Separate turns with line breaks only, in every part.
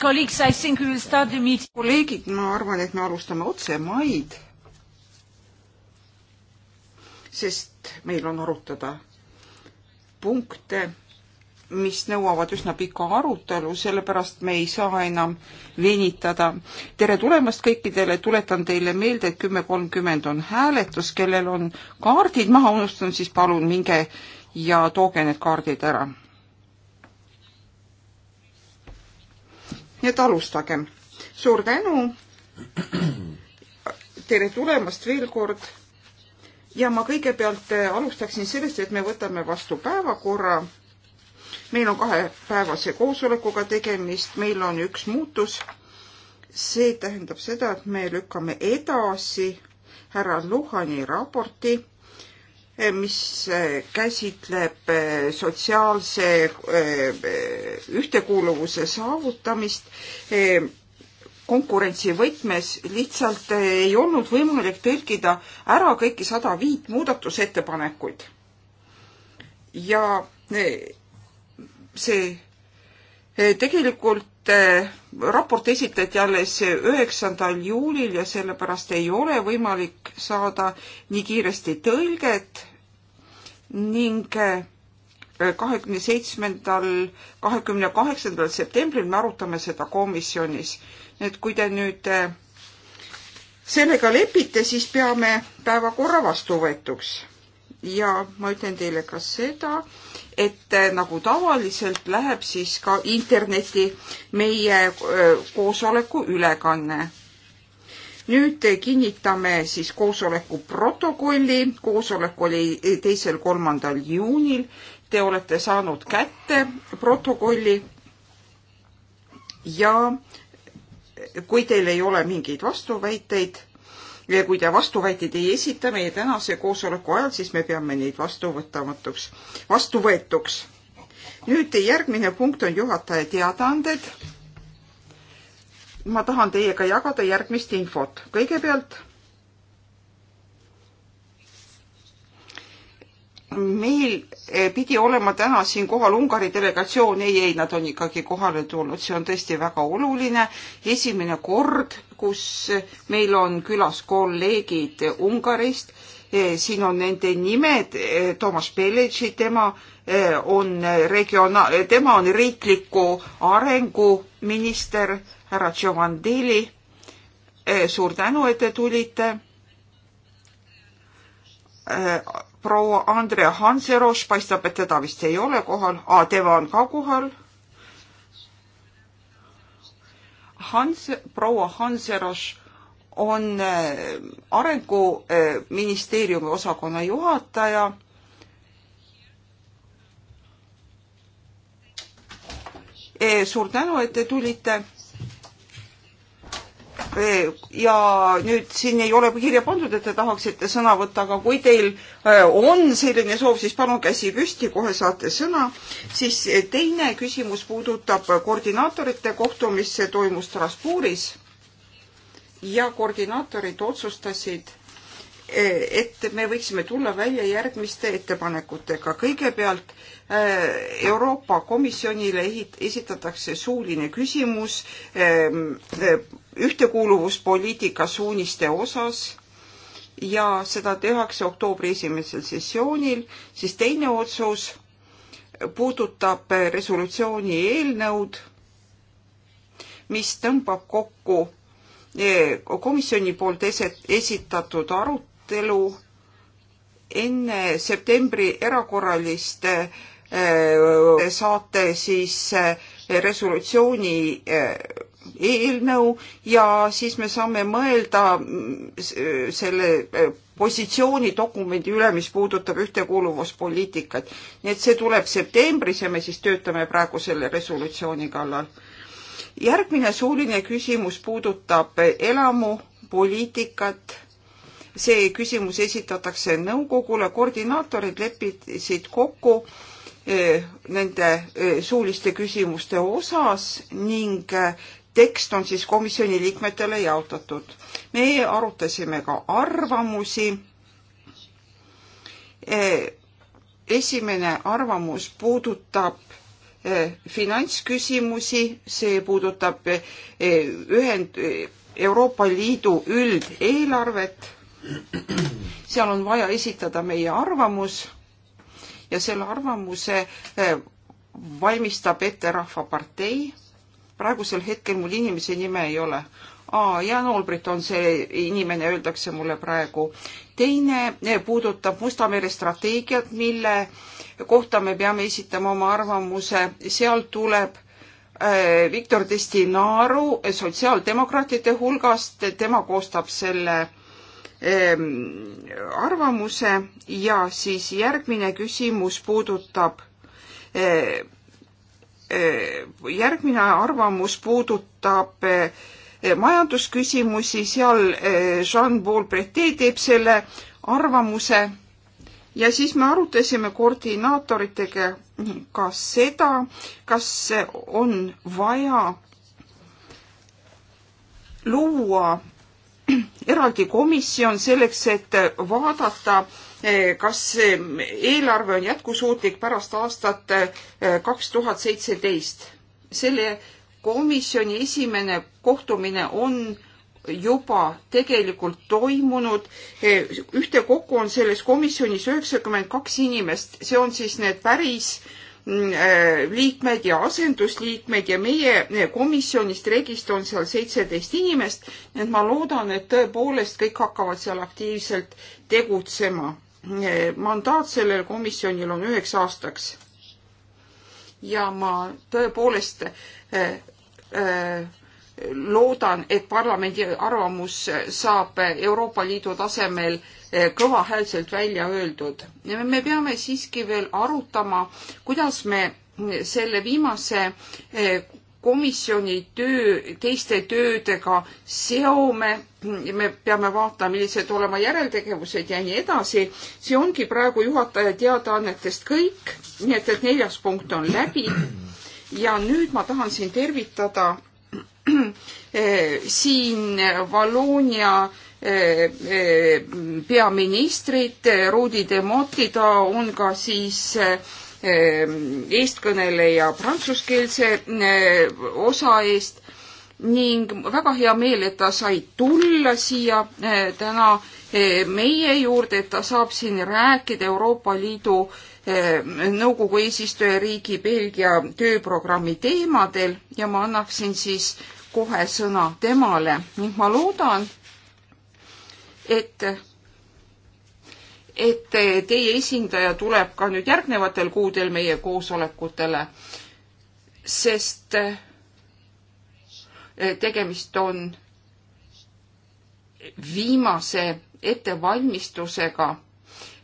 kolleegid, ma arvan, et me alustame otse maid, sest meil on arutada punkte, mis nõuavad üsna pika arutelu, sellepärast me ei saa enam venitada. tere tulemast kõikidele, tuletan teile meelde, et kümme kolmkümmend on hääletus, kellel on kaardid maha unustanud, siis palun minge ja tooge need kaardid ära nii et alustagem. suur tänu. tere tulemast veel kord. ja ma kõigepealt eh, alustaksin sellest, et me võtame vastu päevakorra. meil on kahepäevase koosolekuga tegemist, meil on üks muutus. see tähendab seda, et me lükkame edasi härra Luhani raporti Eh, mis eh, käsitleb eh, sotsiaalse ühtekuuluvuse saavutamist konkurentsivõtmes lihtsalt ei olnud võimalik tõlkida ära kõiki sada viit muudatusettepanekuid. ja see tegelikult et eh, raport esitati alles üheksandal juulil ja sellepärast ei ole võimalik saada nii kiiresti tõlget ning eh, kahekümne seitsmendal, kahekümne kaheksandal septembril me arutame seda komisjonis. et kui te nüüd eh, sellega lepite, siis peame päevakorra vastuvõetuks. ja ma ütlen teile ka seda, et eh, nagu tavaliselt läheb siis ka interneti meie eh, koosoleku ülekanne. nüüd eh, kinnitame siis koosoleku protokolli, koosolek oli teisel-kolmandal juunil, te olete saanud kätte protokolli ja kui teil ei ole mingeid vastuväiteid, ja kui te vastuväiteid ei esita meie tänase koosoleku ajal, siis me peame neid vastuvõtamatuks, vastuvõetuks. nüüd järgmine punkt on juhataja teadaanded. ma tahan teiega jagada järgmist infot. kõigepealt meil eh, pidi olema täna siin kohal Ungari delegatsioon, ei, ei, nad on ikkagi kohale tulnud, see on tõesti väga oluline. esimene kord, kus eh, meil on külas kolleegid Ungarist, eh, siin on nende nimed, Toomas Pelletši, tema on regiona-, tema on riikliku arenguminister, härra Giovandili. suur tänu, et te tulite proua Andre Hanseroš, paistab, et teda vist ei ole kohal, tema on ka kohal. Hans, proua Hanseroš on äh, Arenguministeeriumi äh, osakonna juhataja. Äh, suur tänu, et te tulite Eh, ja nüüd siin ei ole kirja pandud, et te tahaksite sõna võtta, aga kui teil eh, on selline soov, siis palun käsi püsti, kohe saate sõna. siis eh, teine küsimus puudutab koordinaatorite kohtumist, see toimus Strasbourgis ja koordinaatorid otsustasid, et me võiksime tulla välja järgmiste ettepanekutega. kõigepealt Euroopa Komisjonile esitatakse suuline küsimus ühtekuuluvuspoliitika suuniste osas ja seda tehakse oktoobri esimesel sessioonil, siis teine otsus puudutab resolutsiooni eelnõud, mis tõmbab kokku eh, komisjoni poolt esitatud arutelu enne septembri erakorralist eh, saate siis eh, resolutsiooni eelnõu ja siis me saame mõelda mm, selle äh, positsioonidokumendi üle, mis puudutab ühtekuuluvuspoliitikat. nii et see tuleb septembris ja me siis töötame praegu selle resolutsiooni kallal. järgmine suuline küsimus puudutab elamupoliitikat see küsimus esitatakse nõukogule, koordinaatorid leppisid kokku äh, nende äh, suuliste küsimuste osas ning tekst on siis komisjoni liikmetele jaotatud. me arutasime ka arvamusi. E, esimene arvamus puudutab e, finantsküsimusi, see puudutab e, ühend, Euroopa Liidu üldeelarvet. seal on vaja esitada meie arvamus ja selle arvamuse valmistab ette Rahvapartei praegusel hetkel mul inimese nime ei ole. aa, Jan Olbrit on see inimene, öeldakse mulle praegu. teine eh, puudutab Musta mere strateegiat, mille kohta me peame esitama oma arvamuse, seal tuleb eh, Viktor Destinaru sotsiaaldemokraatide hulgast, tema koostab selle ehm, arvamuse ja siis järgmine küsimus puudutab eh, Eh, järgmine arvamus puudutab eh, majandusküsimusi, seal eh, Jean-Paul Bretet teeb selle arvamuse ja siis me arutasime koordinaatoritega ka seda, kas on vaja luua eraldi komisjon selleks, et vaadata Eh, kas eh, eelarve on jätkusuutlik pärast aastat eh, kaks tuhat seitseteist. selle komisjoni esimene kohtumine on juba tegelikult toimunud. ühtekokku on selles komisjonis üheksakümmend kaks inimest, see on siis need päris mm, liikmed ja asendusliikmed ja meie komisjonist regist on seal seitseteist inimest, nii et ma loodan, et tõepoolest kõik hakkavad seal aktiivselt tegutsema mandaat sellel komisjonil on üheks aastaks. ja ma tõepoolest eh, eh, loodan, et parlamendi arvamus saab Euroopa Liidu tasemel eh, kõvahäälselt välja öeldud. me peame siiski veel arutama, kuidas me selle viimase komisjoni töö teiste töödega seome, me peame vaatama, millised olema järeltegevused ja nii edasi. see ongi praegu juhataja teadaannetest kõik, nii et, et neljas punkt on läbi. ja nüüd ma tahan siin tervitada eh, siin Valoonia eh, eh, peaministrit Rudi Demoti, ta on ka siis Ähm, eestkõneleja prantsuskeelse äh, osa eest ning väga hea meel, et ta sai tulla siia äh, täna äh, meie juurde, et ta saab siin rääkida Euroopa Liidu nõukogu eesistujariigi Belgia tööprogrammi teemadel ja ma annaksin siis kohe sõna temale ning ma loodan, et et teie esindaja tuleb ka nüüd järgnevatel kuudel meie koosolekutele, sest eh, tegemist on viimase ettevalmistusega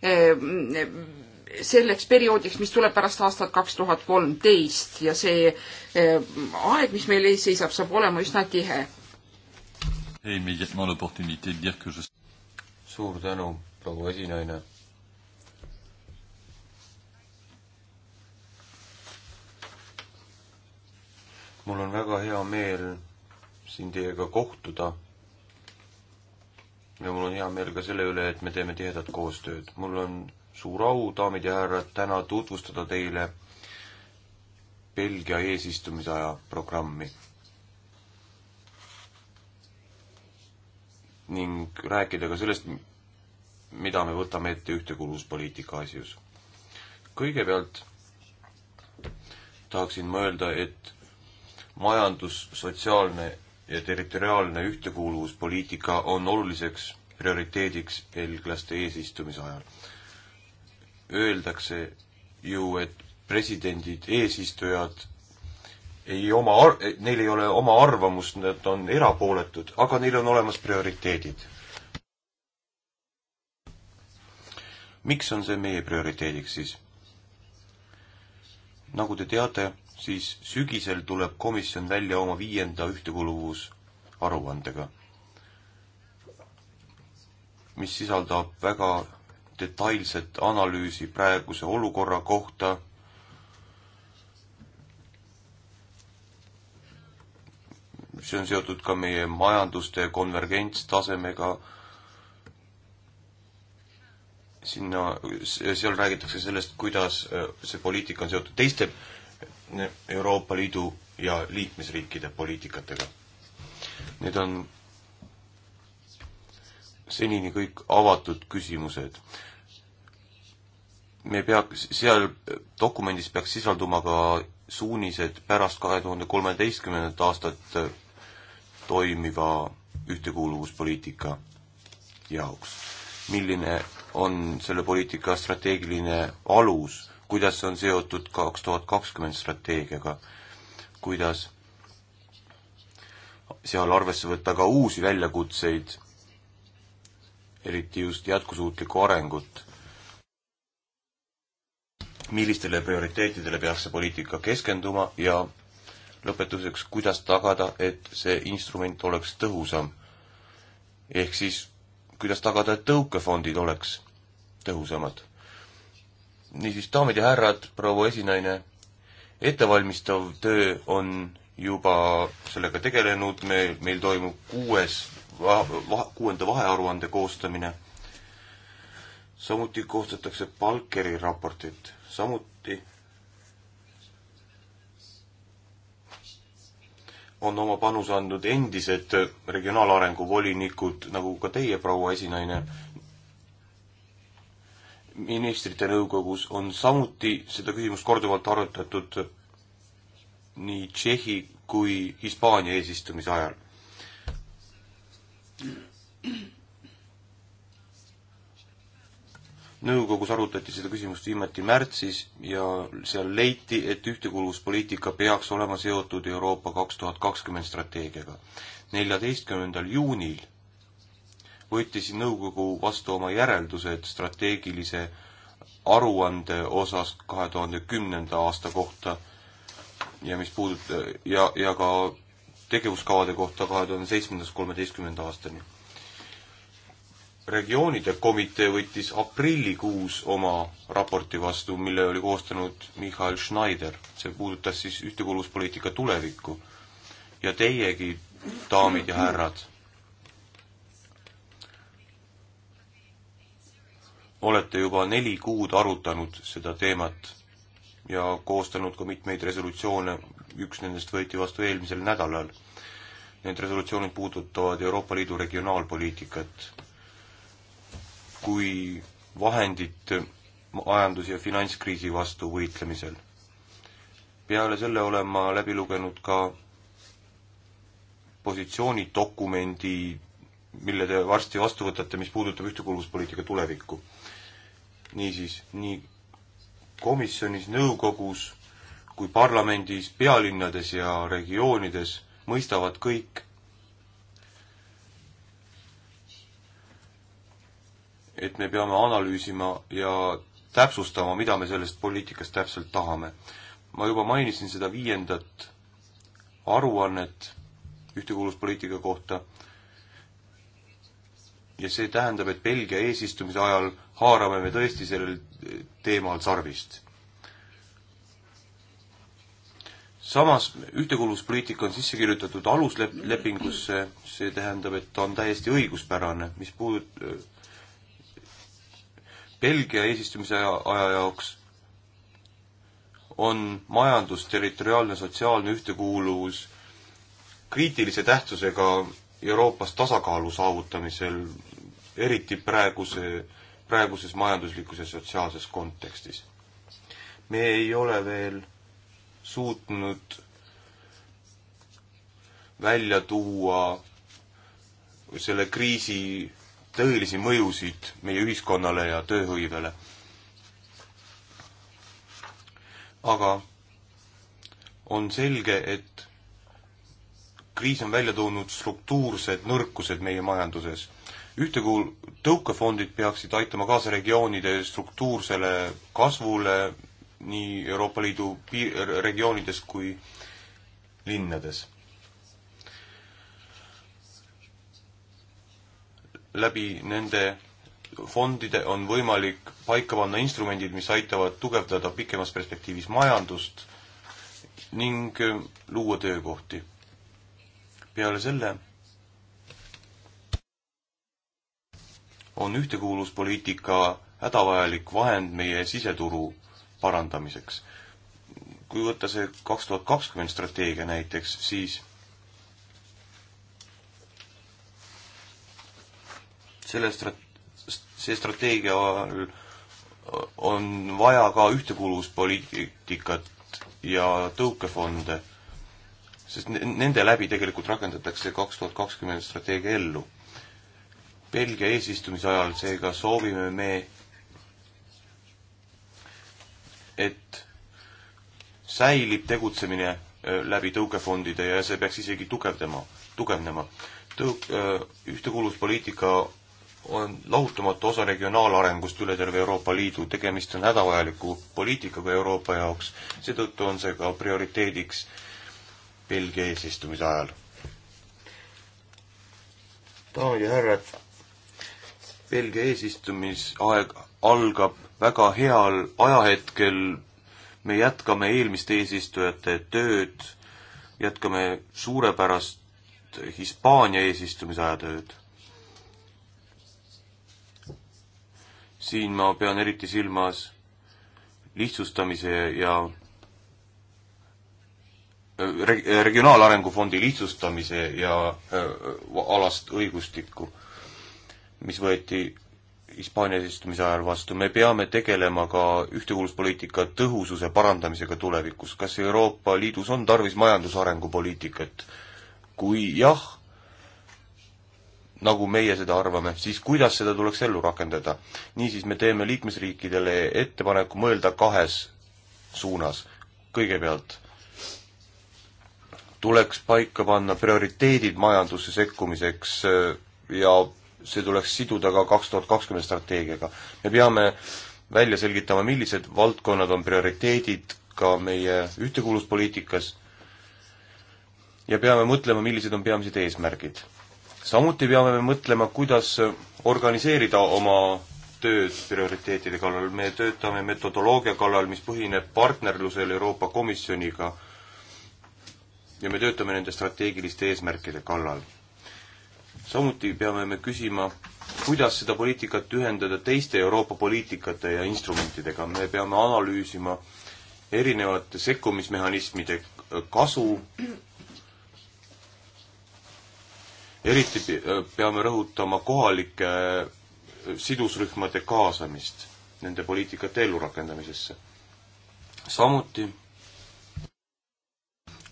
eh, selleks perioodiks, mis tuleb pärast aastat kaks tuhat kolmteist ja see eh, aeg, mis meil ees seisab, saab olema üsna tihe.
suur tänu proua esinaine. mul on väga hea meel siin teiega kohtuda. ja mul on hea meel ka selle üle, et me teeme tihedat koostööd. mul on suur au, daamid ja härrad, täna tutvustada teile Belgia eesistumisaja programmi. ning rääkida ka sellest, mida me võtame ette ühtekuuluvuspoliitika asjus. kõigepealt tahaksin ma öelda, et majandus, sotsiaalne ja territoriaalne ühtekuuluvuspoliitika on oluliseks prioriteediks belglaste eesistumise ajal. Öeldakse ju, et presidendid, eesistujad ei oma, neil ei ole oma arvamust, nad on erapooletud, aga neil on olemas prioriteedid. miks on see meie prioriteediks siis? nagu te teate, siis sügisel tuleb komisjon välja oma viienda ühtekuuluvusaruandega, mis sisaldab väga detailset analüüsi praeguse olukorra kohta, see on seotud ka meie majanduste konvergentstasemega, sinna, seal räägitakse sellest, kuidas äh, see poliitika on seotud teiste äh, Euroopa Liidu ja liikmesriikide poliitikatega. Need on senini kõik avatud küsimused. me peaks, seal dokumendis peaks sisalduma ka suunised pärast kahe tuhande kolmeteistkümnendat aastat äh, toimiva ühtekuuluvuspoliitika jaoks. milline on selle poliitika strateegiline alus, kuidas see on seotud kaks tuhat kakskümmend strateegiaga, kuidas seal arvesse võtta ka uusi väljakutseid, eriti just jätkusuutlikku arengut. millistele prioriteetidele peaks see poliitika keskenduma ja lõpetuseks, kuidas tagada, et see instrument oleks tõhusam. ehk siis kuidas tagada, et tõukefondid oleks tõhusamad. niisiis, daamid ja härrad, proua esinaine, ettevalmistav töö on juba sellega tegelenud, me, meil toimub kuues va,, va, kuuenda vahearuande koostamine. samuti koostatakse Balkeri raportit, samuti on oma panuse andnud endised regionaalarengu volinikud, nagu ka teie, proua esinaine. ministrite nõukogus on samuti seda küsimust korduvalt arutatud nii Tšehhi kui Hispaania eesistumise ajal nõukogus arutati seda küsimust viimati märtsis ja seal leiti, et ühtekuuluvuspoliitika peaks olema seotud Euroopa kaks tuhat kakskümmend strateegiaga. neljateistkümnendal juunil võttis nõukogu vastu oma järeldused strateegilise aruande osas kahe tuhande kümnenda aasta kohta ja mis puudutab ja, ja ka tegevuskavade kohta kahe tuhande seitsmendast kolmeteistkümnenda aastani regioonide komitee võttis aprillikuus oma raporti vastu, mille oli koostanud Michael Schneider. see puudutas siis ühtekuuluvuspoliitika tulevikku. ja teiegi, daamid ja härrad, olete juba neli kuud arutanud seda teemat ja koostanud ka mitmeid resolutsioone, üks nendest võeti vastu eelmisel nädalal. Need resolutsioonid puudutavad Euroopa Liidu regionaalpoliitikat kui vahendit majandus- ja finantskriisi vastu võitlemisel. peale selle olen ma läbi lugenud ka positsioonidokumendi, mille te varsti vastu võtate, mis puudutab ühtekuuluvuspoliitika tulevikku. niisiis, nii komisjonis, nõukogus kui parlamendis, pealinnades ja regioonides mõistavad kõik, et me peame analüüsima ja täpsustama, mida me sellest poliitikast täpselt tahame. ma juba mainisin seda viiendat aruannet ühtekuuluvuspoliitika kohta ja see tähendab, et Belgia eesistumise ajal haarame me tõesti sellel teemal sarvist. samas ühtekuuluvuspoliitika on sisse kirjutatud aluslepingusse, see tähendab, et ta on täiesti õiguspärane, mis puudut-, Belgia eesistumise aja jaoks on majandus, territoriaalne, sotsiaalne ühtekuuluvus kriitilise tähtsusega Euroopas tasakaalu saavutamisel, eriti praeguse, praeguses majanduslikus ja sotsiaalses kontekstis. me ei ole veel suutnud välja tuua selle kriisi tõelisi mõjusid meie ühiskonnale ja tööhõivele. aga on selge, et kriis on välja toonud struktuursed nõrkused meie majanduses. ühtekuul-, tõukefondid peaksid aitama kaasa regioonide struktuursele kasvule nii Euroopa Liidu piir-, regioonides kui linnades läbi nende fondide on võimalik paika panna instrumendid, mis aitavad tugevdada pikemas perspektiivis majandust ning äh, luua töökohti. peale selle on ühtekuuluvuspoliitika hädavajalik vahend meie siseturu parandamiseks. kui võtta see kaks tuhat kakskümmend strateegia näiteks, siis selle strat-, see strateegia on, on vaja ka ühtekuuluvuspoliitikat ja tõukefonde, sest nende läbi tegelikult rakendatakse kaks tuhat kakskümmend strateegia ellu. Belgia eesistumise ajal seega soovime me, et säilib tegutsemine äh, läbi tõukefondide ja see peaks isegi tugevdama, tugevnema. Tõu-, äh, ühtekuuluvuspoliitika on lahutamatu osa regionaalarengust üle terve Euroopa Liidu, tegemist on hädavajaliku poliitikaga Euroopa jaoks, seetõttu on see ka prioriteediks Belgia eesistumise ajal. daamid ja härrad, Belgia eesistumisaeg algab väga heal ajahetkel, me jätkame eelmiste eesistujate tööd, jätkame suurepärast Hispaania eesistumise aja tööd siin ma pean eriti silmas lihtsustamise ja äh, reg-, Regionaalarengu Fondi lihtsustamise ja äh, alast õigustikku, mis võeti Hispaania eesistumise ajal vastu, me peame tegelema ka ühtekuuluvuspoliitika tõhususe parandamisega tulevikus. kas Euroopa Liidus on tarvis majandusarengupoliitikat? kui jah, nagu meie seda arvame, siis kuidas seda tuleks ellu rakendada? niisiis, me teeme liikmesriikidele ettepaneku mõelda kahes suunas. kõigepealt tuleks paika panna prioriteedid majandusse sekkumiseks äh, ja see tuleks siduda ka kaks tuhat kakskümmend strateegiaga. me peame välja selgitama, millised valdkonnad on prioriteedid ka meie ühtekuuluvuspoliitikas ja peame mõtlema, millised on peamised eesmärgid samuti peame me mõtlema, kuidas organiseerida oma tööd prioriteetide kallal, me töötame metodoloogia kallal, mis põhineb partnerlusel Euroopa Komisjoniga ja me töötame nende strateegiliste eesmärkide kallal. samuti peame me küsima, kuidas seda poliitikat ühendada teiste Euroopa poliitikate ja instrumentidega, me peame analüüsima erinevate sekkumismehhanismide kasu eriti äh, peame rõhutama kohalike äh, sidusrühmade kaasamist nende poliitikate ellurakendamisesse. samuti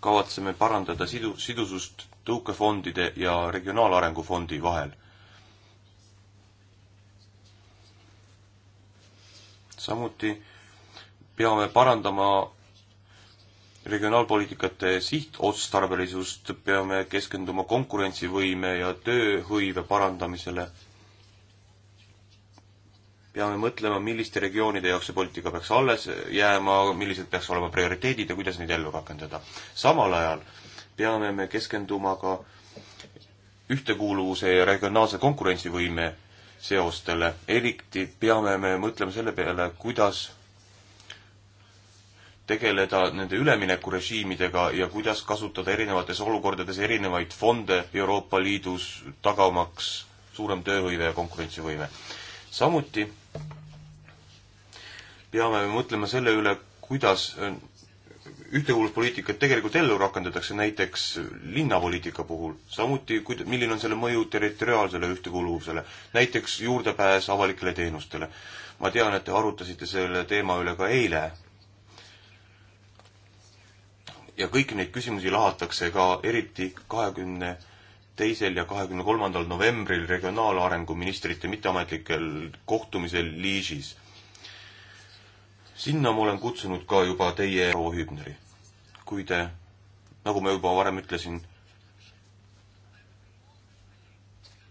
kavatseme parandada sidu, sidusust tõukefondide ja Regionaalarengu Fondi vahel. samuti peame parandama regionaalpoliitikate sihtotstarbelisust, peame keskenduma konkurentsivõime ja tööhõive parandamisele. peame mõtlema, milliste regioonide jaoks see poliitika peaks alles jääma, millised peaks olema prioriteedid ja kuidas neid ellu rakendada. samal ajal peame me keskenduma ka ühtekuuluvuse ja regionaalse konkurentsivõime seostele, eriti peame me mõtlema selle peale, kuidas tegeleda nende üleminekurežiimidega ja kuidas kasutada erinevates olukordades erinevaid fonde Euroopa Liidus, tagamaks suurem tööhõive ja konkurentsivõime. samuti peame mõtlema selle üle, kuidas äh, ühtekuuluvuspoliitikat tegelikult ellu rakendatakse, näiteks linnapoliitika puhul, samuti kuid-, milline on selle mõju territoriaalsele ühtekuuluvusele, näiteks juurdepääs avalikele teenustele. ma tean, et te arutasite selle teema üle ka eile ja kõiki neid küsimusi lahatakse ka eriti kahekümne teisel ja kahekümne kolmandal novembril regionaalarengu ministrite mitteametlikel kohtumisel Liižis. sinna ma olen kutsunud ka juba teie proua Hübneri. kui te, nagu ma juba varem ütlesin,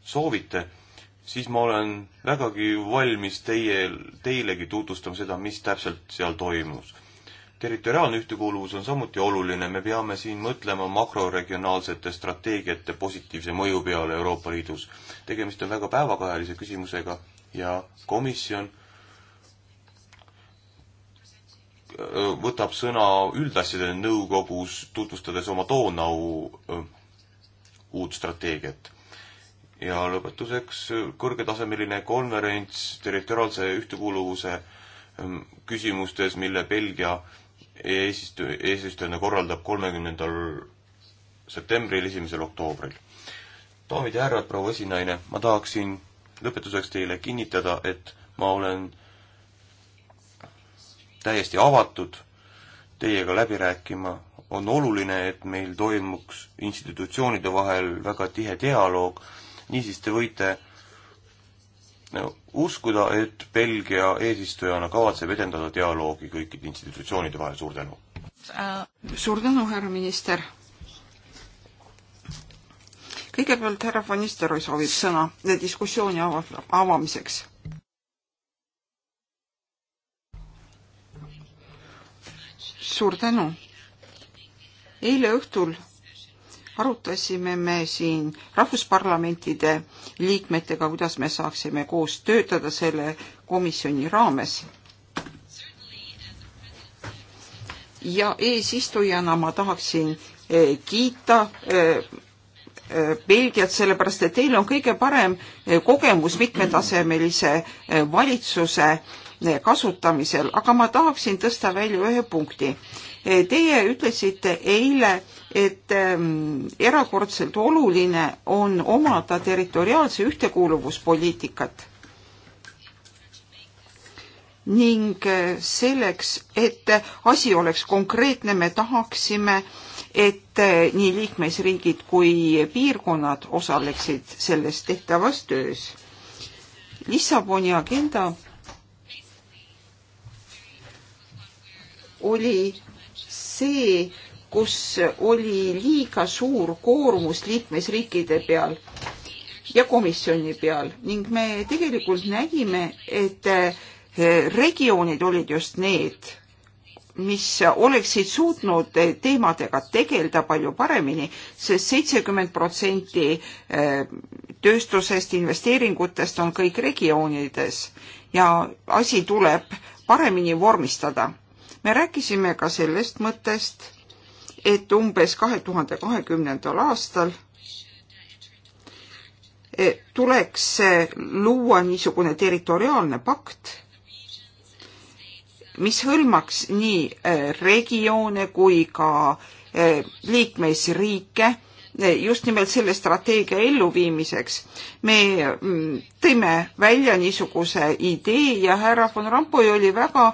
soovite, siis ma olen vägagi valmis teie, teilegi tutvustama seda, mis täpselt seal toimus territoriaalne ühtekuuluvus on samuti oluline, me peame siin mõtlema makroregionaalsete strateegiate positiivse mõju peale Euroopa Liidus. tegemist on väga päevakajalise küsimusega ja komisjon võtab sõna üldasjade nõukogus, tutvustades oma Doonau uut strateegiat. ja lõpetuseks kõrgetasemeline konverents territoriaalse ühtekuuluvuse küsimustes, mille Belgia eesistuja, eesistujana korraldab kolmekümnendal septembril, esimesel oktoobril. daamid ja härrad, proua esinaine, ma tahaksin lõpetuseks teile kinnitada, et ma olen täiesti avatud teiega läbi rääkima, on oluline, et meil toimuks institutsioonide vahel väga tihe dialoog, niisiis te võite uskuda, et Belgia eesistujana kavatseb edendada dialoogi kõikide
institutsioonide vahel, suur tänu! suur tänu, härra minister! kõigepealt härra von Nistelrooy soovib sõna diskussiooni ava-, avamiseks. suur tänu! eile õhtul arutasime me siin rahvusparlamentide liikmetega, kuidas me saaksime koos töötada selle komisjoni raames. ja eesistujana ma tahaksin eh, kiita eh, eh, Belgiat, sellepärast et teil on kõige parem kogemus mitmetasemelise valitsuse kasutamisel, aga ma tahaksin tõsta välja ühe punkti. Teie ütlesite eile, et ähm, erakordselt oluline on omada territoriaalse ühtekuuluvuspoliitikat ning äh, selleks, et asi oleks konkreetne, me tahaksime, et äh, nii liikmesriigid kui piirkonnad osaleksid selles tehtavas töös. Lissaboni agenda oli see, kus oli liiga suur koormus liikmesriikide peal ja komisjoni peal ning me tegelikult nägime, et eh, regioonid olid just need, mis oleksid suutnud teemadega tegeleda palju paremini sest, sest seitsekümmend protsenti eh, tööstusest, investeeringutest on kõik regioonides ja asi tuleb paremini vormistada. me rääkisime ka sellest mõttest et umbes kahe tuhande kahekümnendal aastal eh, tuleks eh, luua niisugune territoriaalne pakt, mis hõlmaks nii eh, regioone kui ka liikmesriike just nimelt selle strateegia elluviimiseks. me mm, tõime välja niisuguse idee ja härra von Rompuy oli väga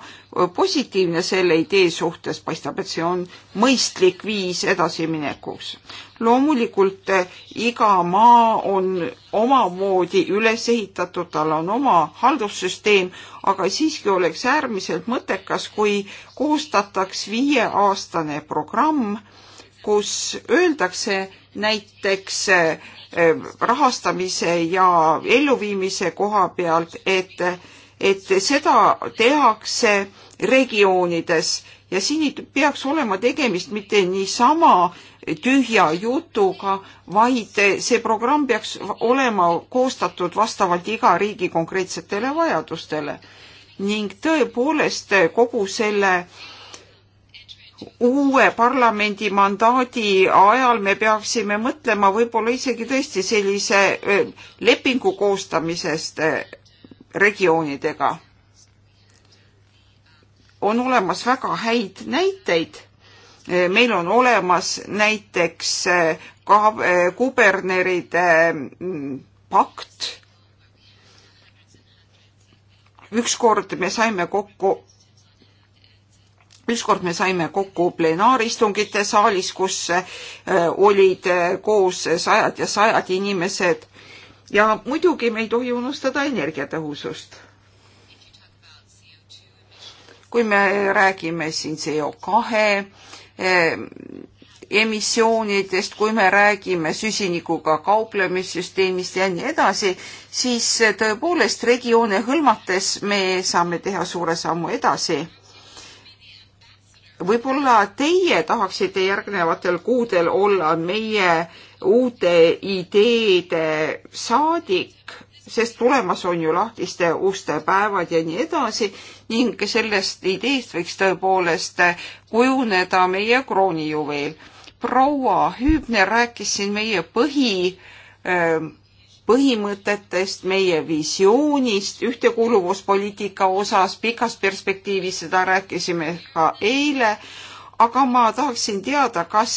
positiivne selle idee suhtes, paistab, et see on mõistlik viis edasiminekuks. loomulikult eh, iga maa on omamoodi üles ehitatud, tal on oma haldussüsteem, aga siiski oleks äärmiselt mõttekas, kui koostataks viieaastane programm, kus öeldakse, näiteks eh, rahastamise ja elluviimise koha pealt, et, et seda tehakse regioonides ja siin ei peaks olema tegemist mitte niisama tühja jutuga, vaid see programm peaks olema koostatud vastavalt iga riigi konkreetsetele vajadustele. ning tõepoolest kogu selle äh, uue parlamendi mandaadi ajal me peaksime mõtlema võib-olla isegi tõesti sellise lepingu koostamisest regioonidega. on olemas väga häid näiteid. meil on olemas näiteks ka kuberneride mm, pakt. ükskord me saime kokku ükskord me saime kokku plenaaristungite saalis, kus äh, olid äh, koos sajad ja sajad inimesed ja muidugi me ei tohi unustada energiatõhusust. kui me räägime siin CO kahe äh, emissioonidest, kui me räägime süsinikuga kauplemissüsteemist ja nii edasi, siis tõepoolest regioone hõlmates me saame teha suure sammu edasi võib-olla teie tahaksite järgnevatel kuudel olla meie uute ideede saadik, sest tulemas on ju lahtiste uste päevad ja nii edasi ning sellest ideest võiks tõepoolest kujuneda meie kroonijuveel. proua Hüübner rääkis siin meie põhi öö, ähm, põhimõtetest, meie visioonist ühtekuuluvuspoliitika osas, pikas perspektiivis, seda rääkisime ka eile, aga ma tahaksin teada, kas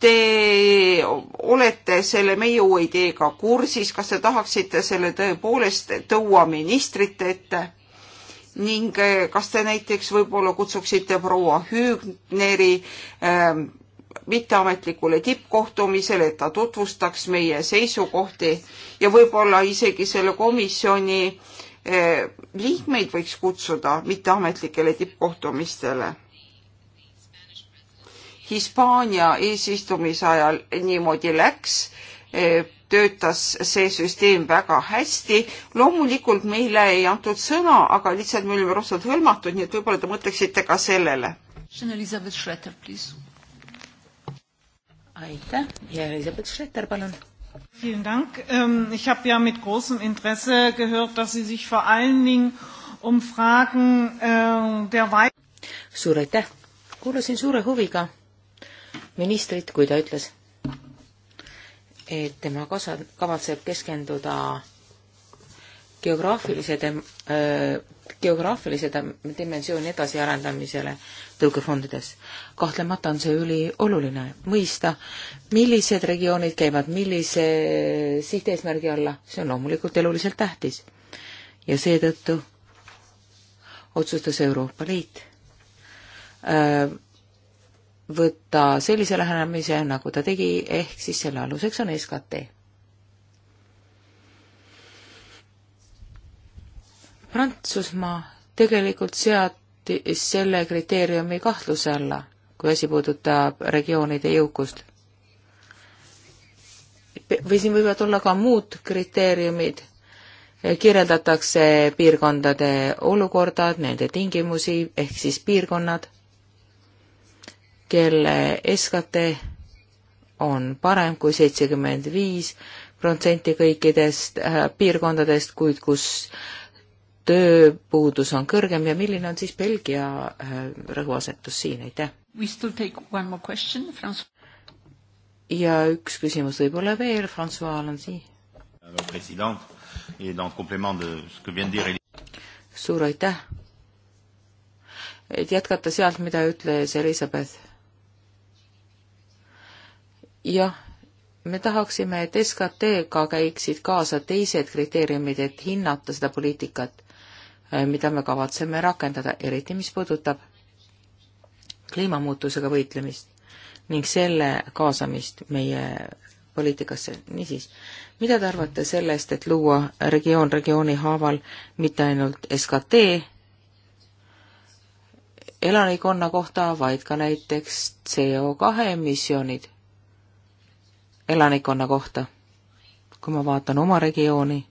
te olete selle meie uue ideega kursis, kas te tahaksite selle tõepoolest tuua ministrite ette? ning eh, kas te näiteks võib-olla kutsuksite proua Hübneri ähm, mitteametlikule tippkohtumisele, et ta tutvustaks meie seisukohti ja võib-olla isegi selle komisjoni eh, liikmeid võiks kutsuda mitteametlikele tippkohtumistele. Hispaania eesistumise ajal niimoodi läks, eh, töötas see süsteem väga hästi. loomulikult meile ei antud sõna, aga lihtsalt me olime rohkem hõlmatud, nii et võib-olla te mõtleksite ka sellele. Elizabeth Schroeder, please aitäh ja Elisabeth Schröter, palun. Vielen Dank. Ähm, ich habe ja mit großem Interesse gehört, dass
Sie sich vor allen Dingen um Fragen ähm, der Wei- suur aitäh! kuulasin suure huviga ministrit, kui ta ütles, et tema kasa-, kavatseb keskenduda geograafilise dem-, äh, geograafilise dimensiooni edasiarendamisele tõukefondides. kahtlemata on see ülioluline, mõista, millised regioonid käivad millise sihteesmärgi alla, see on loomulikult eluliselt tähtis. ja seetõttu otsustas Euroopa Liit äh, võtta sellise lähenemise, nagu ta tegi, ehk siis selle aluseks on SKT Prantsusmaa tegelikult seati selle kriteeriumi kahtluse alla, kui asi puudutab regioonide jõukust. või siin võivad olla ka muud kriteeriumid, kirjeldatakse piirkondade olukorda, nende tingimusi, ehk siis piirkonnad, kelle SKT on parem kui seitsekümmend viis protsenti kõikidest äh, piirkondadest, kuid kus äh, tööpuudus on kõrgem ja milline on siis Belgia äh, rõhuasetus siin, aitäh! ja üks küsimus võib-olla veel, Francois Alonsi. suur aitäh! et jätkata sealt, mida ütles Elizabeth. jah me tahaksime, et SKT-ga käiksid kaasa teised kriteeriumid, et hinnata seda poliitikat. Äh, mida me kavatseme rakendada, eriti mis puudutab kliimamuutusega võitlemist ning selle kaasamist meie poliitikasse. niisiis, mida te arvate sellest, et luua regioon regiooni haaval mitte ainult SKT elanikkonna kohta, vaid ka näiteks CO2 emissioonid elanikkonna kohta? kui ma vaatan oma regiooni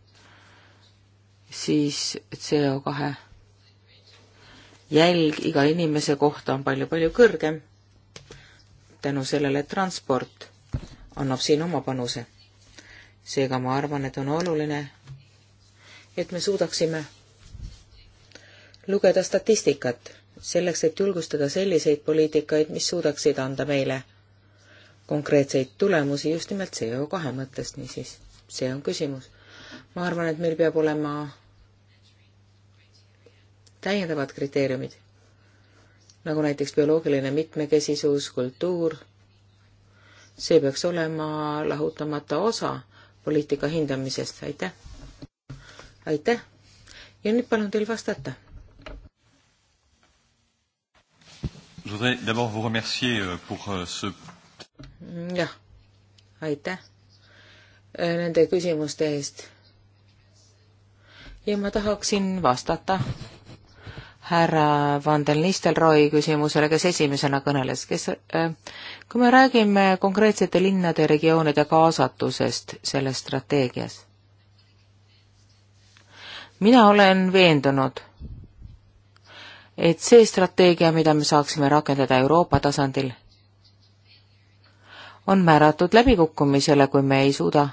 siis CO kahe jälg iga inimese kohta on palju-palju kõrgem tänu sellele, et transport annab siin oma panuse. seega ma arvan, et on oluline, et me suudaksime lugeda statistikat selleks, et julgustada selliseid poliitikaid, mis suudaksid anda meile konkreetseid tulemusi just nimelt CO kahe mõttes, niisiis see on küsimus. ma arvan, et meil peab olema täiendavad kriteeriumid, nagu näiteks bioloogiline mitmekesisus, kultuur, see peaks olema lahutamata osa poliitika hindamisest, aitäh! aitäh ja nüüd palun teil vastata. Euh, euh, jah, aitäh äh, nende küsimuste eest. ja ma tahaksin vastata härra Van den Nistelrooy küsimusele, kes esimesena kõneles, kes äh, kui me räägime konkreetsete linnade ja regioonide kaasatusest selles strateegias, mina olen veendunud, et see strateegia, mida me saaksime rakendada Euroopa tasandil, on määratud läbikukkumisele, kui me ei suuda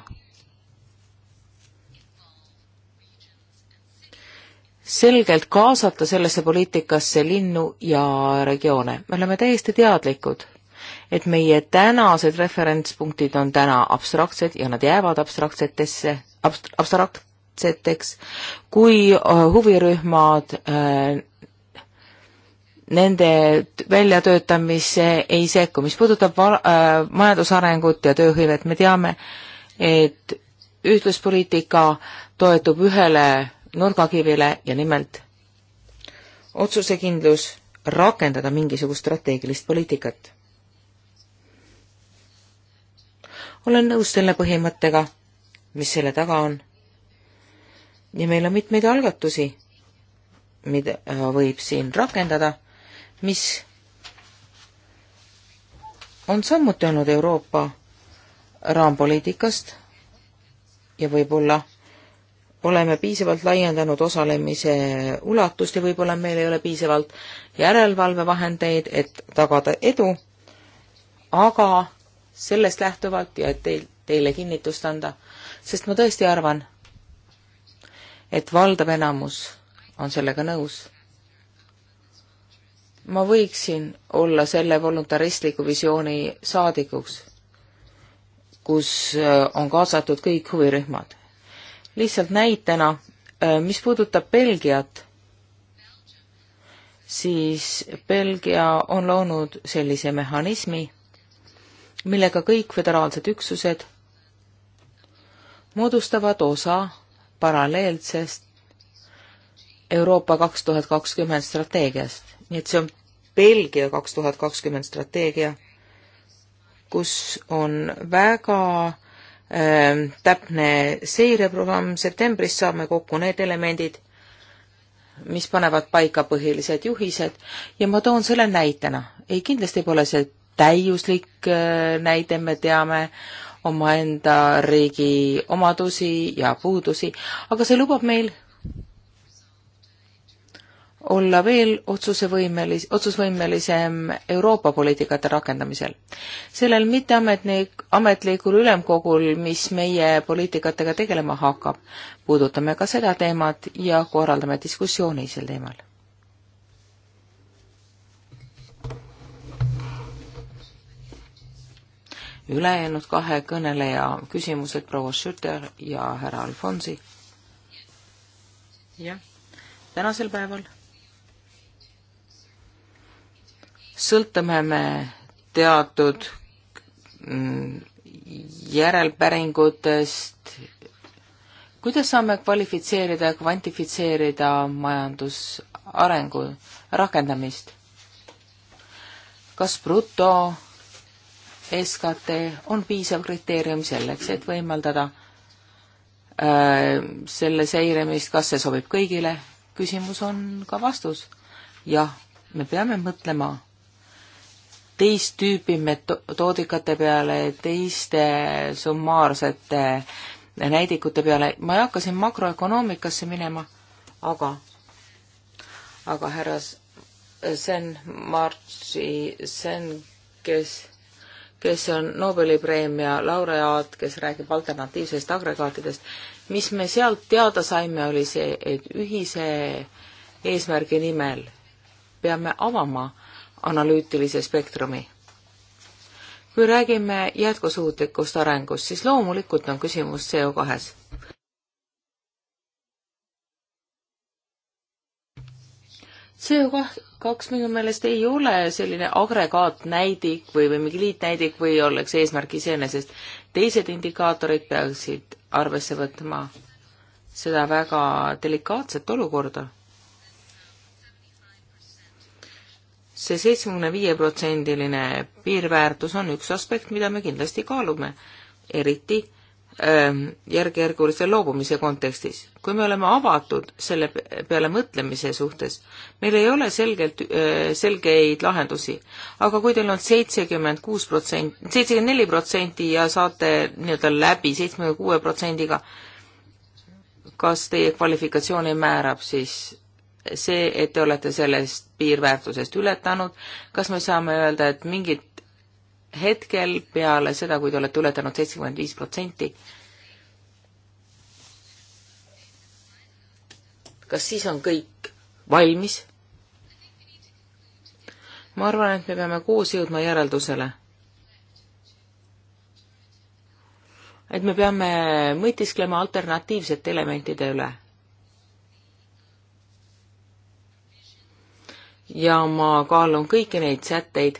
selgelt kaasata sellesse poliitikasse linnu ja regioone. me oleme täiesti teadlikud, et meie tänased referentspunktid on täna abstraktsed ja nad jäävad abstraktsetesse, abstraktseteks, kui äh, huvirühmad äh, nende väljatöötamisse ei sekku. mis puudutab val-, äh, majandusarengut ja tööhõivet, me teame, et ühtluspoliitika toetub ühele nurgakivile ja nimelt otsusekindlus rakendada mingisugust strateegilist poliitikat. olen nõus selle põhimõttega, mis selle taga on. ja meil on mitmeid algatusi, mida äh, võib siin rakendada, mis on samuti olnud Euroopa raampoliitikast ja võib-olla oleme piisavalt laiendanud osalemise ulatust ja võib-olla meil ei ole piisavalt järelevalvevahendeid, et tagada edu, aga sellest lähtuvalt ja et teil, teile kinnitust anda, sest ma tõesti arvan, et valdav enamus on sellega nõus. ma võiksin olla selle voluntaristliku visiooni saadikuks, kus äh, on kaasatud kõik huvirühmad lihtsalt näitena, äh, mis puudutab Belgiat, siis Belgia on loonud sellise mehhanismi, millega kõik föderaalsed üksused moodustavad osa paralleelsest Euroopa kaks tuhat kakskümmend strateegiast. nii et see on Belgia kaks tuhat kakskümmend strateegia, kus on väga Ehm, täpne seireprogramm, septembris saame kokku need elemendid, mis panevad paika põhilised juhised ja ma toon selle näitena. ei, kindlasti pole see täiuslik eh, näide, me teame omaenda riigi omadusi ja puudusi, aga see lubab meil olla veel otsusevõimelis-, otsusvõimelisem Euroopa poliitikate rakendamisel. sellel mitteametnik, ametlikul ülemkogul, mis meie poliitikatega tegelema hakkab, puudutame ka seda teemat ja korraldame diskussiooni sel teemal. ülejäänud kahe kõneleja küsimused, proua Schütter ja härra Alfonsi. jah, tänasel päeval sõltume me teatud mm, järelpäringutest, kuidas saame kvalifitseerida ja kvantifitseerida majandusarengu rakendamist? kas bruto SKT on piisav kriteerium selleks, et võimaldada öö, äh, selle seiramist, kas see sobib kõigile? küsimus on ka vastus. jah, me peame mõtlema teist tüüpi metoodikate peale, teiste summaarsete näidikute peale, ma ei hakka siin makroökonoomikasse minema, aga, aga härra Sen Martsi, Sen, kes, kes on Nobeli preemia laureaat, kes räägib alternatiivsest agregaatidest, mis me sealt teada saime, oli see, et ühise eesmärgi nimel peame avama analüütilise spektrumi. kui räägime jätkusuutlikust arengust, siis loomulikult on küsimus CO2-s. CO2 kaks minu meelest ei ole selline agregaatnäidik või, või mingi liitnäidik või oleks eesmärk iseenesest. teised indikaatorid peaksid arvesse võtma seda väga delikaatset olukorda see seitsmekümne viie protsendiline piirväärtus on üks aspekt, mida me kindlasti kaalume, eriti ähm, järk-järgulise loobumise kontekstis. kui me oleme avatud selle peale mõtlemise suhtes, meil ei ole selgelt, äh, selgeid lahendusi, aga kui teil on seitsekümmend kuus protsenti, seitsekümmend neli protsenti ja saate nii-öelda läbi seitsmekümne kuue protsendiga, kas teie kvalifikatsiooni määrab siis see, et te olete sellest piirväärtusest ületanud, kas me saame öelda, et mingit hetkel peale seda, kui te olete ületanud seitsekümmend viis protsenti, kas siis on kõik valmis? ma arvan, et me peame koos jõudma järeldusele et me peame mõtisklema alternatiivsete elementide üle. ja ma kaalun kõiki neid sätteid,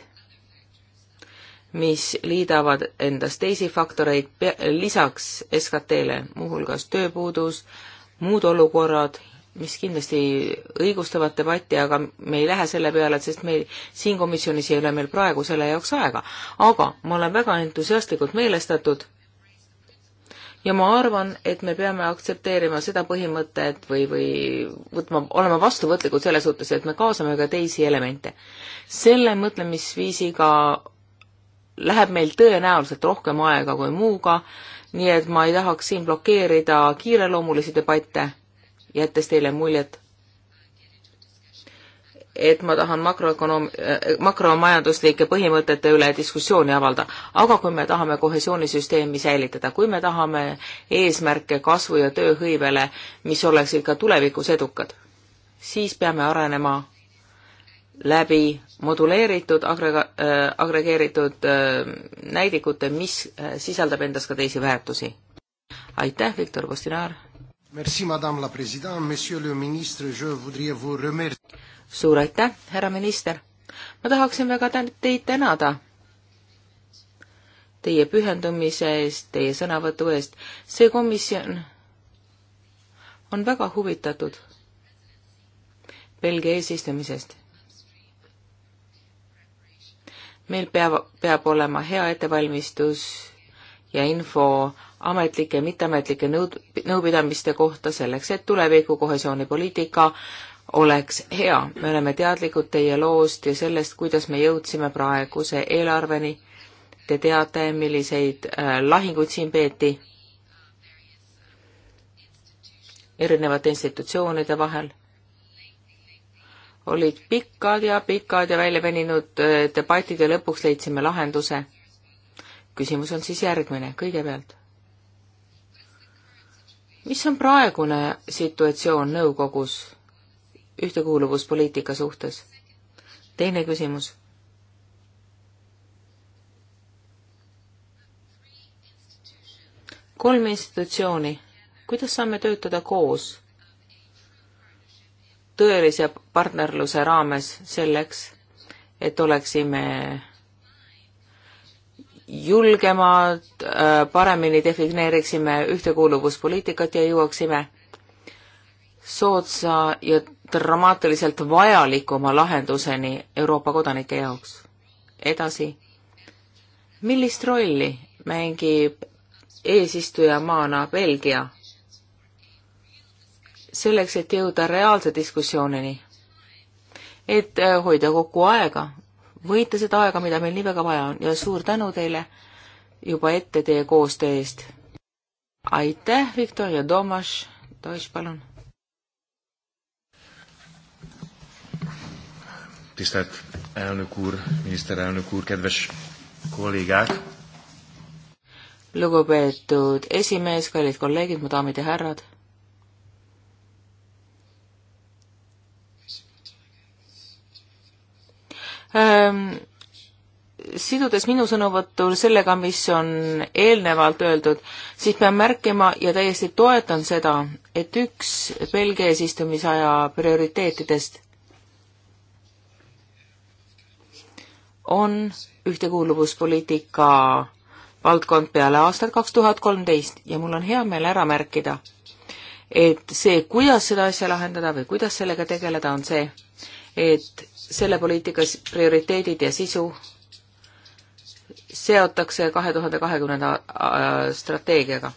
mis liidavad endas teisi faktoreid lisaks SKT-le, muuhulgas tööpuudus, muud olukorrad, mis kindlasti õigustavad debatti, aga me ei lähe selle peale, et sest meil siin komisjonis ei ole meil praegu selle jaoks aega. aga ma olen väga entusiastlikult meelestatud ja ma arvan, et me peame aktsepteerima seda põhimõtet või, või võtma, olema vastuvõtlikud selles suhtes, et me kaasame ka teisi elemente. selle mõtlemisviisiga läheb meil tõenäoliselt rohkem aega kui muuga, nii et ma ei tahaks siin blokeerida kiireloomulisi debatte, jättes teile muljet, et ma tahan makroökonoom-, makromajanduslike põhimõtete üle diskussiooni avaldada. aga kui me tahame kohesioonisüsteemi säilitada, kui me tahame eesmärke kasvu- ja tööhõivele, mis oleksid ka tulevikus edukad, siis peame arenema läbi moduleeritud agrega-, äh, agregeeritud äh, näidikute, mis äh, sisaldab endas ka teisi väärtusi. aitäh, Viktor Postinaar! Merci Madame la Présidente, Monsieur le Ministre, je voudrais vous remercier suur aitäh, härra minister! ma tahaksin väga teid tänada teie pühendumise eest, teie sõnavõtu eest. see komisjon on väga huvitatud Belgia eesistumisest. meil peab, peab olema hea ettevalmistus ja info ametlike ja mitteametlike nõud, nõupidamiste kohta selleks, et tuleviku kohesioonipoliitika oleks hea. me oleme teadlikud teie loost ja sellest, kuidas me jõudsime praeguse eelarveni. Te teate, milliseid äh, lahinguid siin peeti erinevate institutsioonide vahel. olid pikad ja pikad ja väljaveninud äh, debatid ja lõpuks leidsime lahenduse. küsimus on siis järgmine kõigepealt mis on praegune situatsioon nõukogus? ühtekuuluvuspoliitika suhtes? teine küsimus. kolm institutsiooni, kuidas saame töötada koos tõelise partnerluse raames selleks, et oleksime julgemad, äh, paremini defineeriksime ühtekuuluvuspoliitikat ja jõuaksime soodsa ja dramaatiliselt vajalikuma lahenduseni Euroopa kodanike jaoks. edasi. millist rolli mängib eesistujamaana Belgia selleks, et jõuda reaalse diskussioonini? et äh, hoida kokku aega, võita seda aega, mida meil nii väga vaja on ja suur tänu teile juba ette teie koostöö eest. aitäh, Viktor ja Toomas, Toiš, palun
Tisztelt elnök úr, miniszterelnök úr, kedves kollégák!
lugupeetud esimees, kallid kolleegid, mu daamid ja härrad. Ähm, sidudes minu sõnavõttu sellega, mis on eelnevalt öeldud, siis pean märkima ja täiesti toetan seda, et üks Belgia eesistumisaja prioriteetidest on ühtekuuluvuspoliitika valdkond peale aastat kaks tuhat kolmteist ja mul on hea meel ära märkida, et see, kuidas seda asja lahendada või kuidas sellega tegeleda, on see, et selle poliitika prioriteedid ja sisu seotakse kahe tuhande kahekümnenda strateegiaga.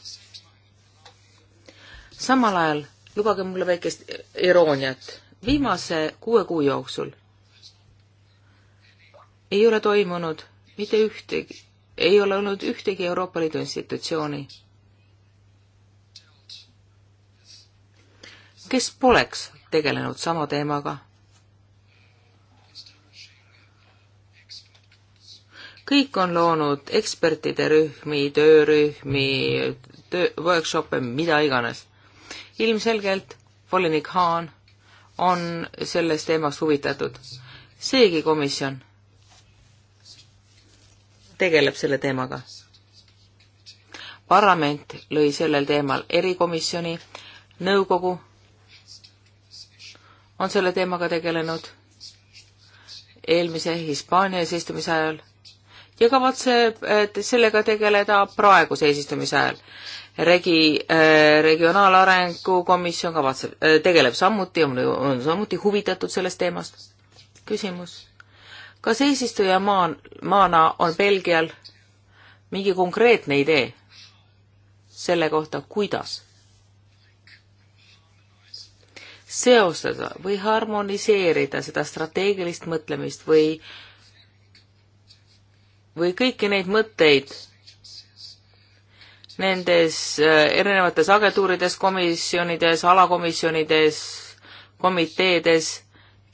samal ajal lubage mulle väikest irooniat. viimase kuue kuu jooksul ei ole toimunud mitte ühtegi, ei ole olnud ühtegi Euroopa Liidu institutsiooni, kes poleks tegelenud sama teemaga. kõik on loonud ekspertide rühmi, töörühmi, töö, workshop'e, mida iganes. ilmselgelt volinik Haan on sellest teemast huvitatud. seegi komisjon tegeleb selle teemaga. parlament lõi sellel teemal erikomisjoni, nõukogu on selle teemaga tegelenud eelmise Hispaania eesistumise ajal ja kavatseb sellega tegeleda praeguse eesistumise ajal. Regi äh,, Regionaalarengu Komisjon kavatseb äh,, tegeleb samuti, on samuti huvitatud sellest teemast. küsimus kas eesistujamaa, maana on Belgial mingi konkreetne idee selle kohta, kuidas seostada või harmoniseerida seda strateegilist mõtlemist või, või kõiki neid mõtteid nendes äh, erinevates agentuurides, komisjonides, alakomisjonides, komiteedes,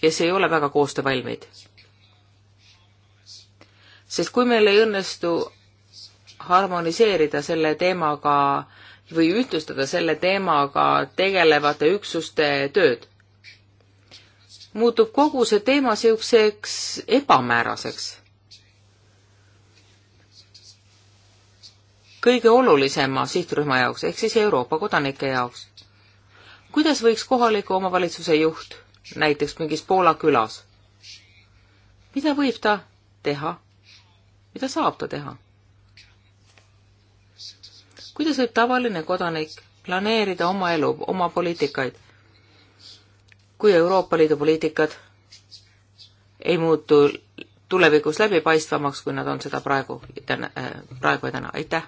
kes ei ole väga koostöövalmid sest kui meil ei õnnestu harmoniseerida selle teemaga või ühtlustada selle teemaga tegelevate üksuste tööd, muutub kogu see teema niisuguseks ebamääraseks. kõige olulisema sihtrühma jaoks ehk siis Euroopa kodanike jaoks. kuidas võiks kohaliku omavalitsuse juht, näiteks mingis Poola külas, mida võib ta teha mida saab ta teha? kuidas võib tavaline kodanik planeerida oma elu, oma poliitikaid, kui Euroopa Liidu poliitikad ei muutu tulevikus läbipaistvamaks, kui nad on seda praegu, äh, praegu ja täna, aitäh!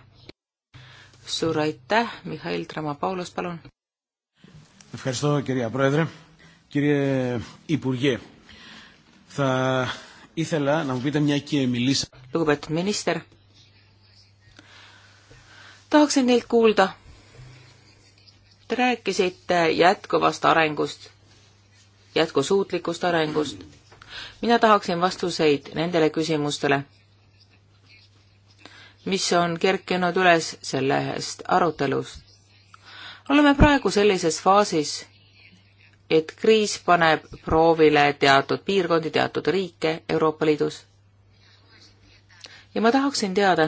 suur aitäh, Mihhail Tramopoulos, palun!
Ευχαριστώ κυρία Πρόεδρε.
Κύριε Υπουργέ, θα Ήθελα να μου πείτε μια και μιλήσα. Lugupeetud minister, tahaksin teilt kuulda. Te rääkisite jätkuvast arengust, jätkusuutlikust arengust. mina tahaksin vastuseid nendele küsimustele, mis on kerkinud üles sellest arutelust. oleme praegu sellises faasis, et kriis paneb proovile teatud piirkondi, teatud riike Euroopa Liidus. ja ma tahaksin teada,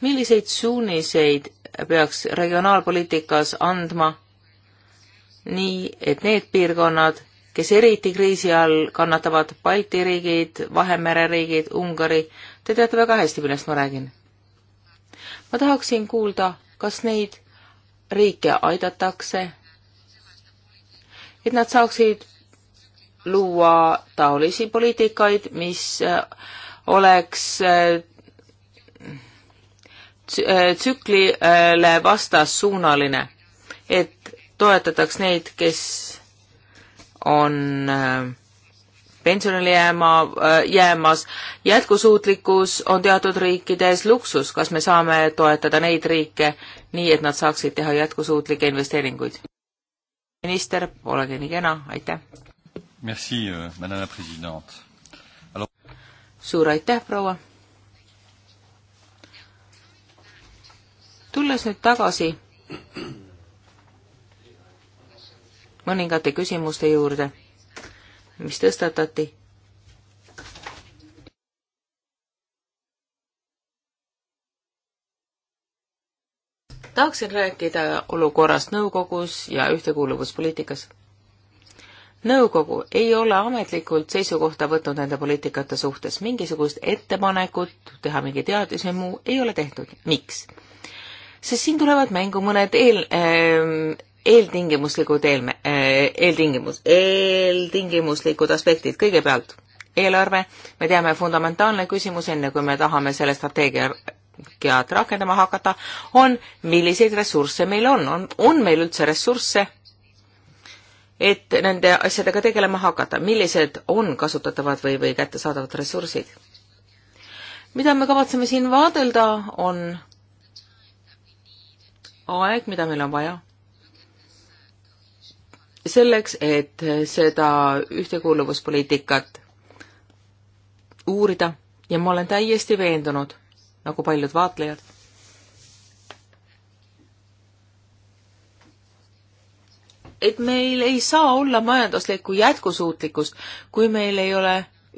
milliseid suuniseid peaks regionaalpoliitikas andma nii, et need piirkonnad, kes eriti kriisi all kannatavad, Balti riigid, Vahemere riigid, Ungari, te teate väga hästi, millest ma räägin. ma tahaksin kuulda, kas neid riike aidatakse, et nad saaksid luua taolisi poliitikaid, mis äh, oleks äh, äh, tsüklile vastassuunaline, et toetataks neid, kes on pensionile jääma, jäämas. jätkusuutlikkus on teatud riikides luksus, kas me saame toetada neid riike, nii et nad saaksid teha jätkusuutlikke investeeringuid. minister, olge nii kena, aitäh!
Merci, euh, madame
la présidente. Alors... suur aitäh, proua! tulles nüüd tagasi mõningate küsimuste juurde, mis tõstatati tahaksin rääkida olukorrast nõukogus ja ühtekuuluvuspoliitikas. nõukogu ei ole ametlikult seisukohta võtnud nende poliitikate suhtes, mingisugust ettepanekut teha mingi teadus ja muu ei ole tehtud. miks? sest siin tulevad mängu mõned eel äh,, eeltingimuslikud eelme- äh,, eeltingimus, eeltingimuslikud aspektid kõigepealt eelarve, me teame, fundamentaalne küsimus, enne kui me tahame selle strateegia strateegiat rakendama hakata, on, milliseid ressursse meil on, on, on meil üldse ressursse, et nende asjadega tegelema hakata, millised on kasutatavad või, või kättesaadavad ressursid. mida me kavatseme siin vaadelda, on aeg, mida meil on vaja selleks, et seda ühtekuuluvuspoliitikat uurida ja ma olen täiesti veendunud nagu paljud vaatlejad. et meil ei saa olla majanduslikku jätkusuutlikkust, kui meil ei ole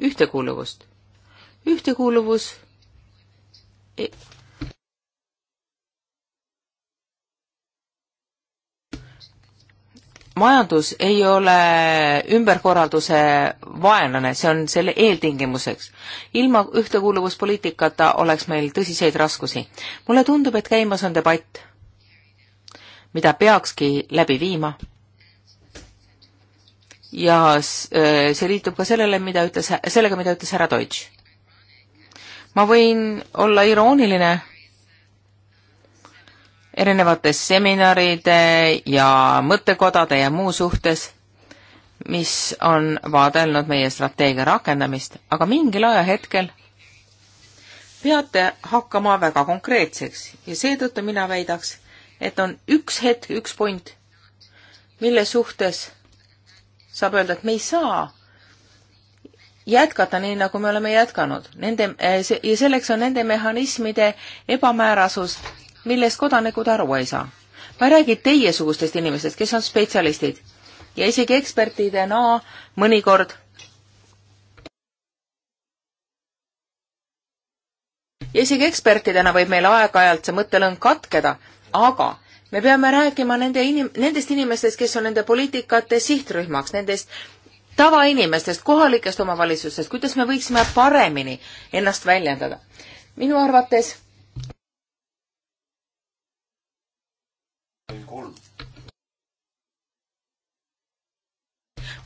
ühtekuuluvust. ühtekuuluvus majandus ei ole ümberkorralduse vaenlane, see on selle eeltingimuseks. ilma ühtekuuluvuspoliitikata oleks meil tõsiseid raskusi. mulle tundub, et käimas on debatt, mida peakski läbi viima. ja äh, see liitub ka sellele, mida ütles, sellega, mida ütles härra Deutsch. ma võin olla irooniline erinevate seminaride ja mõttekodade ja muu suhtes, mis on vaadelnud meie strateegia rakendamist, aga mingil ajahetkel peate hakkama väga konkreetseks ja seetõttu mina väidaks, et on üks hetk, üks point, mille suhtes saab öelda, et me ei saa jätkata nii, nagu me oleme jätkanud. Nende, ja selleks on nende mehhanismide ebamäärasus millest kodanikud aru ei saa. ma ei räägi teiesugustest inimestest, kes on spetsialistid ja isegi ekspertidena mõnikord ja isegi ekspertidena võib meil aeg-ajalt see mõttelõng katkeda, aga me peame rääkima nende inim-, nendest inimestest, kes on nende poliitikate sihtrühmaks, nendest tavainimestest, kohalikest omavalitsustest, kuidas me võiksime paremini ennast väljendada. minu arvates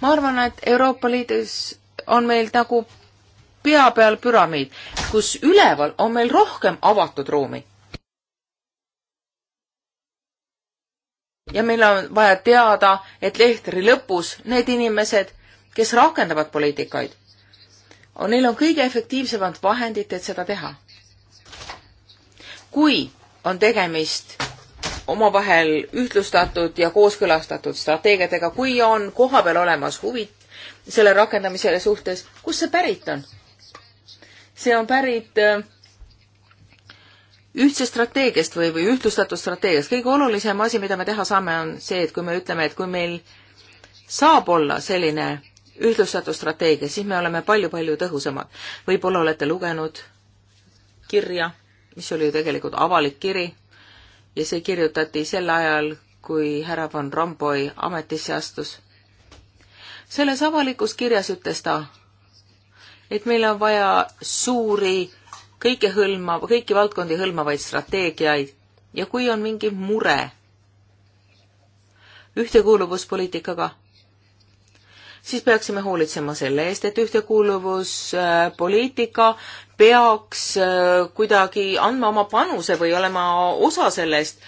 ma arvan, et Euroopa Liidus on meil nagu pea peal püramiid, kus üleval on meil rohkem avatud ruumi. ja meil on vaja teada, et lehtri lõpus need inimesed, kes rakendavad poliitikaid, on, neil on kõige efektiivsemad vahendid, et seda teha. kui on tegemist omavahel ühtlustatud ja kooskõlastatud strateegiatega, kui on kohapeal olemas huvi selle rakendamisele suhtes, kust see pärit on? see on pärit äh, ühtsest strateegiast või, või ühtlustatud strateegiast. kõige olulisem asi, mida me teha saame, on see, et kui me ütleme, et kui meil saab olla selline ühtlustatud strateegia, siis me oleme palju-palju tõhusamad. võib-olla olete lugenud kirja, mis oli ju tegelikult avalik kiri ja see kirjutati sel ajal, kui härra von Rompuy ametisse astus. selles avalikus kirjas ütles ta, et meil on vaja suuri, kõikehõlmav, kõiki valdkondi hõlmavaid strateegiaid ja kui on mingi mure ühtekuuluvuspoliitikaga, siis peaksime hoolitsema selle eest, et ühtekuuluvuspoliitika peaks äh, kuidagi andma oma panuse või olema osa sellest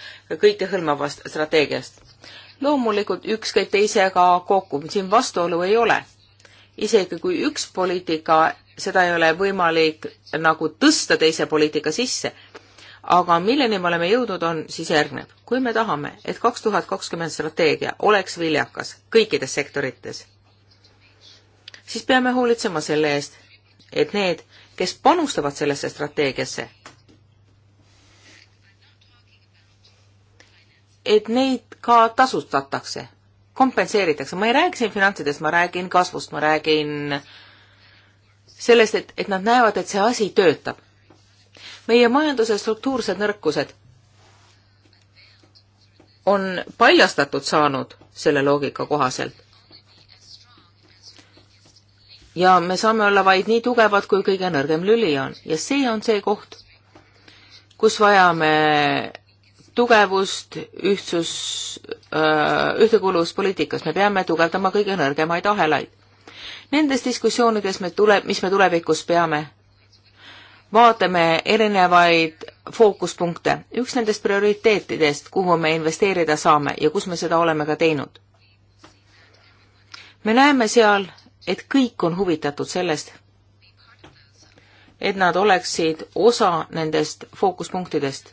kõikehõlmavast strateegiast. loomulikult ükskõik teisega kokku, siin vastuolu ei ole. isegi kui üks poliitika, seda ei ole võimalik nagu tõsta teise poliitika sisse aga milleni me oleme jõudnud, on siis järgnev. kui me tahame, et kaks tuhat kakskümmend strateegia oleks viljakas kõikides sektorites, siis peame hoolitsema selle eest, et need, kes panustavad sellesse strateegiasse, et neid ka tasustatakse, kompenseeritakse. ma ei räägi siin finantsidest, ma räägin kasvust, ma räägin sellest, et, et nad näevad, et see asi töötab. meie majanduse struktuursed nõrkused on paljastatud saanud selle loogika kohaselt ja me saame olla vaid nii tugevad, kui kõige nõrgem lüli on ja see on see koht, kus vajame tugevust, ühtsus, äh, ühtekuuluvuspoliitikas, me peame tugevdama kõige nõrgemaid ahelaid. Nendes diskussioonides me tule, mis me tulevikus peame, vaatame erinevaid fookuspunkte, üks nendest prioriteetidest, kuhu me investeerida saame ja kus me seda oleme ka teinud. me näeme seal et kõik on huvitatud sellest, et nad oleksid osa nendest fookuspunktidest.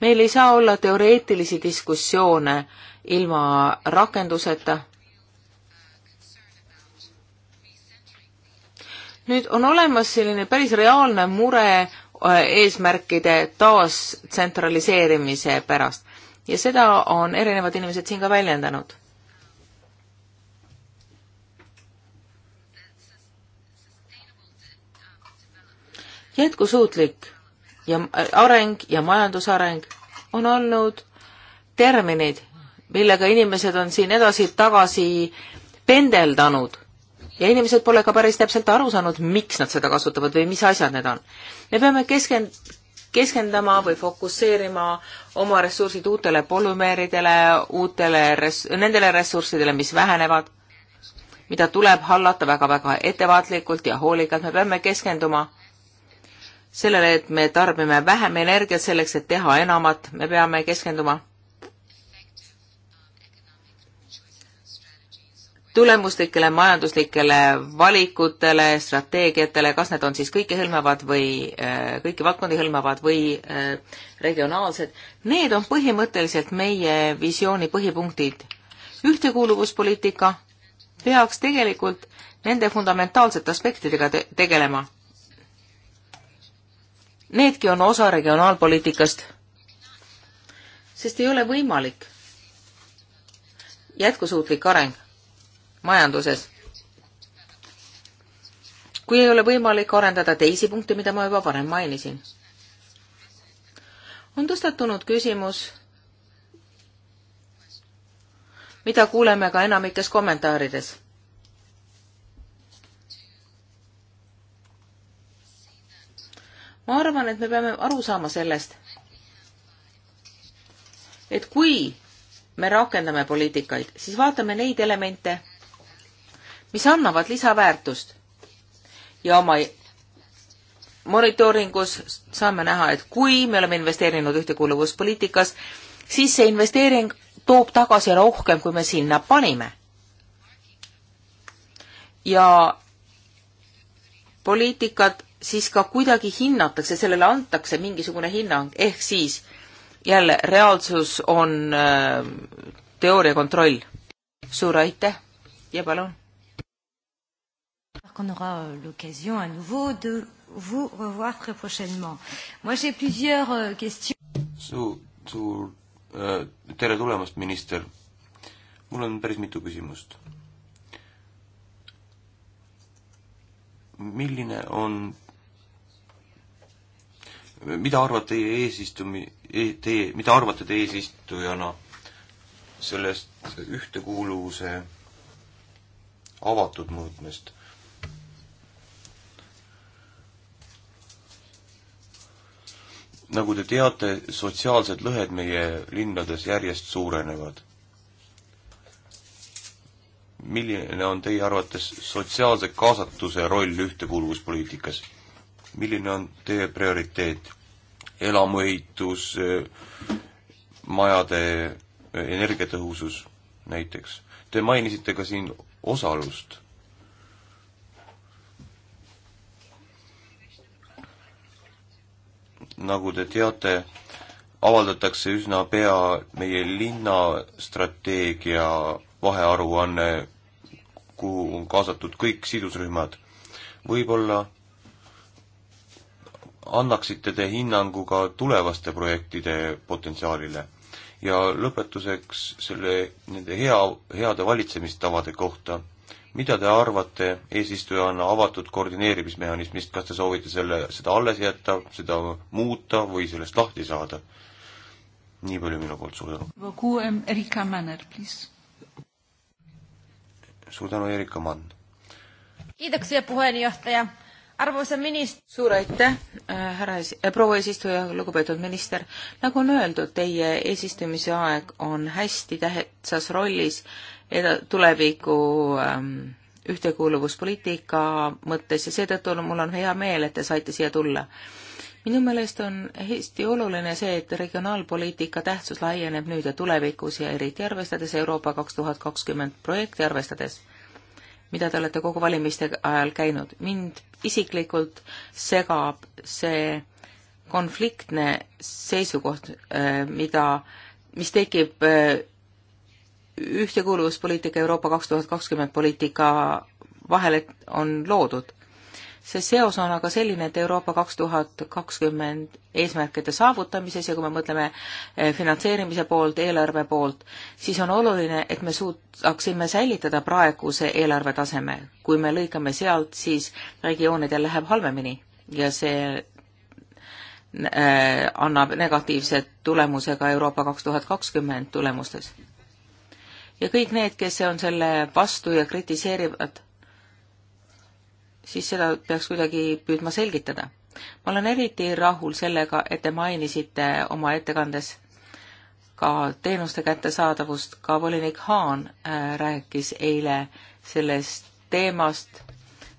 meil ei saa olla teoreetilisi diskussioone ilma rakenduseta. nüüd on olemas selline päris reaalne mure äh, eesmärkide taastsentraliseerimise pärast ja seda on erinevad inimesed siin ka väljendanud. jätkusuutlik ja areng ja majandusareng on olnud terminid, millega inimesed on siin edasi-tagasi pendeldanud ja inimesed pole ka päris täpselt aru saanud, miks nad seda kasutavad või mis asjad need on. me peame keskend-, keskendama või fokusseerima oma ressursid uutele polümeeridele, uutele res-, nendele ressurssidele, mis vähenevad, mida tuleb hallata väga-väga ettevaatlikult ja hoolikalt, me peame keskenduma sellele, et me tarbime vähem energiat selleks, et teha enamat, me peame keskenduma tulemuslikele majanduslikele valikutele, strateegiatele, kas need on siis kõike hõlmavad või äh, kõiki valdkondi hõlmavad või äh, regionaalsed, need on põhimõtteliselt meie visiooni põhipunktid. ühtekuuluvuspoliitika peaks tegelikult nende fundamentaalsete aspektidega te tegelema. Needki on osa regionaalpoliitikast, sest ei ole võimalik jätkusuutlik areng majanduses. kui ei ole võimalik arendada teisi punkte, mida ma juba varem mainisin. on tõstatunud küsimus, mida kuuleme ka enamikes kommentaarides ma arvan, et me peame aru saama sellest, et kui me rakendame poliitikaid, siis vaatame neid elemente, mis annavad lisaväärtust. ja oma monitooringus saame näha, et kui me oleme investeerinud ühtekuuluvuspoliitikas, siis see investeering toob tagasi rohkem, kui me sinna panime. ja poliitikat siis ka kuidagi hinnatakse, sellele antakse mingisugune hinnang, ehk siis jälle reaalsus on äh, teooria kontroll. suur aitäh ja palun qu'on aura euh, l'occasion à nouveau
de vous revoir très prochainement. Moi, j'ai plusieurs euh, questions.
Suur,
suur äh,, tere tulemast, minister. mul on päris mitu küsimust. milline on, mida arvate teie eesistumi, e, teie, mida arvate te eesistujana sellest ühtekuuluvuse avatud mõõtmest? nagu te teate, sotsiaalsed lõhed meie linnades järjest suurenevad. milline on teie arvates sotsiaalse kaasatuse roll ühtekuuluvuspoliitikas? milline on teie prioriteet? elamuehitus, majade energiatõhusus näiteks. Te mainisite ka siin osalust nagu te teate, avaldatakse üsna pea meie linnastrateegia vahearuanne, kuhu on kaasatud kõik sidusrühmad. võib-olla annaksite te hinnangu ka tulevaste projektide potentsiaalile? ja lõpetuseks selle, nende hea, heade valitsemistavade kohta mida te arvate eesistujana avatud koordineerimismehhanismist, kas te soovite selle, seda alles jätta, seda muuta või sellest lahti saada? nii palju minu poolt, suur tänu. suur tänu, Erika Mann.
kiitoksia, puhelijuhataja. arvamuse minist-. suur aitäh äh,, härra esi- äh,, proua eesistuja, lugupeetud minister. nagu on öeldud, teie eesistumise aeg on hästi tähtsas rollis äh, eda-, tuleviku ähm, ühtekuuluvuspoliitika mõttes ja seetõttu on, mul on hea meel, et te saite siia tulla. minu meelest on hästi oluline see, et regionaalpoliitika tähtsus laieneb nüüd ja tulevikus ja eriti arvestades Euroopa kaks tuhat kakskümmend projekti arvestades, mida te olete kogu valimiste ajal käinud. mind isiklikult segab see konfliktne seisukoht, äh, mida, mis tekib äh, ühtekuuluvuspoliitika Euroopa kaks tuhat kakskümmend poliitika vahele on loodud. see seos on aga selline, et Euroopa kaks tuhat kakskümmend eesmärkide saavutamises ja kui me mõtleme eh, finantseerimise poolt, eelarve poolt, siis on oluline, et me suudaksime säilitada praeguse eelarve taseme. kui me lõikame sealt, siis regioonidel läheb halvemini ja see eh, annab negatiivse tulemuse ka Euroopa kaks tuhat kakskümmend tulemustes ja kõik need, kes on selle vastu ja kritiseerivad, siis seda peaks kuidagi püüdma selgitada. ma olen eriti rahul sellega, et te mainisite oma ettekandes ka teenuste kättesaadavust, ka volinik Haan äh, rääkis eile sellest teemast,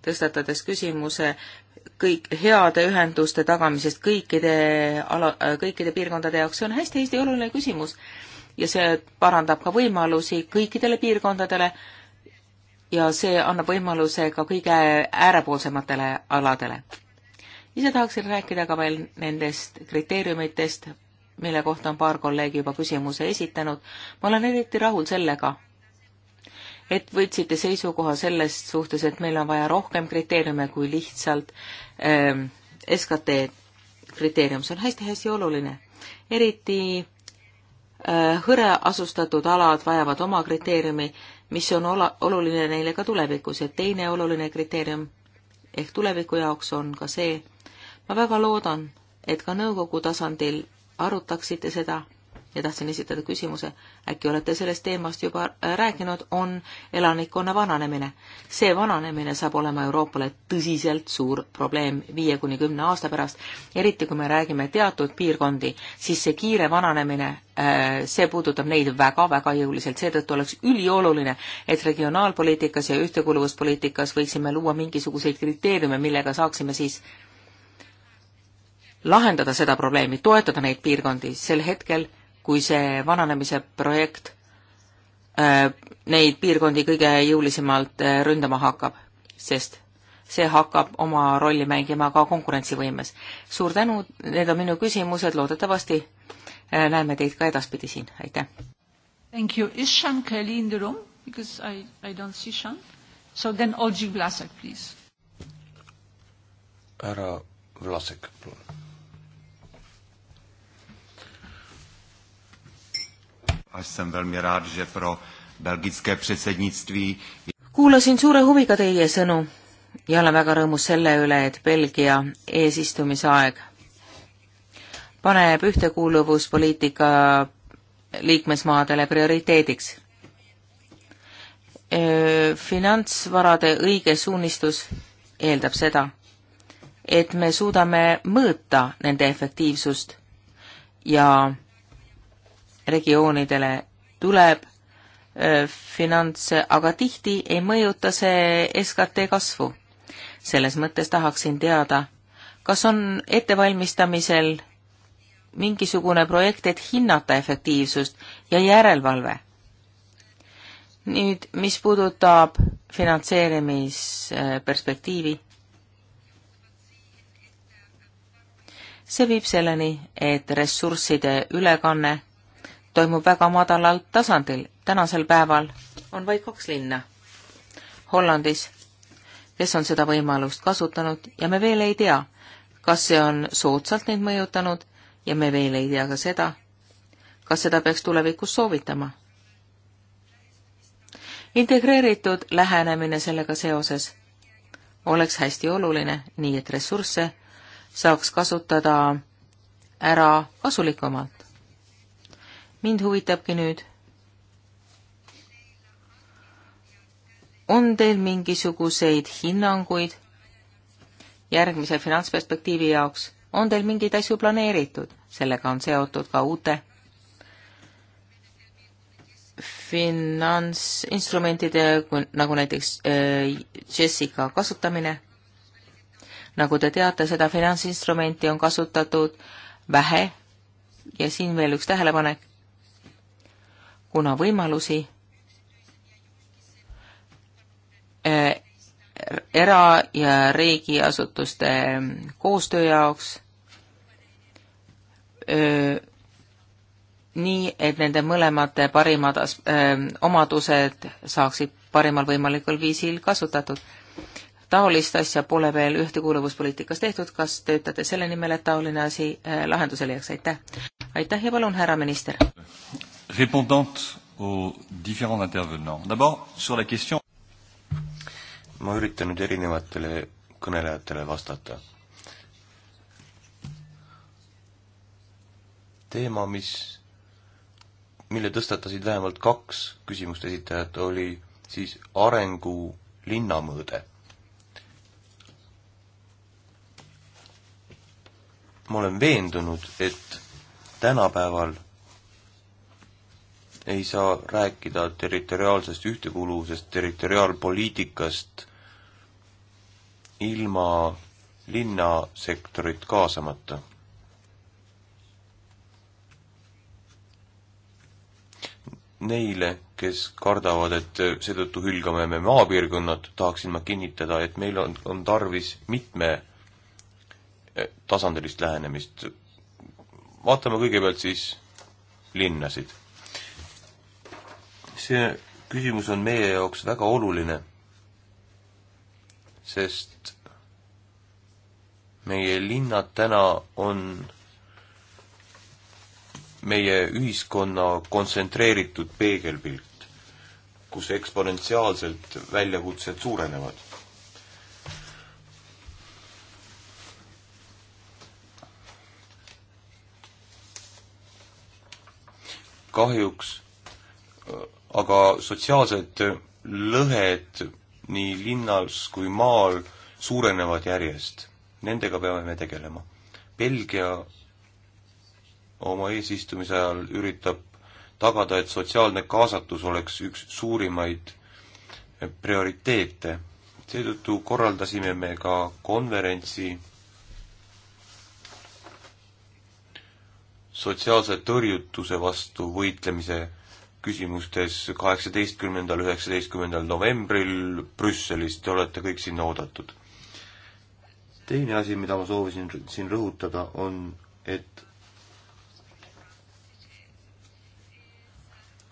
tõstatades küsimuse kõik heade ühenduste tagamisest kõikide ala, kõikide piirkondade jaoks, see on hästi-hästi oluline küsimus ja see parandab ka võimalusi kõikidele piirkondadele ja see annab võimaluse ka kõige äärepoolsematele aladele. ise tahaksin rääkida ka veel nendest kriteeriumitest, mille kohta on paar kolleegi juba küsimuse esitanud. ma olen eriti rahul sellega, et võtsite seisukoha selles suhtes, et meil on vaja rohkem kriteeriume kui lihtsalt ähm, SKT kriteerium, see on hästi-hästi oluline. eriti Äh, hõreasustatud alad vajavad oma kriteeriumi, mis on ola-, oluline neile ka tulevikus ja teine oluline kriteerium ehk tuleviku jaoks on ka see, ma väga loodan, et ka nõukogu tasandil arutaksite seda ja tahtsin esitada küsimuse, äkki olete sellest teemast juba äh, rääkinud, on elanikkonna vananemine. see vananemine saab olema Euroopale tõsiselt suur probleem viie kuni kümne aasta pärast, eriti kui me räägime teatud piirkondi, siis see kiire vananemine, äh, see puudutab neid väga-väga jõuliselt, seetõttu oleks ülioluline, et regionaalpoliitikas ja ühtekuuluvuspoliitikas võiksime luua mingisuguseid kriteeriume, millega saaksime siis lahendada seda probleemi, toetada neid piirkondi sel hetkel, kui see vananemise projekt äh, neid piirkondi kõige jõulisemalt äh, ründama hakkab, sest see hakkab oma rolli mängima ka konkurentsivõimes. suur tänu, need on minu küsimused, loodetavasti äh, näeme teid ka edaspidi siin, aitäh!
Thank you. Is Sean Kelly in the room? Because I, I don't see Sean. So then Olgi Vlasak, please.
härra Vlasek, palun
kuulasin suure huviga teie sõnu ja olen väga rõõmus selle üle, et Belgia eesistumise aeg paneb ühtekuuluvuspoliitika liikmesmaadele prioriteediks. finantsvarade õige suunistus eeldab seda, et me suudame mõõta nende efektiivsust ja regioonidele tuleb finantse, aga tihti ei mõjuta see SKT kasvu. selles mõttes tahaksin teada, kas on ettevalmistamisel mingisugune projekt, et hinnata efektiivsust ja järelevalve. nüüd, mis puudutab finantseerimisperspektiivi, see viib selleni, et ressursside ülekanne toimub väga madalal tasandil. tänasel päeval on vaid kaks linna Hollandis, kes on seda võimalust kasutanud ja me veel ei tea, kas see on soodsalt neid mõjutanud ja me veel ei tea ka seda, kas seda peaks tulevikus soovitama. integreeritud lähenemine sellega seoses oleks hästi oluline, nii et ressursse saaks kasutada ära kasulikumalt mind huvitabki nüüd, on teil mingisuguseid hinnanguid järgmise finantsperspektiivi jaoks, on teil mingeid asju planeeritud, sellega on seotud ka uute finantsinstrumentide, nagu näiteks äh, Jessica kasutamine. nagu te teate, seda finantsinstrumenti on kasutatud vähe ja siin veel üks tähelepanek kuna võimalusi eh, era- ja riigiasutuste eh, koostöö jaoks eh, nii, et nende mõlemate parimad as-, öö, omadused saaksid parimal võimalikul viisil kasutatud. taolist asja pole veel ühtekuuluvuspoliitikas tehtud, kas töötate selle nimel, et taoline asi öö, lahenduse leiaks, aitäh! aitäh ja palun, härra minister!
répondante aux différents intervenants. D'abord, sur la question... ma üritan nüüd erinevatele kõnelejatele vastata. teema, mis, mille tõstatasid vähemalt kaks küsimust esitajat, oli siis arengu linnamõõde. ma olen veendunud, et tänapäeval ei saa rääkida territoriaalsest ühtekuuluvusest, territoriaalpoliitikast ilma linnasektorit kaasamata. Neile, kes kardavad, et seetõttu hülgame me maapiirkonnad, tahaksin ma kinnitada, et meil on, on tarvis mitme eh, tasandilist lähenemist. vaatame kõigepealt siis linnasid see küsimus on meie jaoks väga oluline, sest meie linnad täna on meie ühiskonna kontsentreeritud peegelpilt, kus eksponentsiaalselt väljakutsed suurenevad. kahjuks aga sotsiaalsed lõhed nii linnas kui maal suurenevad järjest. Nendega peame me tegelema. Belgia oma eesistumise ajal üritab tagada, et sotsiaalne kaasatus oleks üks suurimaid prioriteete. seetõttu korraldasime me ka konverentsi sotsiaalse tõrjutuse vastu võitlemise küsimustes kaheksateistkümnendal, üheksateistkümnendal novembril Brüsselis, te olete kõik sinna oodatud. teine asi, mida ma soovisin siin rõhutada, on, et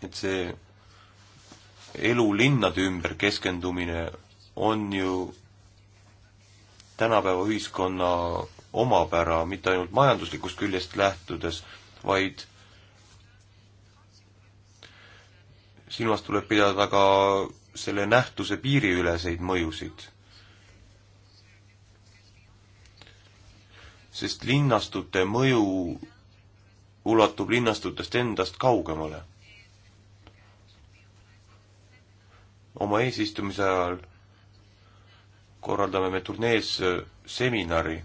et see elu linnade ümber keskendumine on ju tänapäeva ühiskonna omapära, mitte ainult majanduslikust küljest lähtudes, vaid silmas tuleb pidada ka selle nähtuse piiriüleseid mõjusid. sest linnastute mõju ulatub linnastutest endast kaugemale. oma eesistumise ajal korraldame me turnees seminari,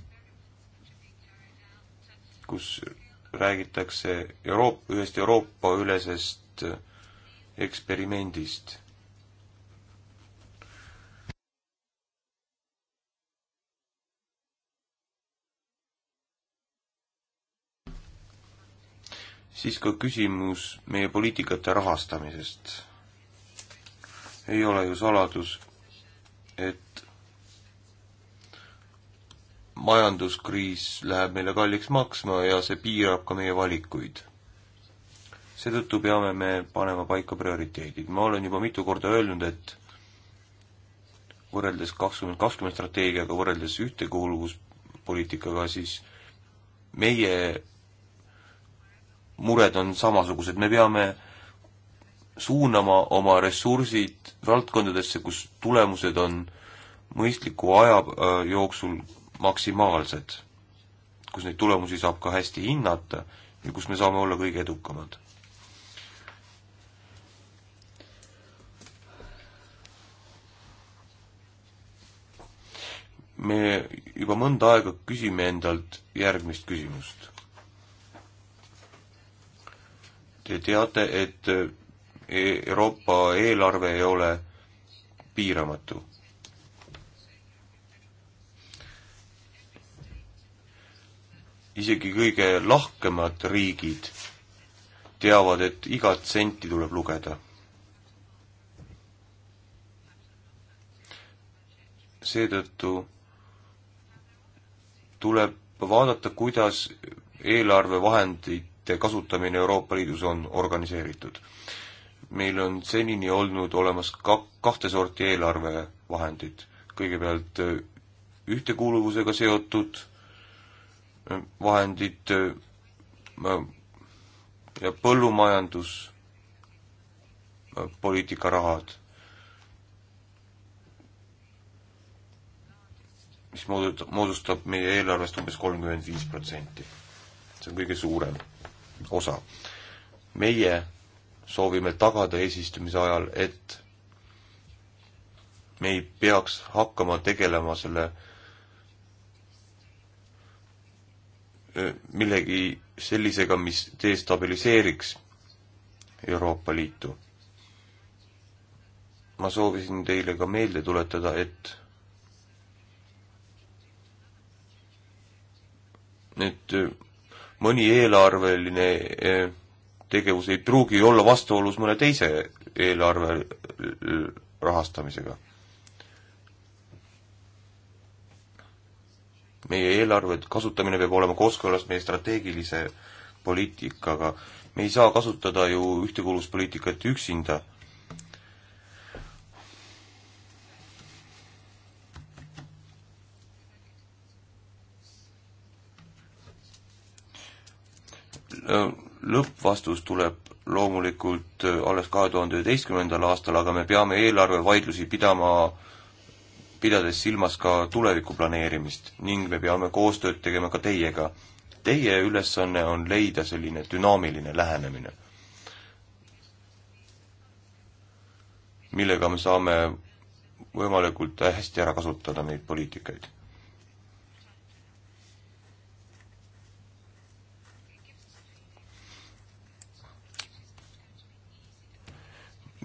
kus räägitakse Euroop-, ühest Euroopa-ülesest eksperimendist. siis ka küsimus meie poliitikate rahastamisest. ei ole ju saladus, et majanduskriis läheb meile kalliks maksma ja see piirab ka meie valikuid seetõttu peame me panema paika prioriteedid. ma olen juba mitu korda öelnud, et võrreldes kakskümmend kakskümmend strateegiaga, võrreldes ühtekuuluvuspoliitikaga, siis meie mured on samasugused, me peame suunama oma ressursid valdkondadesse, kus tulemused on mõistliku aja äh, jooksul maksimaalsed, kus neid tulemusi saab ka hästi hinnata ja kus me saame olla kõige edukamad. me juba mõnda aega küsime endalt järgmist küsimust. Te teate, et e, Euroopa eelarve ei ole piiramatu. isegi kõige lahkemad riigid teavad, et igat senti tuleb lugeda seetõttu tuleb vaadata, kuidas eelarvevahendite kasutamine Euroopa Liidus on organiseeritud. meil on senini olnud olemas ka-, kahte sorti eelarvevahendid. kõigepealt äh, ühtekuuluvusega seotud äh, vahendid äh, ja põllumajanduspoliitika rahad mis moodustab, moodustab meie eelarvest umbes kolmkümmend viis protsenti. see on kõige suurem osa. meie soovime tagada eesistumise ajal, et me ei peaks hakkama tegelema selle millegi sellisega, mis destabiliseeriks Euroopa Liitu. ma soovisin teile ka meelde tuletada, et et äh, mõni eelarveline äh, tegevus ei pruugi olla vastuolus mõne teise eelarve äh, rahastamisega. meie eelarve kasutamine peab olema kooskõlas meie strateegilise poliitikaga. me ei saa kasutada ju ühtekuuluvuspoliitikat üksinda Äh, lõppvastus tuleb loomulikult äh, alles kahe tuhande üheteistkümnendal aastal, aga me peame eelarvevaidlusi pidama, pidades silmas ka tuleviku planeerimist ning me peame koostööd tegema ka teiega. Teie ülesanne on leida selline dünaamiline lähenemine, millega me saame võimalikult hästi ära kasutada neid poliitikaid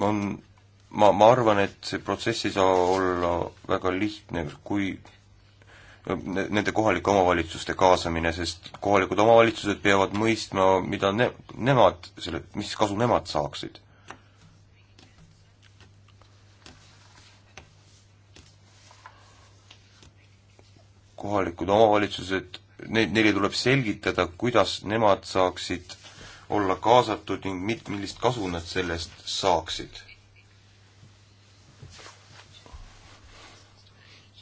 on, ma, ma arvan, et see protsess ei saa olla väga lihtne, kui nende kohalike omavalitsuste kaasamine, sest kohalikud omavalitsused peavad mõistma, mida ne-, nemad selle, mis kasu nemad saaksid. kohalikud omavalitsused, neid, neile tuleb selgitada, kuidas nemad saaksid olla kaasatud ning mit-, millist kasu nad sellest saaksid.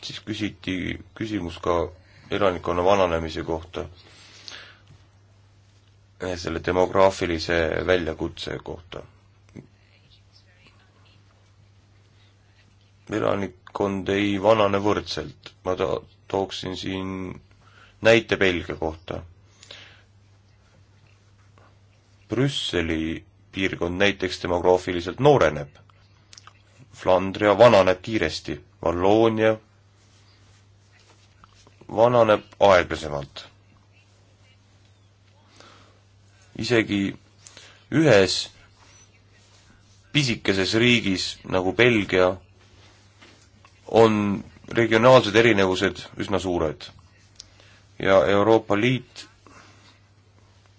siis küsiti küsimus ka elanikkonna vananemise kohta, selle demograafilise väljakutse kohta. elanikkond ei vanane võrdselt, ma ta-, tooksin siin näite Belgia kohta Brüsseli piirkond näiteks demograafiliselt nooreneb. Flandria vananeb kiiresti, Valloonia vananeb aeglasemalt. isegi ühes pisikeses riigis nagu Belgia on regionaalsed erinevused üsna suured. ja Euroopa Liit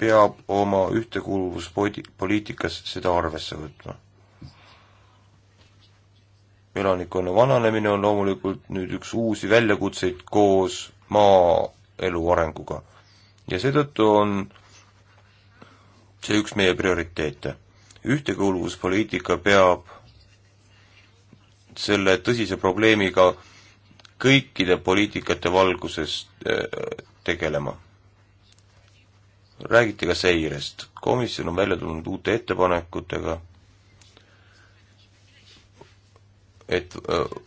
peab oma ühtekuuluvuspoliitikas seda arvesse võtma. elanikkonna vananemine on loomulikult nüüd üks uusi väljakutseid koos maaelu arenguga ja seetõttu on see üks meie prioriteete. ühtekuuluvuspoliitika peab selle tõsise probleemiga kõikide poliitikate valguses äh, tegelema räägiti ka seirest. komisjon on välja tulnud uute ettepanekutega, et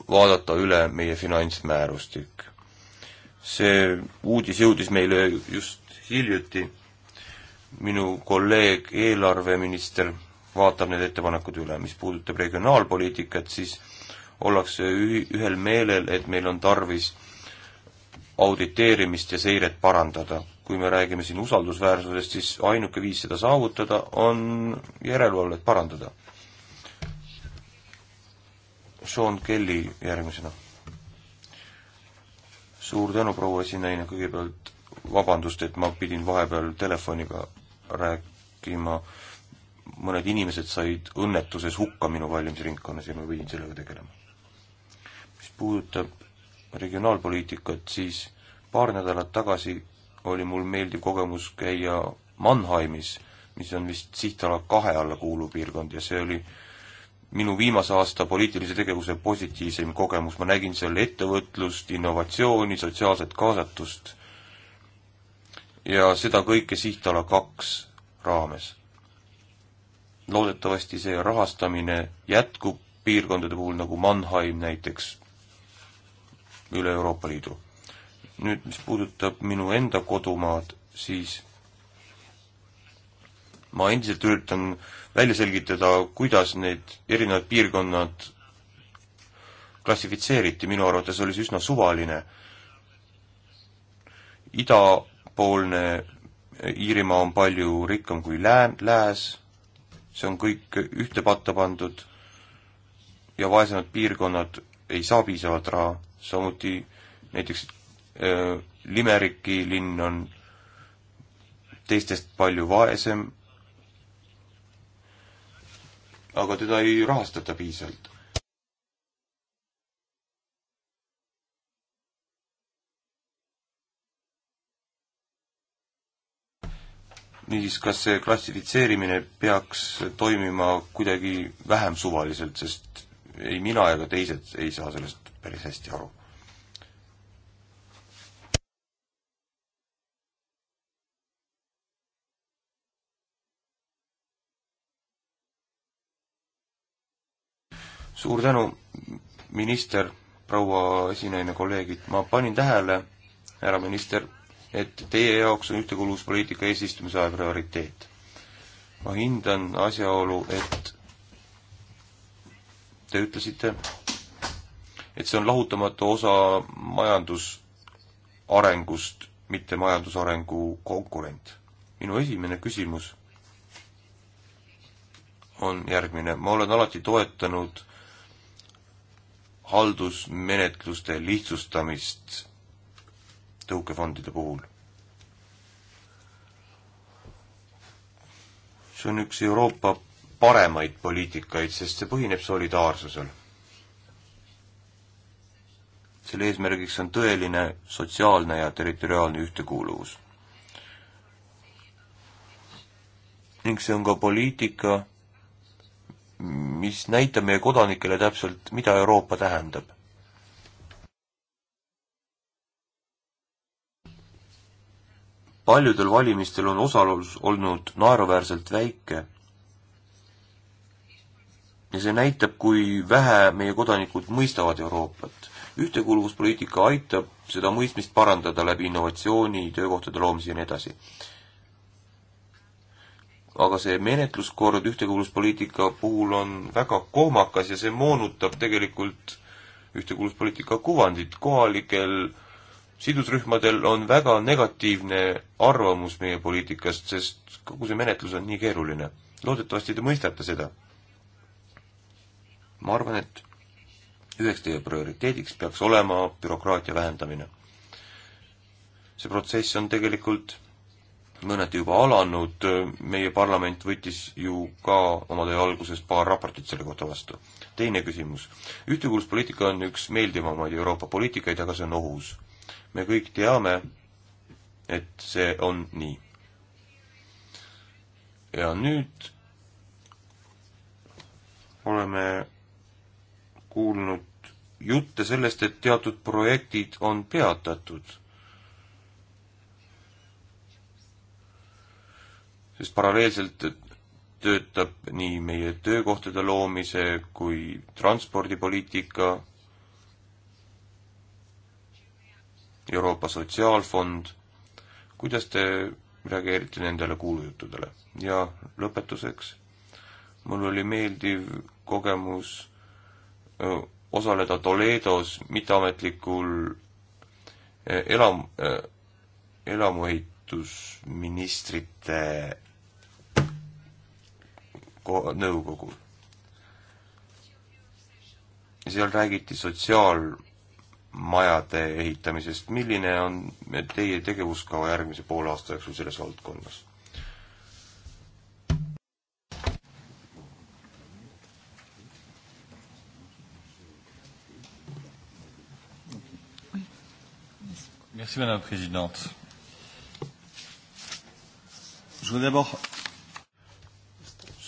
vaadata üle meie finantsmäärustik. see uudis jõudis meile just hiljuti, minu kolleeg, eelarveminister, vaatab need ettepanekud üle, mis puudutab regionaalpoliitikat, siis ollakse ühel meelel, et meil on tarvis auditeerimist ja seiret parandada kui me räägime siin usaldusväärsusest, siis ainuke viis seda saavutada on järelevalvet parandada. Sean Kelly järgmisena. suur tänu, proua esinaine, kõigepealt vabandust, et ma pidin vahepeal telefoniga rääkima, mõned inimesed said õnnetuses hukka minu valimisringkonnas ja ma pidin sellega tegelema. mis puudutab regionaalpoliitikat, siis paar nädalat tagasi oli mul meeldiv kogemus käia Mannheimis, mis on vist sihtala kahe alla kuuluv piirkond ja see oli minu viimase aasta poliitilise tegevuse positiivsem kogemus, ma nägin seal ettevõtlust, innovatsiooni, sotsiaalset kaasatust ja seda kõike sihtala kaks raames. loodetavasti see rahastamine jätkub piirkondade puhul, nagu Mannheim näiteks, üle Euroopa Liidu nüüd, mis puudutab minu enda kodumaad, siis ma endiselt üritan välja selgitada, kuidas need erinevad piirkonnad klassifitseeriti, minu arvates oli see üsna suvaline. idapoolne Iirimaa on palju rikkam kui lää-, lääs, see on kõik ühte patta pandud ja vaesemad piirkonnad ei saa piisavalt raha, samuti näiteks Äh, Limeriki linn on teistest palju vaesem, aga teda ei rahastata piisavalt. niisiis, kas see klassifitseerimine peaks toimima kuidagi vähem suvaliselt, sest ei mina ega teised ei saa sellest päris hästi aru? suur tänu, minister, proua esinaine, kolleegid, ma panin tähele, härra minister, et teie jaoks on ühtekuuluvuspoliitika eesistumise aja prioriteet. ma hindan asjaolu, et te ütlesite, et see on lahutamatu osa majandusarengust, mitte majandusarengu konkurent. minu esimene küsimus on järgmine. ma olen alati toetanud haldusmenetluste lihtsustamist tõukefondide puhul. see on üks Euroopa paremaid poliitikaid, sest see põhineb solidaarsusel. selle eesmärgiks on tõeline sotsiaalne ja territoriaalne ühtekuuluvus. ning see on ka poliitika, mis näitab meie kodanikele täpselt, mida Euroopa tähendab. paljudel valimistel on osalus olnud naeruväärselt väike. ja see näitab, kui vähe meie kodanikud mõistavad Euroopat. ühtekuuluvuspoliitika aitab seda mõistmist parandada läbi innovatsiooni, töökohtade loomise ja nii edasi aga see menetluskord ühtekuuluvuspoliitika puhul on väga kohmakas ja see moonutab tegelikult ühtekuuluvuspoliitika kuvandit. kohalikel sidusrühmadel on väga negatiivne arvamus meie poliitikast, sest kogu see menetlus on nii keeruline. loodetavasti te mõistate seda. ma arvan, et üheks teie prioriteediks peaks olema bürokraatia vähendamine. see protsess on tegelikult mõneti juba alanud, meie parlament võttis ju ka oma töö alguses paar raportit selle kohta vastu. teine küsimus. ühtekuuluvuspoliitika on üks meeldivamaid Euroopa poliitikaid, aga see on ohus. me kõik teame, et see on nii. ja nüüd oleme kuulnud jutte sellest, et teatud projektid on peatatud sest paralleelselt töötab nii meie töökohtade loomise kui transpordipoliitika, Euroopa Sotsiaalfond, kuidas te reageerite nendele kuulujuttudele? ja lõpetuseks, mul oli meeldiv kogemus osaleda Toledos mitteametlikul elam-, elamuehitusministrite nõukogul. seal räägiti sotsiaalmajade ehitamisest, milline on teie tegevuskava järgmise poole aasta jooksul selles valdkonnas? Merci Madame la Présidente. Je voudrais d'abord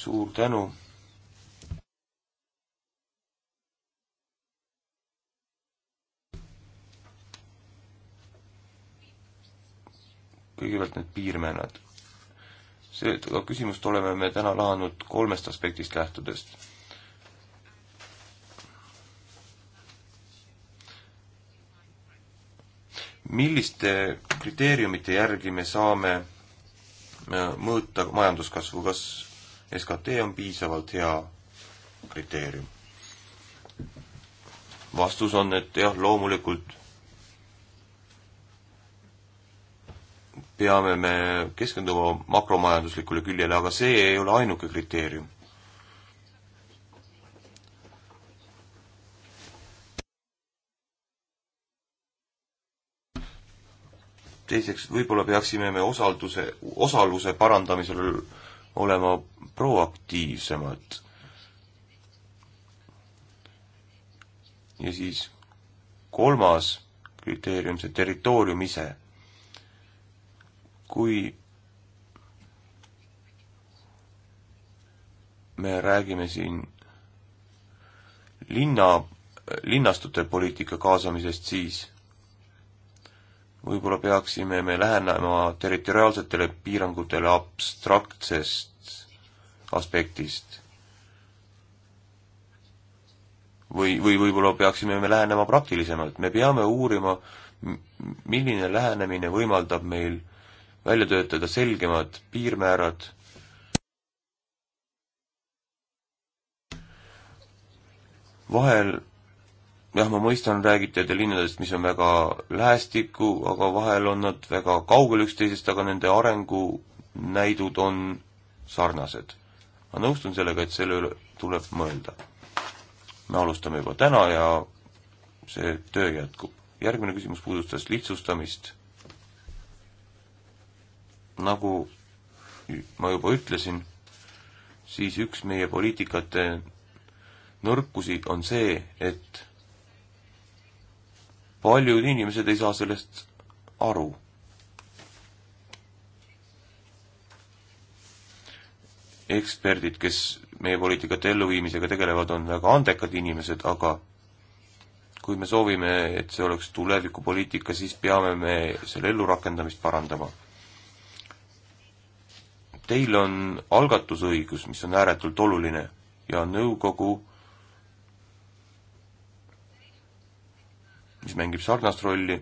suur tänu kõigepealt need piirmäärad. seda küsimust oleme me täna lahanud kolmest aspektist lähtudest. milliste kriteeriumite järgi me saame äh, mõõta majanduskasvu, kas SKT on piisavalt hea kriteerium? vastus on, et jah, loomulikult peame me keskenduma makromajanduslikule küljele, aga see ei ole ainuke kriteerium. teiseks, võib-olla peaksime me osalduse, osaluse parandamisel olema proaktiivsemad. ja siis kolmas kriteerium, see territoorium ise. kui me räägime siin linna, linnastute poliitika kaasamisest, siis võib-olla peaksime me lähenema territoriaalsetele piirangutele abstraktsest aspektist. või, või võib-olla peaksime me lähenema praktilisemalt, me peame uurima, milline lähenemine võimaldab meil välja töötada selgemad piirmäärad, vahel jah, ma mõistan, räägite te linnadest, mis on väga lähestikku, aga vahel on nad väga kaugel üksteisest, aga nende arengunäidud on sarnased. ma nõustun sellega, et selle üle tuleb mõelda. me alustame juba täna ja see töö jätkub. järgmine küsimus puudutas lihtsustamist. nagu ma juba ütlesin, siis üks meie poliitikate nõrkusi on see, et paljud inimesed ei saa sellest aru. eksperdid, kes meie poliitikate elluviimisega tegelevad, on väga andekad inimesed, aga kui me soovime, et see oleks tulevikupoliitika, siis peame me selle ellurakendamist parandama. Teil on algatusõigus, mis on ääretult oluline ja nõukogu mis mängib sarnast rolli,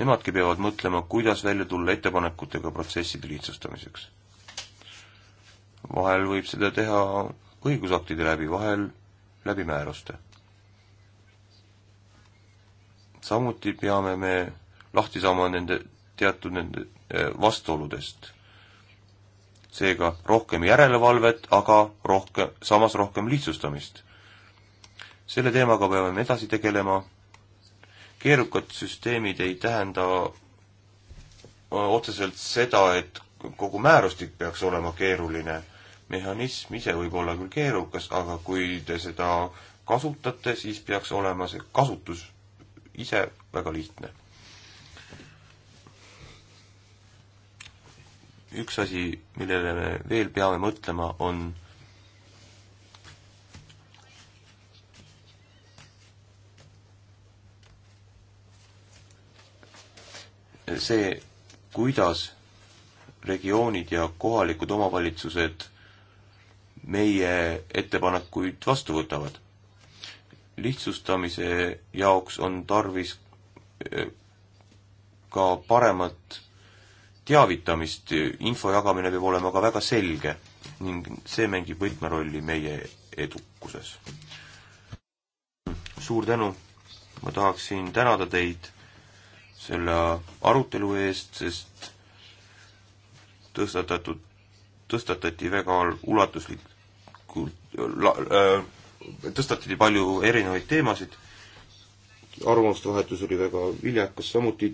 nemadki peavad mõtlema, kuidas välja tulla ettepanekutega protsesside lihtsustamiseks. vahel võib seda teha õigusaktide läbi, vahel läbi määruste. samuti peame me lahti saama nende teatud nende eh, vastuoludest. seega rohkem järelevalvet, aga rohkem, samas rohkem lihtsustamist. selle teemaga peame me edasi tegelema keerukad süsteemid ei tähenda äh, otseselt seda, et kogu määrustik peaks olema keeruline. mehhanism ise võib olla küll keerukas, aga kui te seda kasutate, siis peaks olema see kasutus ise väga lihtne. üks asi, millele me veel peame mõtlema, on see, kuidas regioonid ja kohalikud omavalitsused meie ettepanekuid vastu võtavad. lihtsustamise jaoks on tarvis eh, ka paremat teavitamist, info jagamine peab olema ka väga selge ning see mängib võtmerolli meie edukuses. suur tänu, ma tahaksin tänada teid selle arutelu eest, sest tõstatatud, tõstatati väga ulatuslikult, äh, tõstatati palju erinevaid teemasid, arvamuste vahetus oli väga viljakas, samuti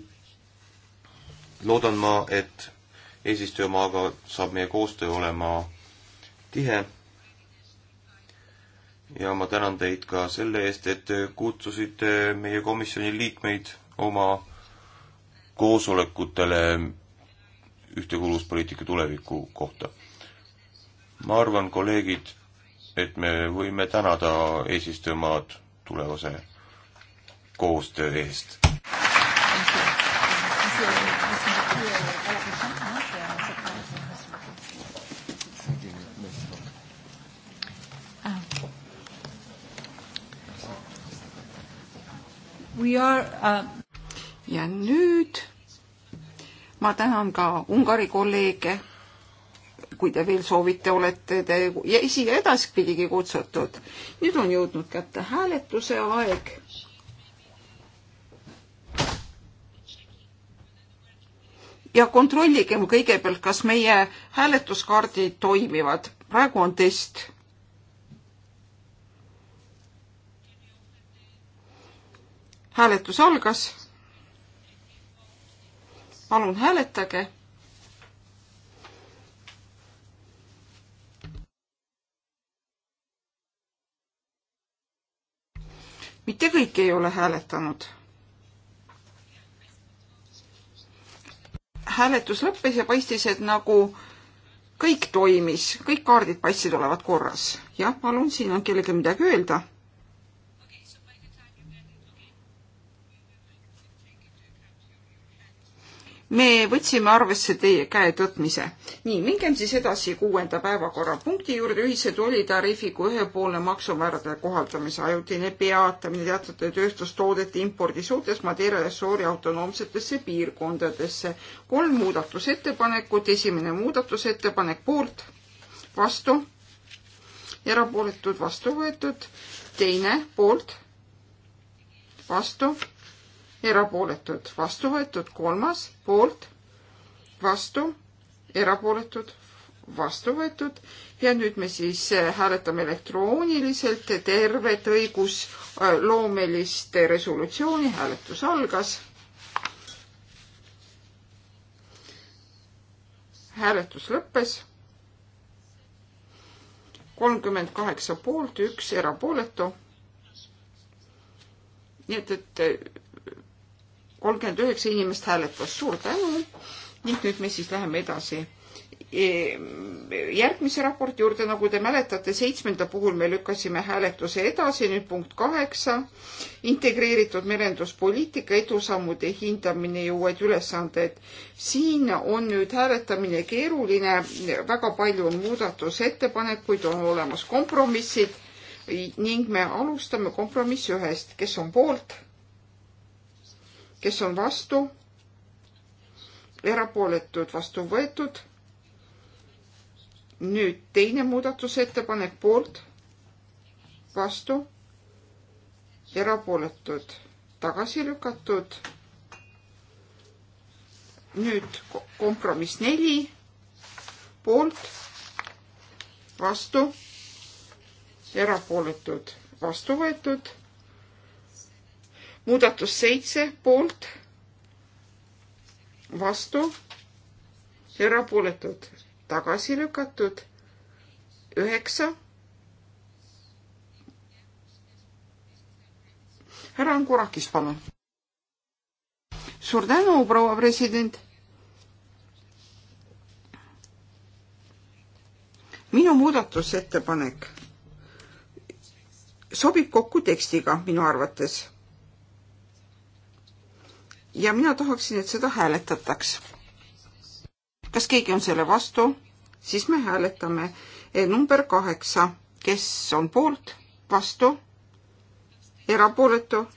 loodan ma, et eesistujamaaga saab meie koostöö olema tihe. ja ma tänan teid ka selle eest, et kutsusite meie komisjoni liikmeid oma koosolekutele ühtekuuluvuspoliitika tuleviku kohta. ma arvan, kolleegid, et me võime tänada eesistujamaad tulevase koostöö eest.
We are uh ja nüüd ma tänan ka Ungari kolleege, kui te veel soovite, olete te siia edaspidigi kutsutud. nüüd on jõudnud kätte hääletuse aeg. ja kontrolligem kõigepealt, kas meie hääletuskaardid toimivad. praegu on test hääletus algas palun hääletage. mitte kõik ei ole hääletanud. hääletus lõppes ja paistis, et nagu kõik toimis, kõik kaardid paistsid olevat korras. jah, palun, siin on kellelgi midagi öelda me võtsime arvesse teie käe tõtmise. nii, mingem siis edasi kuuenda päevakorrapunkti juurde, ühise tollitariifiga ühepoolne maksumäärade kohaldamise ajutine peatamine teatud tööstustoodete impordi suhtes Madeira ja Soori autonoomsetesse piirkondadesse. kolm muudatusettepanekut, esimene muudatusettepanek poolt, vastu, erapooletud, vastu võetud, teine poolt, vastu erapooletud, vastu võetud, kolmas poolt, vastu, erapooletud, vastu võetud ja nüüd me siis äh, hääletame elektrooniliselt tervet õigusloomelist äh, resolutsiooni, hääletus algas. hääletus lõppes kolmkümmend kaheksa poolt, üks erapooletu. nii et, et äh, kolmkümmend üheksa inimest hääletas, suur tänu. ning nüüd me siis läheme edasi e, järgmise raporti juurde, nagu te mäletate, seitsmenda puhul me lükkasime hääletuse edasi, nüüd punkt kaheksa, integreeritud merenduspoliitika edusammude hindamine ja uued ülesanded. siin on nüüd hääletamine keeruline, väga palju on muudatusettepanekuid, on olemas kompromissid ning me alustame kompromissi ühest, kes on poolt kes on vastu, erapooletud, vastu võetud. nüüd teine muudatusettepanek poolt, vastu, erapooletud, tagasi lükatud. nüüd kompromiss neli, poolt, vastu, erapooletud, vastu võetud muudatus seitse poolt, vastu, erapooletud, tagasi lükatud, üheksa. härra Angurakis, palun. suur tänu, proua president. minu muudatusettepanek sobib kokku tekstiga minu arvates ja mina tahaksin, et seda hääletataks. kas keegi on selle vastu? siis me hääletame e number kaheksa, kes on poolt, vastu, erapooletu.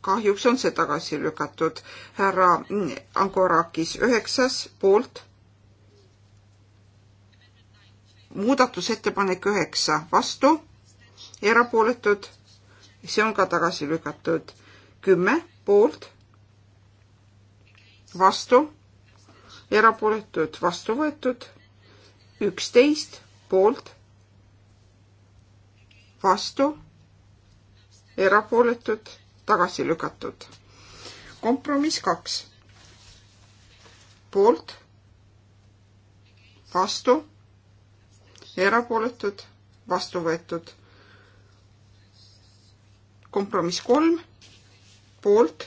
kahjuks on see tagasi lükatud. härra Angorakis üheksas poolt. muudatusettepanek üheksa, vastu, erapooletud. see on ka tagasi lükatud. kümme poolt vastu, erapooletud, vastu võetud, üksteist poolt, vastu, erapooletud, tagasi lükatud. kompromiss kaks, poolt, vastu, erapooletud, vastu võetud. kompromiss kolm, poolt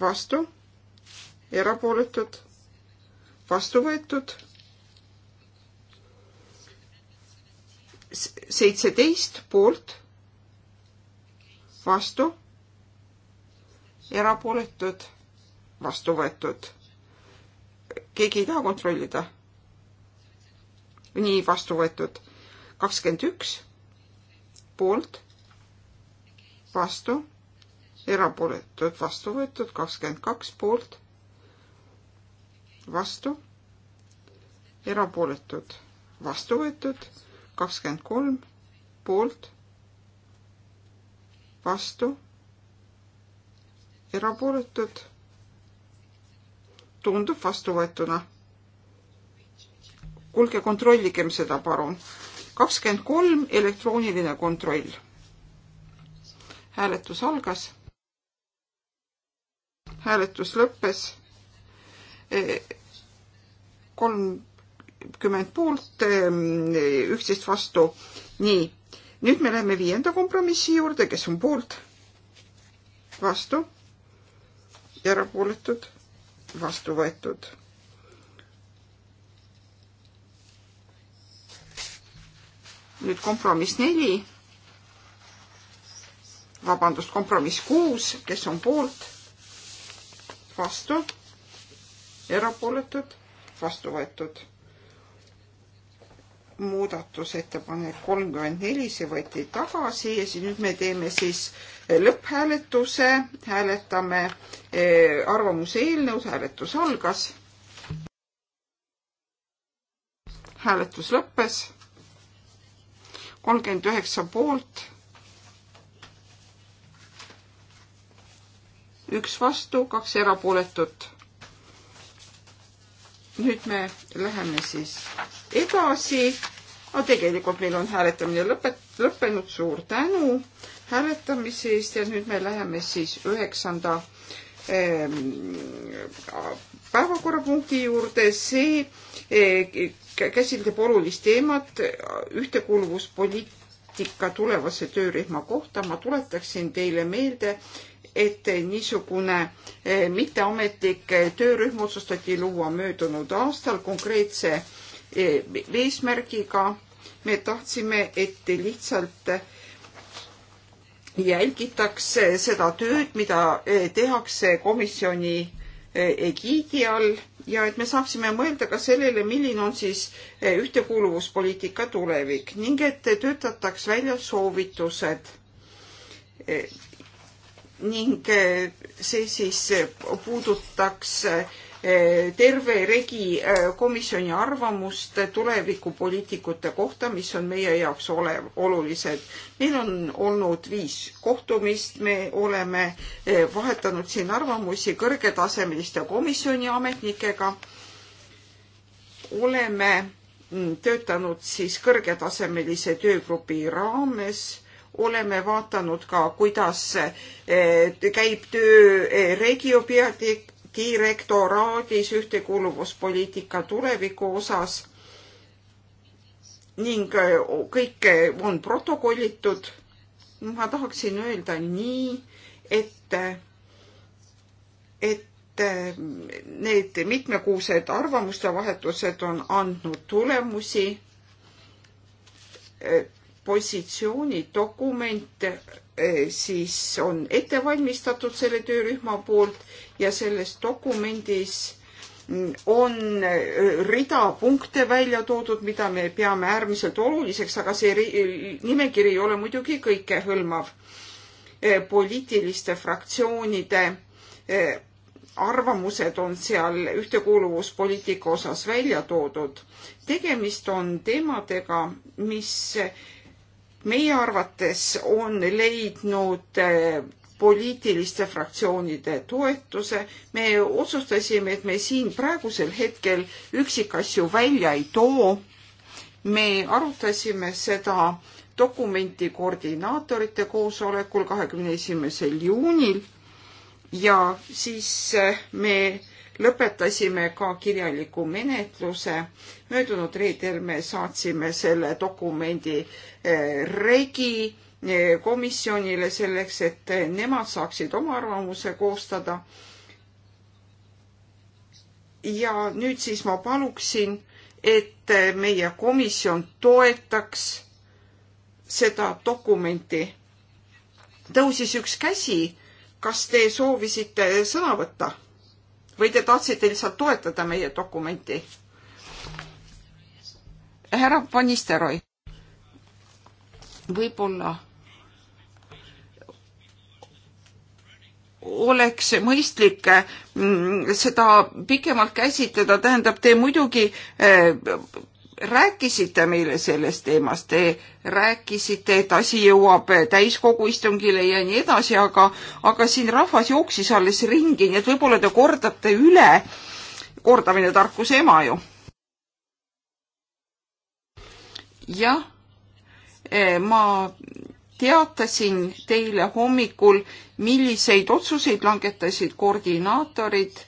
vastu, erapooletud, vastu võetud. seitseteist poolt, vastu, erapooletud, vastu võetud. keegi ei taha kontrollida? nii, vastu võetud. kakskümmend üks poolt, vastu, erapooletud, vastu võetud, kakskümmend kaks poolt vastu, erapooletud, vastu võetud, kakskümmend kolm poolt, vastu, erapooletud, tundub vastu võetuna. kuulge, kontrolligem seda, palun. kakskümmend kolm, elektrooniline kontroll. hääletus algas hääletus lõppes kolmkümmend poolt, ehm, üksteist vastu. nii, nüüd me läheme viienda kompromissi juurde, kes on poolt, vastu, erapooletud, vastu võetud. nüüd kompromiss neli vabandust, kompromiss kuus, kes on poolt, vastu, erapooletud, vastu võetud. muudatusettepanek kolmkümmend neli, see võeti tagasi ja siis nüüd me teeme siis lõpphääletuse, hääletame eh, arvamuse eelnõus, hääletus algas. hääletus lõppes. kolmkümmend üheksa poolt üks vastu, kaks erapooletut nüüd me läheme siis edasi no tegelikult meil on hääletamine lõpet-, lõppenud, suur tänu hääletamise eest ja nüüd me läheme siis üheksanda ehm, päevakorrapunkti juurde, see eh, käsitleb olulist teemat ühtekuuluvuspoliitika tulevase töörühma kohta. ma tuletaksin teile meelde, et niisugune eh, mitteametlik eh, töörühm otsustati luua möödunud aastal konkreetse eh, eesmärgiga. me tahtsime, et lihtsalt jälgitaks seda tööd, mida tehakse komisjoni egiidi all ja et me saaksime mõelda ka sellele, milline on siis ühtekuuluvuspoliitika tulevik ning et töötataks välja soovitused ning eh, see siis eh, puudutaks eh, terve regi komisjoni arvamust tulevikupoliitikute kohta, mis on meie jaoks olev, olulised. meil on olnud viis kohtumist, me oleme vahetanud siin arvamusi kõrgetasemeliste komisjoni ametnikega. oleme mm, töötanud siis kõrgetasemelise töögrupi raames oleme vaadanud ka, kuidas eh, käib töö eh, Regio direktoraadis ühtekuuluvuspoliitika tuleviku osas ning eh, kõik on protokollitud. ma tahaksin öelda nii, et, et need mitmekuused arvamuste vahetused on andnud tulemusi positsioonidokument eh, siis on ette valmistatud selle töörühma poolt ja selles dokumendis mm, on eh, rida punkte välja toodud, mida me peame äärmiselt oluliseks, aga see nimekiri ei ole muidugi kõikehõlmav. Eh, poliitiliste fraktsioonide arvamused on seal ühtekuuluvuspoliitika osas välja toodud. tegemist on teemadega, mis meie arvates on leidnud eh, poliitiliste fraktsioonide toetuse. me otsustasime, et me siin praegusel hetkel üksikasju välja ei too. me arutasime seda dokumenti koordinaatorite koosolekul kahekümne esimesel juunil ja siis eh, me lõpetasime ka kirjaliku menetluse. möödunud reedel me saatsime selle dokumendi eh, regi eh, komisjonile selleks, et nemad saaksid oma arvamuse koostada. ja nüüd siis ma paluksin, et meie komisjon toetaks seda dokumenti. tõusis üks käsi. kas te soovisite sõna võtta? või te tahtsite lihtsalt toetada meie dokumenti? härra Van Nistelrooy, võib-olla oleks mõistlik mm, seda pikemalt käsitleda, tähendab, te muidugi eh, rääkisite meile sellest teemast, te rääkisite, et asi jõuab täiskogu istungile ja nii edasi, aga, aga siin rahvas jooksis alles ringi, nii et võib-olla te kordate üle, kordamine tarkuse ema ju. jah, eh, ma teatasin teile hommikul, milliseid otsuseid langetasid koordinaatorid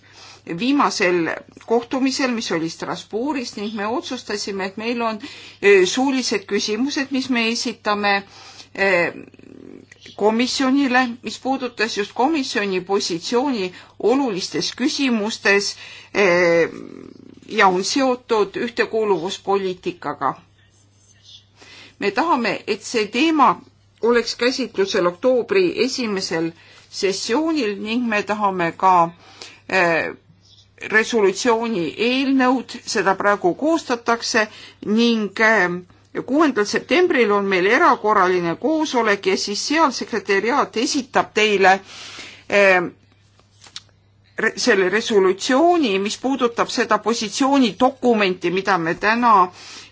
viimasel kohtumisel, mis oli Strasbourgis ning me otsustasime, et meil on suulised küsimused, mis me esitame komisjonile, mis puudutas just komisjoni positsiooni olulistes küsimustes ja on seotud ühtekuuluvuspoliitikaga. me tahame, et see teema oleks käsitlusel oktoobri esimesel sessioonil ning me tahame ka resolutsiooni eelnõud, seda praegu koostatakse ning äh, kuuendal septembril on meil erakorraline koosolek ja siis seal sekretäriaat esitab teile äh, selle resolutsiooni, mis puudutab seda positsioonidokumenti, mida me täna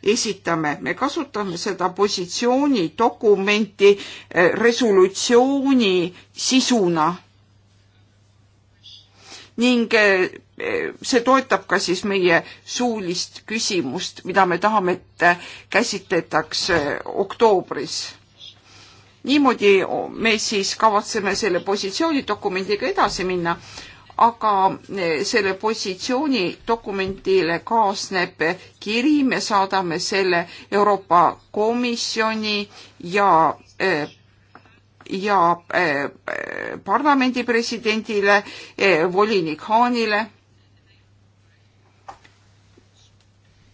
esitame. me kasutame seda positsioonidokumenti äh, resolutsiooni sisuna ning see toetab ka siis meie suulist küsimust, mida me tahame, et käsitletaks äh, oktoobris. niimoodi me siis kavatseme selle positsioonidokumendiga edasi minna, aga äh, selle positsioonidokumendile kaasneb kiri, me saadame selle Euroopa Komisjoni ja äh, ja parlamendi presidendile, volinik Haanile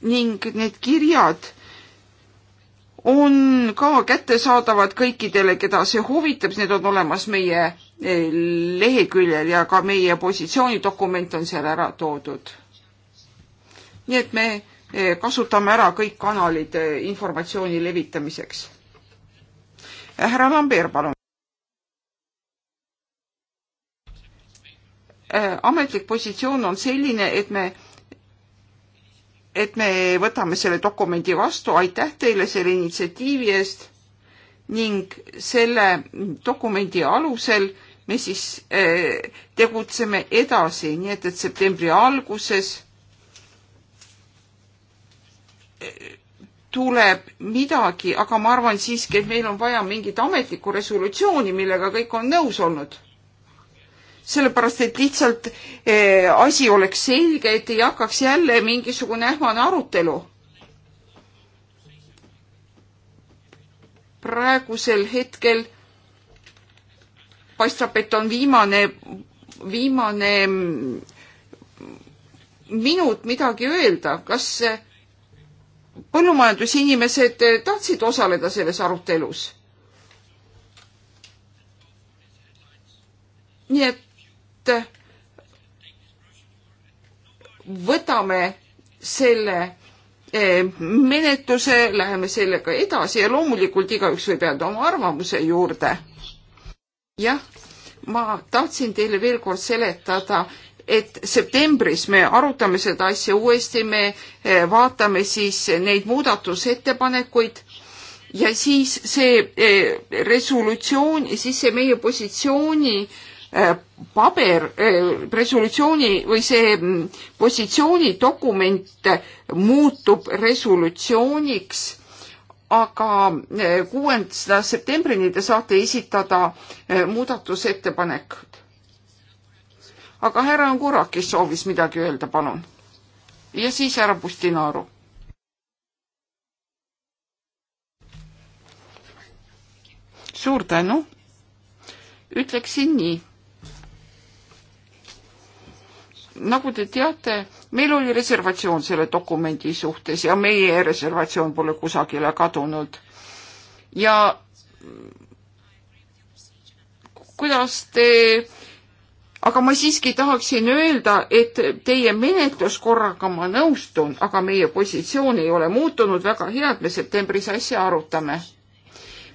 ning need kirjad on ka kättesaadavad kõikidele, keda see huvitab, need on olemas meie eh, leheküljel ja ka meie positsioonidokument on seal ära toodud. nii et me eh, kasutame ära kõik kanalid eh, informatsiooni levitamiseks. härra Lambert, palun. ametlik positsioon on selline, et me et me võtame selle dokumendi vastu, aitäh teile selle initsiatiivi eest ning selle dokumendi alusel me siis eh, tegutseme edasi, nii et, et septembri alguses eh, tuleb midagi, aga ma arvan siiski, et meil on vaja mingit ametlikku resolutsiooni, millega kõik on nõus olnud sellepärast, et lihtsalt eh, asi oleks selge, et ei hakkaks jälle mingisugune ähmane arutelu. praegusel hetkel paistab, et on viimane, viimane mm, minut midagi öelda, kas eh, põllumajandusinimesed eh, tahtsid osaleda selles arutelus? nii et võtame selle eh, menetluse, läheme sellega edasi ja loomulikult igaüks võib jääda oma arvamuse juurde. jah, ma tahtsin teile veel kord seletada, et septembris me arutame seda asja uuesti, me eh, vaatame siis neid muudatusettepanekuid ja siis see eh, resolutsioon, siis see meie positsiooni äh, Äh, paber, äh, resolutsiooni või see mm, positsioonidokument äh, muutub resolutsiooniks, aga kuuenda septembrini te saate esitada muudatusettepanekud. aga härra Angurakis soovis midagi öelda, palun. ja siis härra Pustinaaru. suur tänu ütleksin nii nagu te teate, meil oli reservatsioon selle dokumendi suhtes ja meie reservatsioon pole kusagile kadunud. ja kuidas te aga ma siiski tahaksin öelda, et teie menetluskorraga ma nõustun, aga meie positsioon ei ole muutunud, väga hea, et me septembris asja arutame.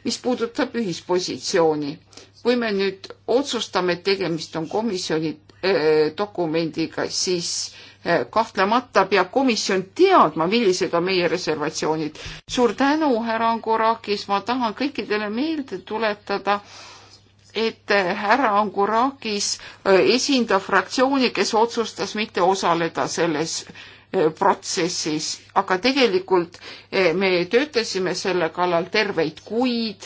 mis puudutab ühispositsiooni, kui me nüüd otsustame, et tegemist on komisjoni Äh, dokumendiga, siis äh, kahtlemata peab komisjon teadma, millised on meie reservatsioonid. suur tänu, härra Angurakis, ma tahan kõikidele meelde tuletada, et äh, härra Angurakis esindab fraktsiooni, kes otsustas mitte osaleda selles protsessis, aga tegelikult me töötasime selle kallal terveid kuid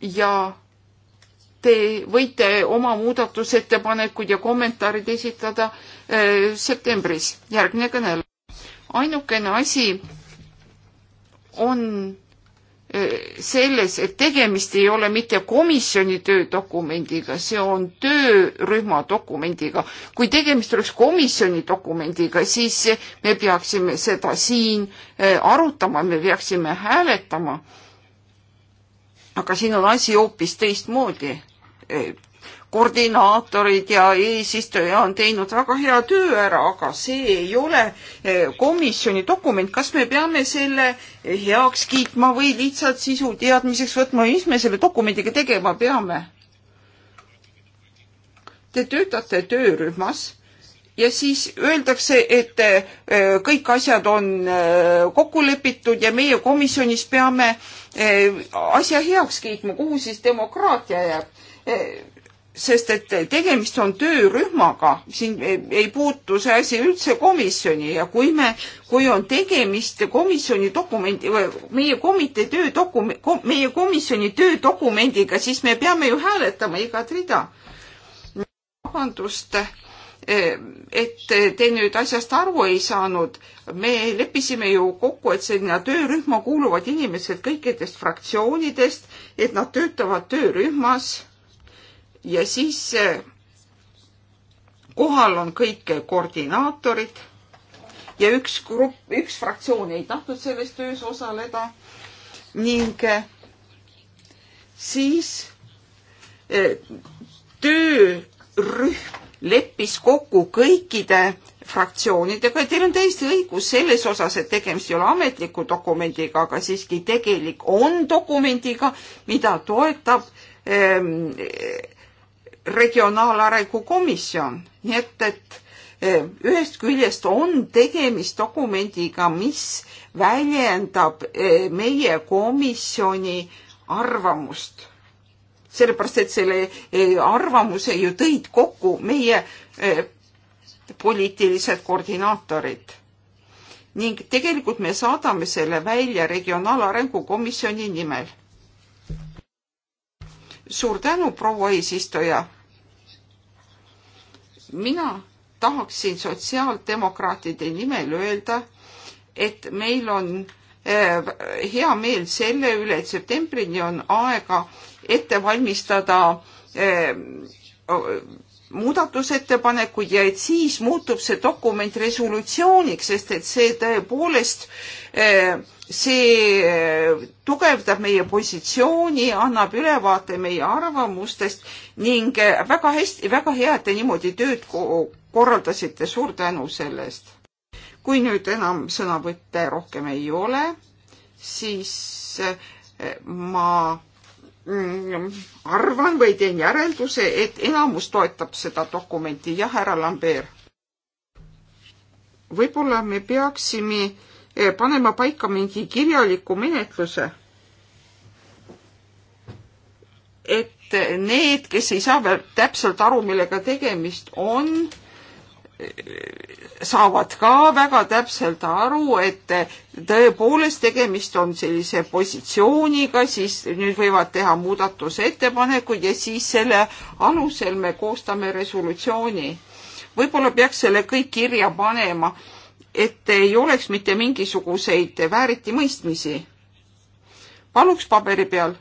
ja te võite oma muudatusettepanekud ja kommentaarid esitada äh, septembris, järgmine kõne. ainukene asi on äh, selles, et tegemist ei ole mitte komisjoni töödokumendiga, see on töörühma dokumendiga. kui tegemist oleks komisjoni dokumendiga, siis me peaksime seda siin äh, arutama, me peaksime hääletama aga siin on asi hoopis teistmoodi. E, koordinaatorid ja eesistuja on teinud väga hea töö ära, aga see ei ole e, komisjoni dokument, kas me peame selle heaks kiitma või lihtsalt sisu teadmiseks võtma, mis me selle dokumendiga tegema peame? Te töötate töörühmas ja siis öeldakse, et e, kõik asjad on kokku lepitud ja meie komisjonis peame äh, Eh, asja heaks kiitma, kuhu siis demokraatia jääb? Eh, sest et tegemist on töörühmaga, siin ei puutu see asi üldse komisjoni ja kui me, kui on tegemist komisjoni dokumendi või meie komitee töödokument kom,, meie komisjoni töödokumendiga, siis me peame ju hääletama igat rida. vabandust et te nüüd asjast aru ei saanud. me leppisime ju kokku, et sinna töörühma kuuluvad inimesed kõikidest fraktsioonidest, et nad töötavad töörühmas ja siis eh, kohal on kõik koordinaatorid ja üks grupp, üks fraktsioon ei tahtnud selles töös osaleda ning eh, siis eh, töörühm leppis kokku kõikide fraktsioonidega ja teil on täiesti õigus selles osas, et tegemist ei ole ametliku dokumendiga, aga siiski tegelik on dokumendiga, mida toetab ähm, regionaalarengu komisjon, nii et, et ehm, ühest küljest on tegemist dokumendiga, mis väljendab ehm, meie komisjoni arvamust sellepärast, et selle eh, arvamuse ju tõid kokku meie eh, poliitilised koordinaatorid ning tegelikult me saadame selle välja Regionaalarengu Komisjoni nimel. suur tänu, proua eesistuja. mina tahaksin sotsiaaldemokraatide nimel öelda, et meil on Äh, hea meel selle üle, et septembrini on aega ette valmistada äh, muudatusettepanekuid ja et siis muutub see dokument resolutsiooniks, sest et see tõepoolest, äh, see tugevdab meie positsiooni, annab ülevaate meie arvamustest ning väga hästi, väga hea, et te niimoodi tööd korraldasite, suur tänu selle eest kui nüüd enam sõnavõtte rohkem ei ole, siis eh, ma mm, arvan või teen järelduse, et enamus toetab seda dokumenti. jah, härra Lambert? võib-olla me peaksime eh, panema paika mingi kirjaliku menetluse. et need, kes ei saa veel täpselt aru, millega tegemist on, saavad ka väga täpselt aru, et tõepoolest tegemist on sellise positsiooniga, siis nüüd võivad teha muudatusettepanekuid ja siis selle alusel me koostame resolutsiooni. võib-olla peaks selle kõik kirja panema, et ei oleks mitte mingisuguseid vääritimõistmisi. paluks paberi peal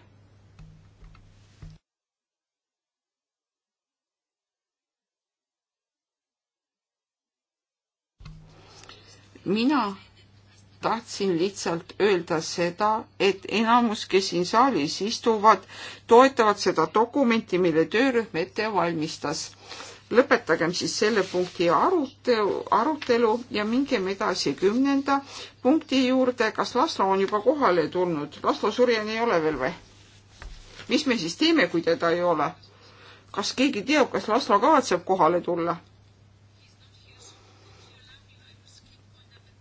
mina tahtsin lihtsalt öelda seda, et enamus, kes siin saalis istuvad, toetavad seda dokumenti, mille töörühm ette valmistas. lõpetagem siis selle punkti arutelu, arutelu ja mingem edasi kümnenda punkti juurde. kas Laslo on juba kohale tulnud? Laslo Surjan ei ole veel või? mis me siis teeme, kui teda ei ole? kas keegi teab, kas Laslo kavatseb kohale tulla?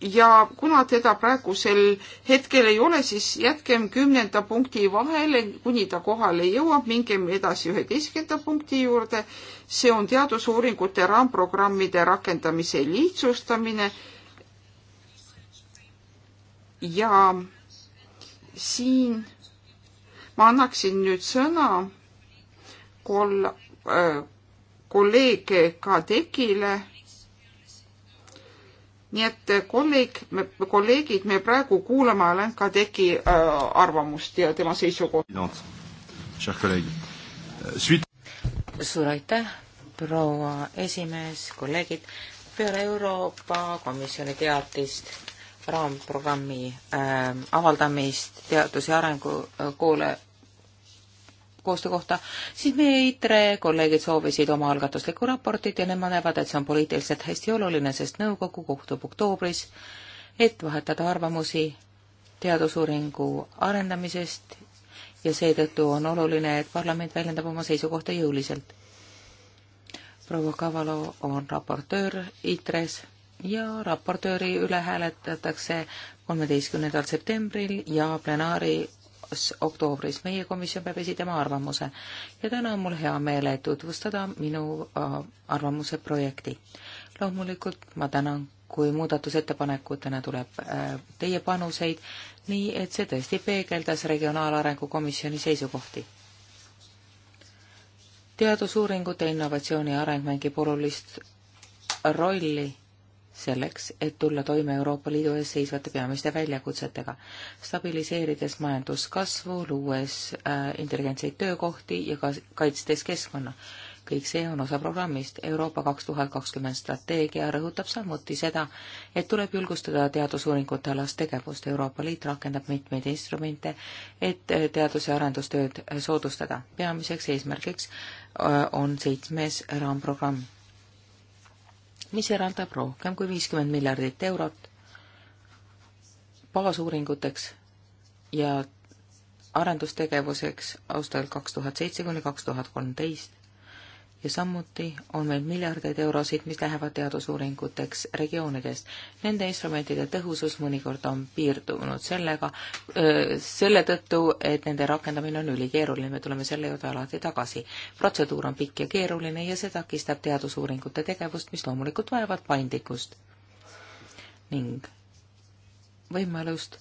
ja kuna teda praegusel hetkel ei ole, siis jätkem kümnenda punkti vahele, kuni ta kohale jõuab, mingem edasi üheteistkümnenda punkti juurde. see on teadusuuringute raamprogrammide rakendamise lihtsustamine. ja siin ma annaksin nüüd sõna kol- äh,, kolleeg Kadekile nii et eh, kolleeg, kolleegid, me praegu kuulame Alen Kadeki äh, arvamust ja tema seisukohta. Euh,
suur aitäh, proua esimees, kolleegid. peale Euroopa Komisjoni teatist raamprogrammi äh, avaldamist teadus- ja arengukoole koostöö kohta, siis meie ITRE kolleegid soovisid omaalgatuslikku raportit ja nemad näevad, et see on poliitiliselt hästi oluline, sest nõukogu kohtub oktoobris, et vahetada arvamusi teadusuuringu arendamisest ja seetõttu on oluline, et parlament väljendab oma seisukohta jõuliselt. proua Kavalo on raportöör ITRE-s ja raportööri üle hääletatakse kolmeteistkümnendal septembril ja plenaari oktoobris. meie komisjon peab esitama arvamuse ja täna on mul hea meel tutvustada minu äh, arvamuse projekti. loomulikult ma tänan, kui muudatusettepanekutena tuleb äh, teie panuseid, nii et see tõesti peegeldas Regionaalarengu Komisjoni seisukohti teadusuuringute innovatsiooni areng mängib olulist rolli selleks, et tulla toime Euroopa Liidu ees seisvate peamiste väljakutsetega, stabiliseerides majanduskasvu, luues äh, intelligentseid töökohti ja ka kaitstes keskkonna. kõik see on osa programmist. Euroopa kaks tuhat kakskümmend strateegia rõhutab samuti seda, et tuleb julgustada teadusuuringute alast tegevust. Euroopa Liit rakendab mitmeid instrumente, et äh, teadus- ja arendustööd äh, soodustada. peamiseks eesmärgiks äh, on seitsmes raamprogramm mis eraldab rohkem kui viiskümmend miljardit eurot baasuuringuteks ja arendustegevuseks aastal kaks tuhat seitse kuni kaks tuhat kolmteist ja samuti on meil miljardeid eurosid, mis lähevad teadusuuringuteks regioonidest. Nende instrumentide tõhusus mõnikord on piirdunud sellega, selle tõttu, et nende rakendamine on ülikeeruline, me tuleme selle juurde alati tagasi. protseduur on pikk ja keeruline ja see takistab teadusuuringute tegevust, mis loomulikult vajavad paindlikkust ning võimalust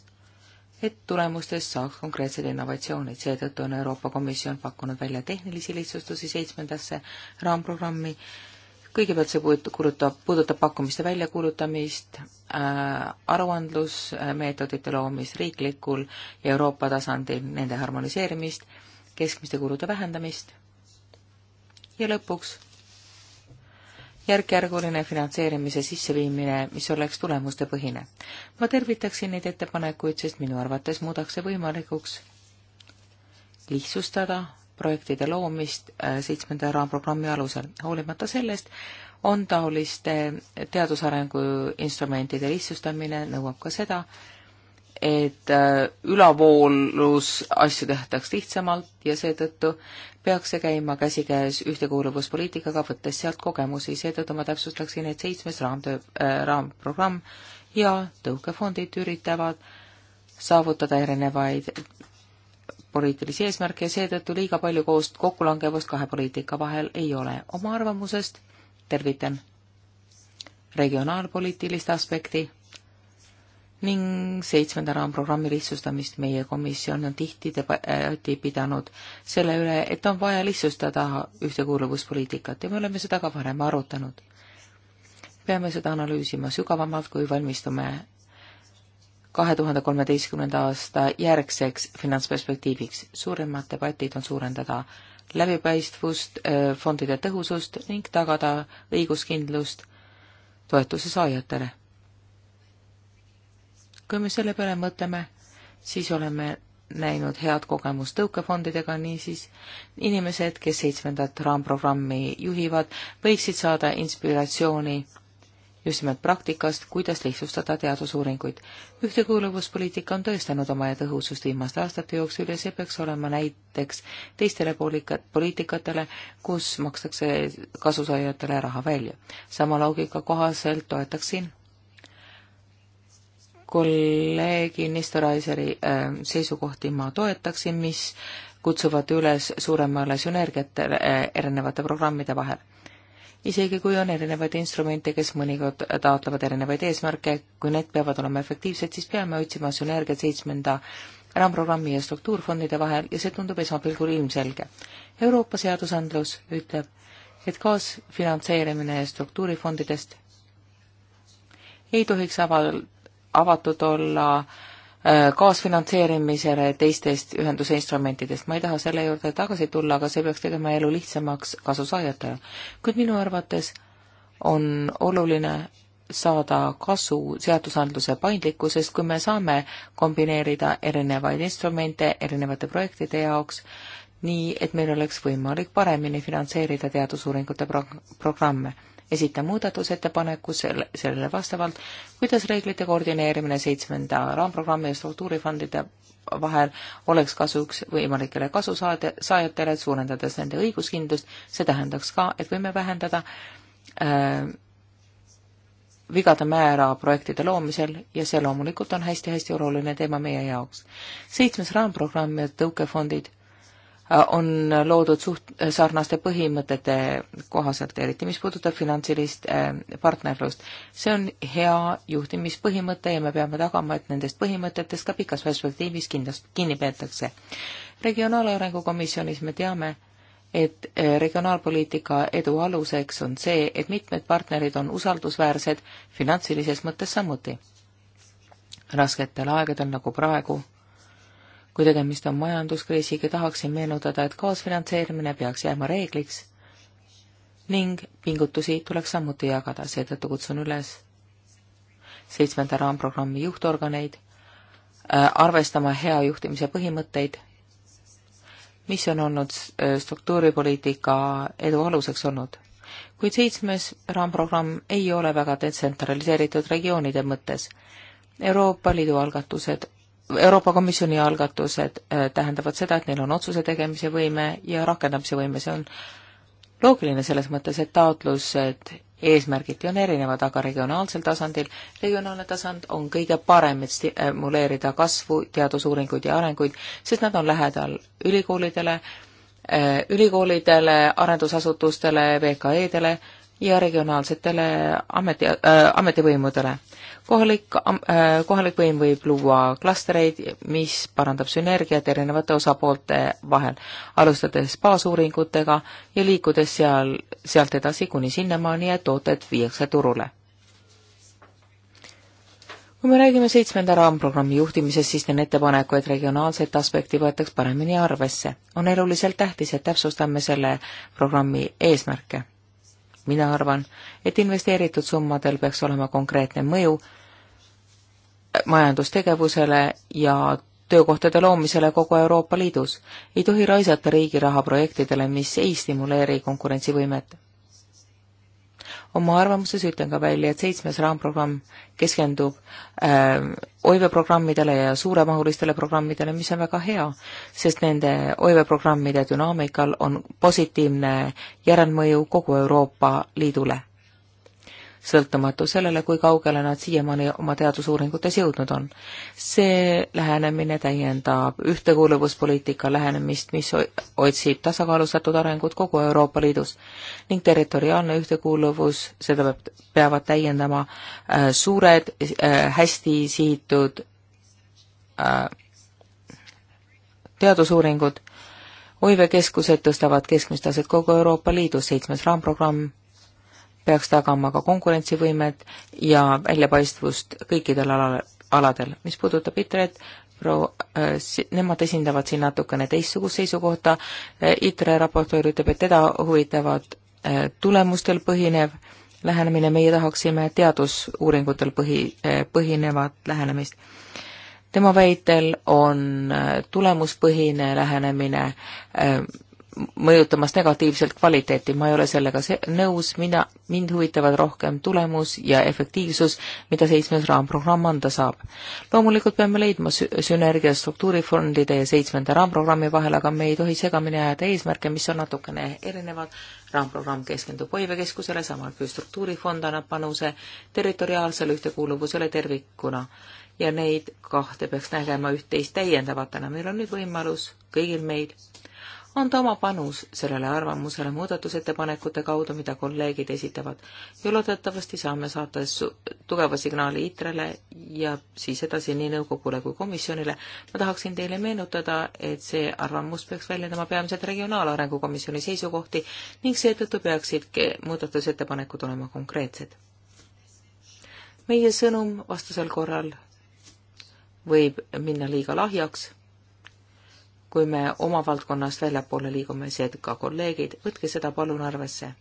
et tulemustest saaks konkreetseid innovatsioonid. seetõttu on Euroopa Komisjon pakkunud välja tehnilisi lihtsustusi seitsmendasse raamprogrammi. kõigepealt see puudutab, puudutab pakkumiste väljakuulutamist äh,, aruandlusmeetodite äh, loomist riiklikul ja Euroopa tasandil, nende harmoniseerimist, keskmiste kulude vähendamist ja lõpuks järk-järguline finantseerimise sisseviimine, mis oleks tulemustepõhine. ma tervitaksin neid ettepanekuid, sest minu arvates muudaks see võimalikuks lihtsustada projektide loomist äh, seitsmenda raamprogrammi alusel. hoolimata sellest on taoliste teadusarengu instrumentide lihtsustamine, nõuab ka seda, et äh, ülavoolus asju tehtaks lihtsamalt ja seetõttu peaks see käima käsikäes ühtekuuluvuspoliitikaga, võttes sealt kogemusi, seetõttu ma täpsustaksin, et seitsmes raamtöö äh,, raamprogramm ja tõukefondid üritavad saavutada erinevaid poliitilisi eesmärke ja seetõttu liiga palju koost kokkulangevust kahe poliitika vahel ei ole. oma arvamusest tervitan regionaalpoliitilist aspekti ning seitsmendana on programmi lihtsustamist. meie komisjon on tihti debatti pidanud selle üle, et on vaja lihtsustada ühtekuuluvuspoliitikat ja me oleme seda ka varem arutanud. peame seda analüüsima sügavamalt, kui valmistume kahe tuhande kolmeteistkümnenda aasta järgseks finantsperspektiiviks. suuremad debatid on suurendada läbipaistvust, äh, fondide tõhusust ning tagada õiguskindlust toetuse saajatele kui me selle peale mõtleme, siis oleme näinud head kogemust tõukefondidega, niisiis inimesed, kes seitsmendat raamprogrammi juhivad, võiksid saada inspiratsiooni just nimelt praktikast, kuidas lihtsustada teadusuuringuid. ühtekuuluvuspoliitika on tõestanud oma tõhusust viimaste aastate jooksul ja see peaks olema näiteks teistele poliitikatele, kus makstakse kasusaajatele raha välja. sama loogika kohaselt toetaksin kolleegi Nistoraiseri ähm, seisukohti ma toetaksin, mis kutsuvad üles suuremale sünergiatele äh, erinevate programmide vahel. isegi kui on erinevaid instrumente, kes mõnikord taotlevad erinevaid eesmärke, kui need peavad olema efektiivsed, siis peame otsima sünergiat seitsmenda raamprogrammi ja struktuurfondide vahel ja see tundub esmapilgul ilmselge. Euroopa seadusandlus ütleb, et kaasfinantseerimine struktuurifondidest ei tohiks aval-, avatud olla äh, kaasfinantseerimisele teistest ühenduse instrumentidest. ma ei taha selle juurde tagasi tulla, aga see peaks tegema elu lihtsamaks kasusaajatele. kuid minu arvates on oluline saada kasu seadusandluse paindlikkusest, kui me saame kombineerida erinevaid instrumente erinevate projektide jaoks, nii et meil oleks võimalik paremini finantseerida teadusuuringute pro-, programme esita muudatusettepaneku selle, sellele vastavalt, kuidas reeglite koordineerimine seitsmenda raamprogrammi ja struktuurifondide vahel oleks kasuks võimalikele kasusaade, saajatele, suurendades nende õiguskindlust, see tähendaks ka, et võime vähendada äh, vigade määra projektide loomisel ja see loomulikult on hästi-hästi oluline teema meie jaoks. seitsmes raamprogramm ja tõukefondid on loodud suht-, sarnaste põhimõtete kohaselt, eriti mis puudutab finantsilist äh, partnerlust. see on hea juhtimispõhimõte ja me peame tagama, et nendest põhimõtetest ka pikas perspektiivis kindlasti kinni peetakse. regionaalarengu komisjonis me teame, et äh, regionaalpoliitika edu aluseks on see, et mitmed partnerid on usaldusväärsed finantsilises mõttes samuti. rasketel aegadel nagu praegu kui tegemist on majanduskriisiga, tahaksin meenutada, et kaasfinantseerimine peaks jääma reegliks ning pingutusi tuleks samuti jagada, seetõttu kutsun üles seitsmenda raamprogrammi juhtorganeid äh, arvestama hea juhtimise põhimõtteid, mis on olnud äh, struktuuripoliitika edu aluseks olnud kuid seitsmes raamprogramm ei ole väga detsentraliseeritud regioonide mõttes. Euroopa Liidu algatused Euroopa Komisjoni algatused äh, tähendavad seda, et neil on otsuse tegemise võime ja rakendamise võime, see on loogiline selles mõttes, et taotlused, eesmärgiti on erinevad, aga regionaalsel tasandil, regionaalne tasand on kõige parem, et stimuleerida äh, kasvu, teadusuuringuid ja arenguid, sest nad on lähedal ülikoolidele, äh, ülikoolidele, arendusasutustele, VKE-dele ja regionaalsetele ameti äh,, ametivõimudele. kohalik äh,, kohalik võim võib luua klastreid, mis parandab sünergiat erinevate osapoolte vahel, alustades baasuuringutega ja liikudes seal, sealt edasi kuni sinnamaani, et tooted viiakse turule. kui me räägime seitsmenda raamprogrammi juhtimisest, siis teen ettepaneku, et regionaalset aspekti võetaks paremini arvesse. on eluliselt tähtis, et täpsustame selle programmi eesmärke mina arvan, et investeeritud summadel peaks olema konkreetne mõju majandustegevusele ja töökohtade loomisele kogu Euroopa Liidus. ei tohi raisata riigi raha projektidele, mis ei stimuleeri konkurentsivõimet oma arvamuses ütlen ka välja, et seitsmes raamprogramm keskendub äh, oiveprogrammidele ja suuremahulistele programmidele, mis on väga hea, sest nende oiveprogrammide dünaamikal on positiivne järelmõju kogu Euroopa Liidule sõltumatu sellele, kui kaugele nad siiamaani oma teadusuuringutes jõudnud on. see lähenemine täiendab ühtekuuluvuspoliitika lähenemist, mis otsib tasakaalustatud arengut kogu Euroopa Liidus ning territoriaalne ühtekuuluvus, seda peab, peavad täiendama äh, suured äh,, hästi sihitud äh, teadusuuringud, hoivekeskused tõstavad keskmist taset kogu Euroopa Liidus, seitsmes raamprogramm peaks tagama ka konkurentsivõimet ja väljapaistvust kõikidel alal, aladel. mis puudutab ITRE-t, pro-, äh, nemad esindavad siin natukene teistsugust seisukohta, äh, ITRE raportöör ütleb, et teda huvitavad äh, tulemustel põhinev lähenemine, meie tahaksime teadusuuringutel põhi, põhinevat lähenemist. tema väitel on tulemuspõhine lähenemine mõjutamas negatiivselt kvaliteeti, ma ei ole sellega nõus, mina, mind huvitavad rohkem tulemus ja efektiivsus, mida seitsmes raamprogramm anda saab. loomulikult peame leidma sü sünergia struktuurifondide ja seitsmenda raamprogrammi vahel, aga me ei tohi segamini ajada eesmärke, mis on natukene erinevad. raamprogramm keskendub hoivekeskusele, samal kui struktuurifond annab panuse territoriaalsele ühtekuuluvusele tervikuna ja neid kahte peaks nägema üht-teist täiendavatena. meil on nüüd võimalus kõigil meil anda oma panus sellele arvamusele muudatusettepanekute kaudu, mida kolleegid esitavad ja loodetavasti saame saata tugeva signaali ITRE-le ja siis edasi nii nõukogule kui komisjonile. ma tahaksin teile meenutada, et see arvamus peaks väljendama peamiselt Regionaalarengu Komisjoni seisukohti ning seetõttu peaksid muudatusettepanekud olema konkreetsed. meie sõnum vastasel korral võib minna liiga lahjaks kui me oma valdkonnast väljapoole liigume, seega kolleegid, võtke seda palun arvesse.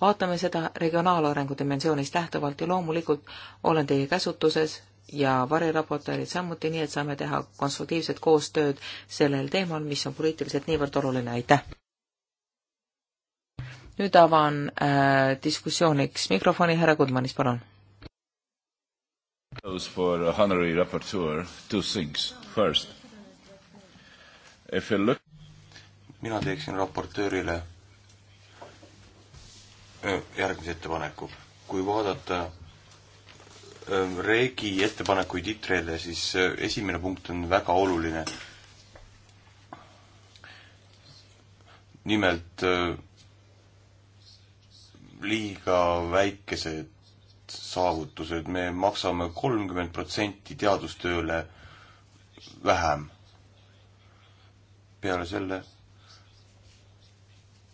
vaatame seda regionaalarengu dimensioonist lähtuvalt ja loomulikult olen teie käsutuses ja variraportöörid samuti, nii et saame teha konstruktiivset koostööd sellel teemal, mis on poliitiliselt niivõrd oluline, aitäh! nüüd avan äh, diskussiooniks mikrofoni, härra Kudmanis, palun.
For honorary raportöör, two things, first mina teeksin raportöörile järgmise ettepaneku. kui vaadata Regi ettepanekuid ITRE-le, siis esimene punkt on väga oluline. nimelt liiga väikesed saavutused, me maksame kolmkümmend protsenti teadustööle vähem peale selle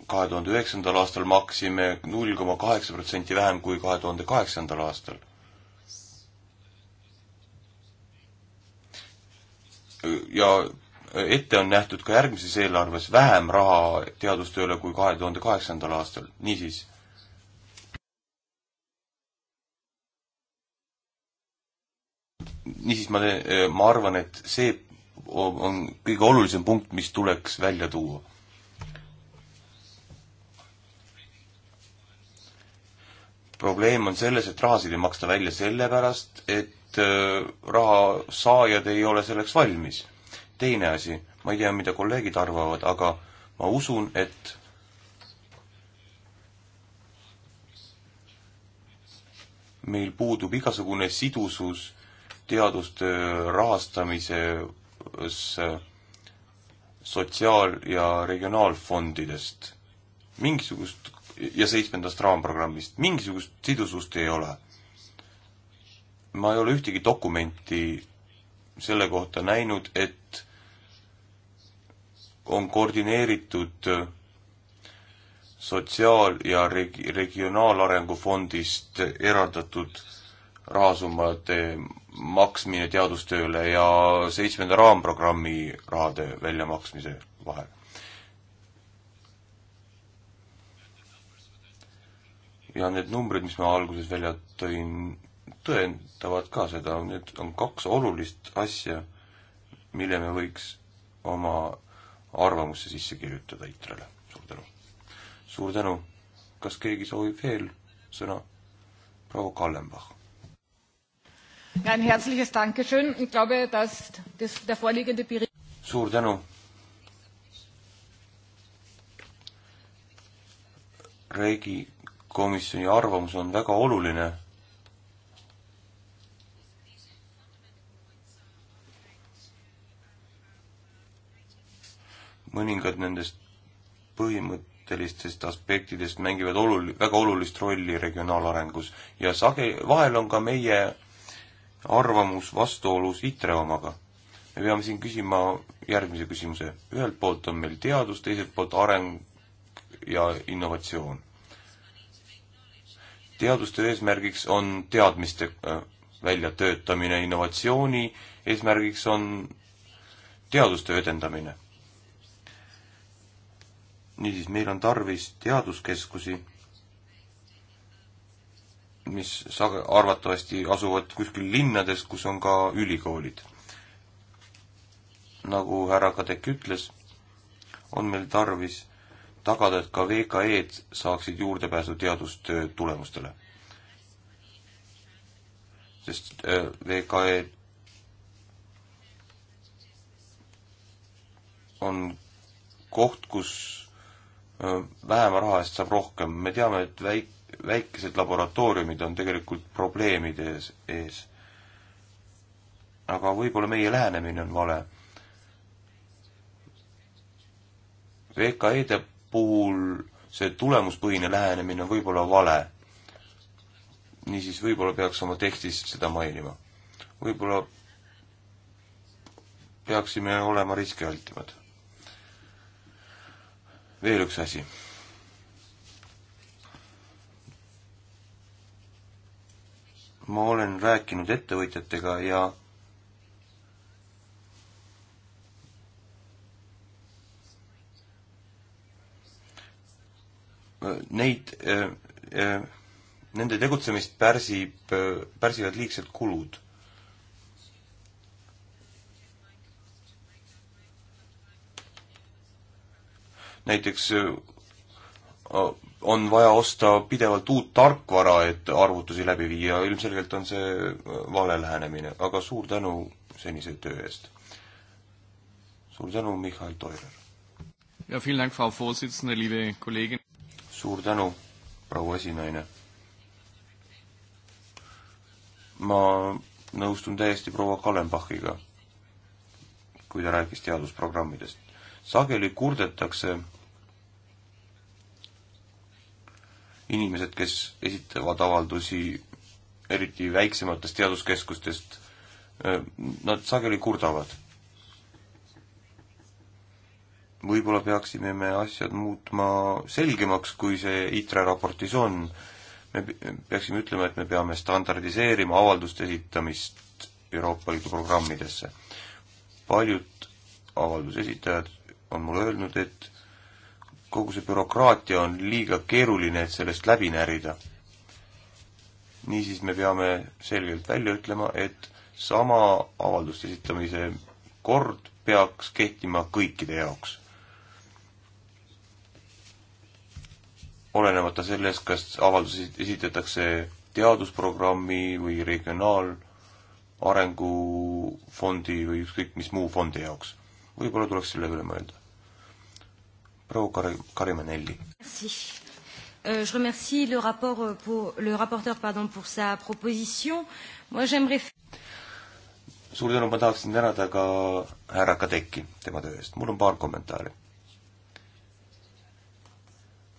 kahe tuhande üheksandal aastal maksime null koma kaheksa protsenti vähem kui kahe tuhande kaheksandal aastal. ja ette on nähtud ka järgmises eelarves vähem raha teadustööle kui kahe tuhande kaheksandal aastal, niisiis niisiis ma, ma arvan, et see on kõige olulisem punkt, mis tuleks välja tuua. probleem on selles, et rahasid ei maksta välja sellepärast, et äh, raha saajad ei ole selleks valmis. teine asi, ma ei tea, mida kolleegid arvavad, aga ma usun, et meil puudub igasugune sidusus teaduste rahastamise küsimus sotsiaal- ja regionaalfondidest. mingisugust ja seitsmendast raamprogrammist, mingisugust sidusust ei ole. ma ei ole ühtegi dokumenti selle kohta näinud, et on koordineeritud sotsiaal- ja reg-, regionaalarengu fondist eraldatud rahasummade maksmine teadustööle ja seitsmenda raamprogrammi rahade väljamaksmise vahel. ja need numbrid, mis ma alguses välja tõin, tõendavad ka seda, need on kaks olulist asja, mille me võiks oma arvamusse sisse kirjutada Itrele. suur tänu! suur tänu! kas keegi soovib veel sõna? proua Kallenbach
ja ein herzliches Dankeschön. Ich glaube, dass das, der vorliegende Bericht.
Suur tänu. Reigi komisjoni arvamus on väga oluline. mõningad nendest põhimõttelistest aspektidest mängivad olul-, väga olulist rolli regionaalarengus ja sage-, vahel on ka meie arvamus vastuolus ITRE omaga. me peame siin küsima järgmise küsimuse. ühelt poolt on meil teadus, teiselt poolt areng ja innovatsioon. teaduste eesmärgiks on teadmiste äh, väljatöötamine, innovatsiooni eesmärgiks on teadustöö edendamine. niisiis, meil on tarvis teaduskeskusi mis sage-, arvatavasti asuvad kuskil linnades, kus on ka ülikoolid. nagu härra Kadek ütles, on meil tarvis tagada, et ka VKE-d saaksid juurdepääsu teadustöö tulemustele. sest äh, VKE-d on koht, kus äh, vähema raha eest saab rohkem, me teame, et väik-, väikesed laboratooriumid on tegelikult probleemide ees, ees. aga võib-olla meie lähenemine on vale. VKE-de puhul see tulemuspõhine lähenemine on võib-olla vale. niisiis, võib-olla peaks oma tekstis seda mainima. võib-olla peaksime olema riskialtimad. veel üks asi ma olen rääkinud ettevõtjatega ja neid, nende tegutsemist pärsib, pärsivad liigsed kulud. näiteks on vaja osta pidevalt uut tarkvara, et arvutusi läbi viia, ilmselgelt on see äh, vale lähenemine, aga suur tänu senise töö eest. suur tänu, Mihhail Toiler. ja, tänan, Frau Vorsitzende, liebe kolleegin. suur tänu, proua esinaine. ma nõustun täiesti proua Kalenbachiga, kui ta rääkis teadusprogrammidest. sageli kurdetakse inimesed, kes esitavad avaldusi eriti väiksematest teaduskeskustest, äh, nad sageli kurdavad. võib-olla peaksime me asjad muutma selgemaks, kui see ITRE raportis on. me peaksime ütlema, et me peame standardiseerima avalduste esitamist Euroopa Liidu programmidesse. paljud avalduse esitajad on mulle öelnud, et kogu see bürokraatia on liiga keeruline, et sellest läbi närida. niisiis me peame selgelt välja ütlema, et sama avaldust esitamise kord peaks kehtima kõikide jaoks. olenemata sellest, kas avaldus esitatakse teadusprogrammi või regionaalarengufondi või ükskõik mis muu fondi jaoks. võib-olla tuleks selle üle mõelda proua Kari-, Karimanelli. Euh, je remercie le, rapport euh, pour, le rapporteur pardon, pour sa proposition. Moi, j'aimerais... suur tänu, ma tahaksin tänada ka härra Kadeki tema töö eest. mul on paar kommentaari,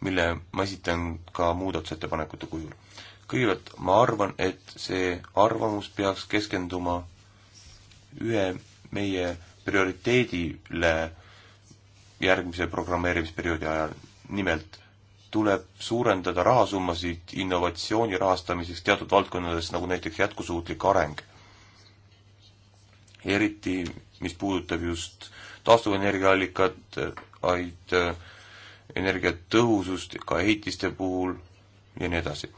mille ma esitan ka muudatusettepanekute kujul. kõigepealt ma arvan, et see arvamus peaks keskenduma ühe meie prioriteedile äh, järgmise programmeerimisperioodi ajal. nimelt tuleb suurendada rahasummasid innovatsiooni rahastamiseks teatud valdkondades, nagu näiteks jätkusuutlik areng. eriti, mis puudutab just taastuvenergiaallikat, aid äh, energiatõhusust ka ehitiste puhul ja nii edasi.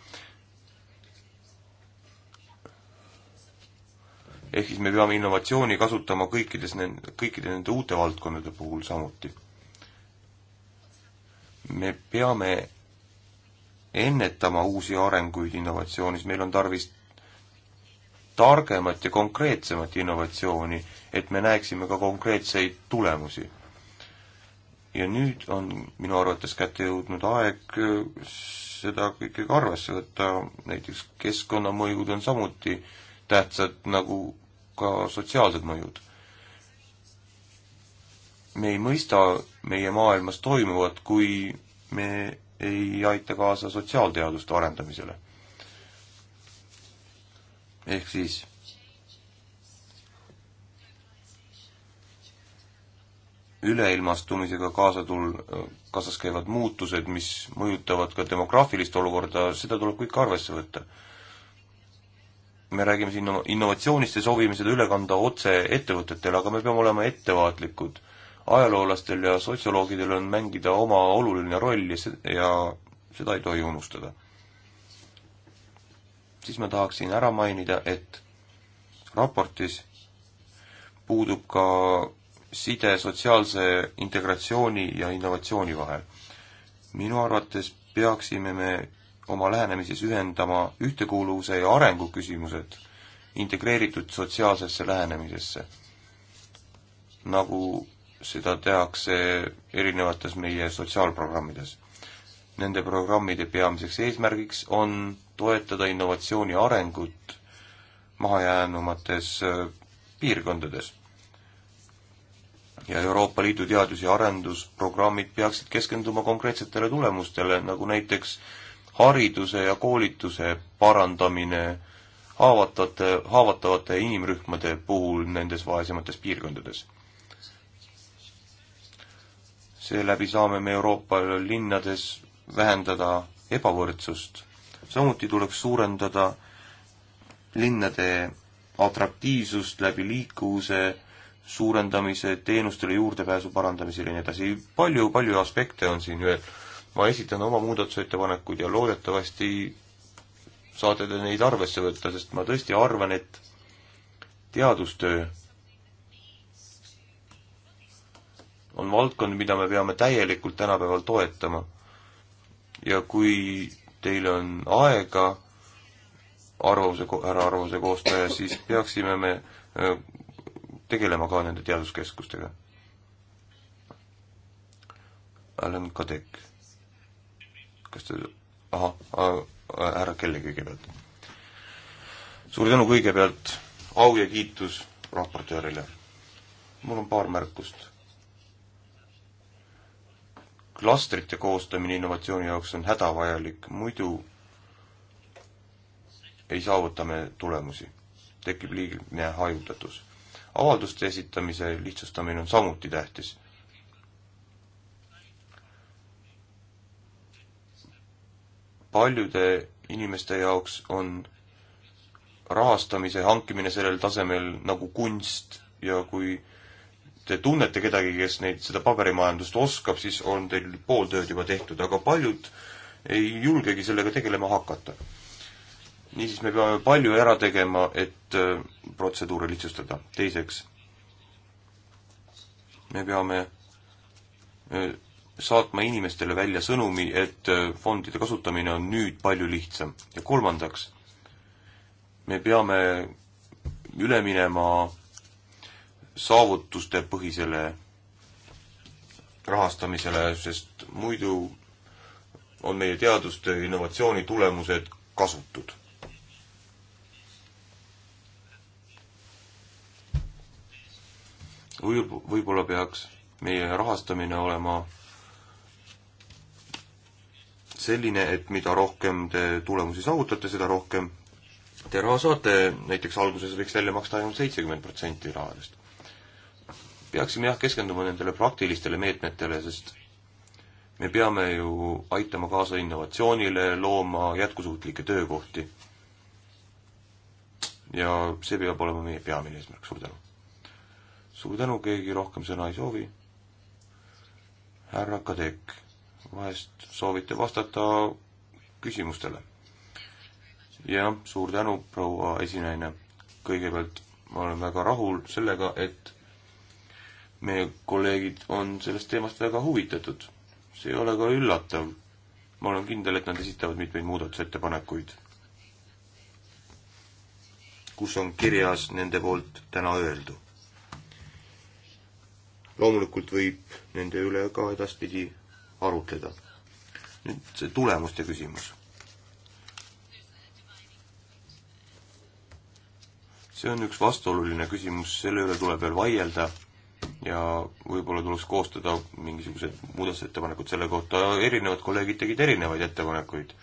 ehk siis me peame innovatsiooni kasutama kõikides nende, kõikide nende uute valdkondade puhul samuti me peame ennetama uusi arenguid innovatsioonis, meil on tarvis targemat ja konkreetsemat innovatsiooni, et me näeksime ka konkreetseid tulemusi. ja nüüd on minu arvates kätte jõudnud aeg seda kõike ka arvesse võtta, näiteks keskkonnamõjud on samuti tähtsad, nagu ka sotsiaalsed mõjud me ei mõista meie maailmas toimuvat, kui me ei aita kaasa sotsiaalteaduste arendamisele. ehk siis üleilmastumisega kaasa tul-, kaasas käivad muutused, mis mõjutavad ka demograafilist olukorda, seda tuleb kõik arvesse võtta. me räägime siin innovatsioonist ja soovime seda üle kanda otse ettevõtetele, aga me peame olema ettevaatlikud ajaloolastel ja sotsioloogidel on mängida oma oluline roll ja, ja seda ei tohi unustada. siis ma tahaksin ära mainida, et raportis puudub ka side sotsiaalse integratsiooni ja innovatsiooni vahel. minu arvates peaksime me oma lähenemises ühendama ühtekuuluvuse ja arengu küsimused integreeritud sotsiaalsesse lähenemisesse, nagu seda tehakse erinevates meie sotsiaalprogrammides. Nende programmide peamiseks eesmärgiks on toetada innovatsiooni arengut mahajäänumates äh, piirkondades. ja Euroopa Liidu teadus- ja arendusprogrammid peaksid keskenduma konkreetsetele tulemustele, nagu näiteks hariduse ja koolituse parandamine haavatavate, haavatavate inimrühmade puhul nendes vaesemates piirkondades seeläbi saame me Euroopa linnades vähendada ebavõrdsust. samuti tuleks suurendada linnade atraktiivsust läbi liikuvuse suurendamise, teenustele juurdepääsu parandamisel ja nii edasi. palju, palju aspekte on siin veel. ma esitan oma muudatusettepanekuid ja loodetavasti saate te neid arvesse võtta, sest ma tõesti arvan, et teadustöö on valdkond, mida me peame täielikult tänapäeval toetama. ja kui teil on aega arvamuse, härra arvamuse koostaja, siis peaksime me äh, tegelema ka nende teaduskeskustega. Alan Kadek. kas te, ahah, äh, härra Kelly kõigepealt. suur tänu kõigepealt, au ja kiitus raportöörile. mul on paar märkust klastrite koostamine innovatsiooni jaoks on hädavajalik, muidu ei saavuta me tulemusi. tekib liigne hajutatus. avalduste esitamise lihtsustamine on samuti tähtis. paljude inimeste jaoks on rahastamise hankimine sellel tasemel nagu kunst ja kui te tunnete kedagi, kes neid, seda paberimajandust oskab, siis on teil pool tööd juba tehtud, aga paljud ei julgegi sellega tegelema hakata. niisiis, me peame palju ära tegema, et äh, protseduure lihtsustada. teiseks, me peame äh, saatma inimestele välja sõnumi, et äh, fondide kasutamine on nüüd palju lihtsam. ja kolmandaks, me peame üle minema saavutustepõhisele rahastamisele, sest muidu on meie teaduste innovatsiooni tulemused kasutud. võib, võib-olla peaks meie rahastamine olema selline, et mida rohkem te tulemusi saavutate, seda rohkem te raha saate, näiteks alguses võiks välja maksta ainult seitsekümmend protsenti rahadest peaksime jah, keskenduma nendele praktilistele meetmetele, sest me peame ju aitama kaasa innovatsioonile, looma jätkusuutlikke töökohti. ja see peab olema meie peamine eesmärk, suur tänu. suur tänu, keegi rohkem sõna ei soovi. härra Kadek, vahest soovite vastata küsimustele? jah, suur tänu, proua esinaine. kõigepealt ma olen väga rahul sellega, et meie kolleegid on sellest teemast väga huvitatud. see ei ole ka üllatav. ma olen kindel, et nad esitavad mitmeid muudatusettepanekuid, kus on kirjas nende poolt täna öeldu. loomulikult võib nende üle ka edaspidi arutleda. nüüd see tulemuste küsimus. see on üks vastuoluline küsimus, selle üle tuleb veel vaielda ja võib-olla tuleks koostada mingisugused muudatusettepanekud selle kohta, erinevad kolleegid tegid erinevaid ettepanekuid.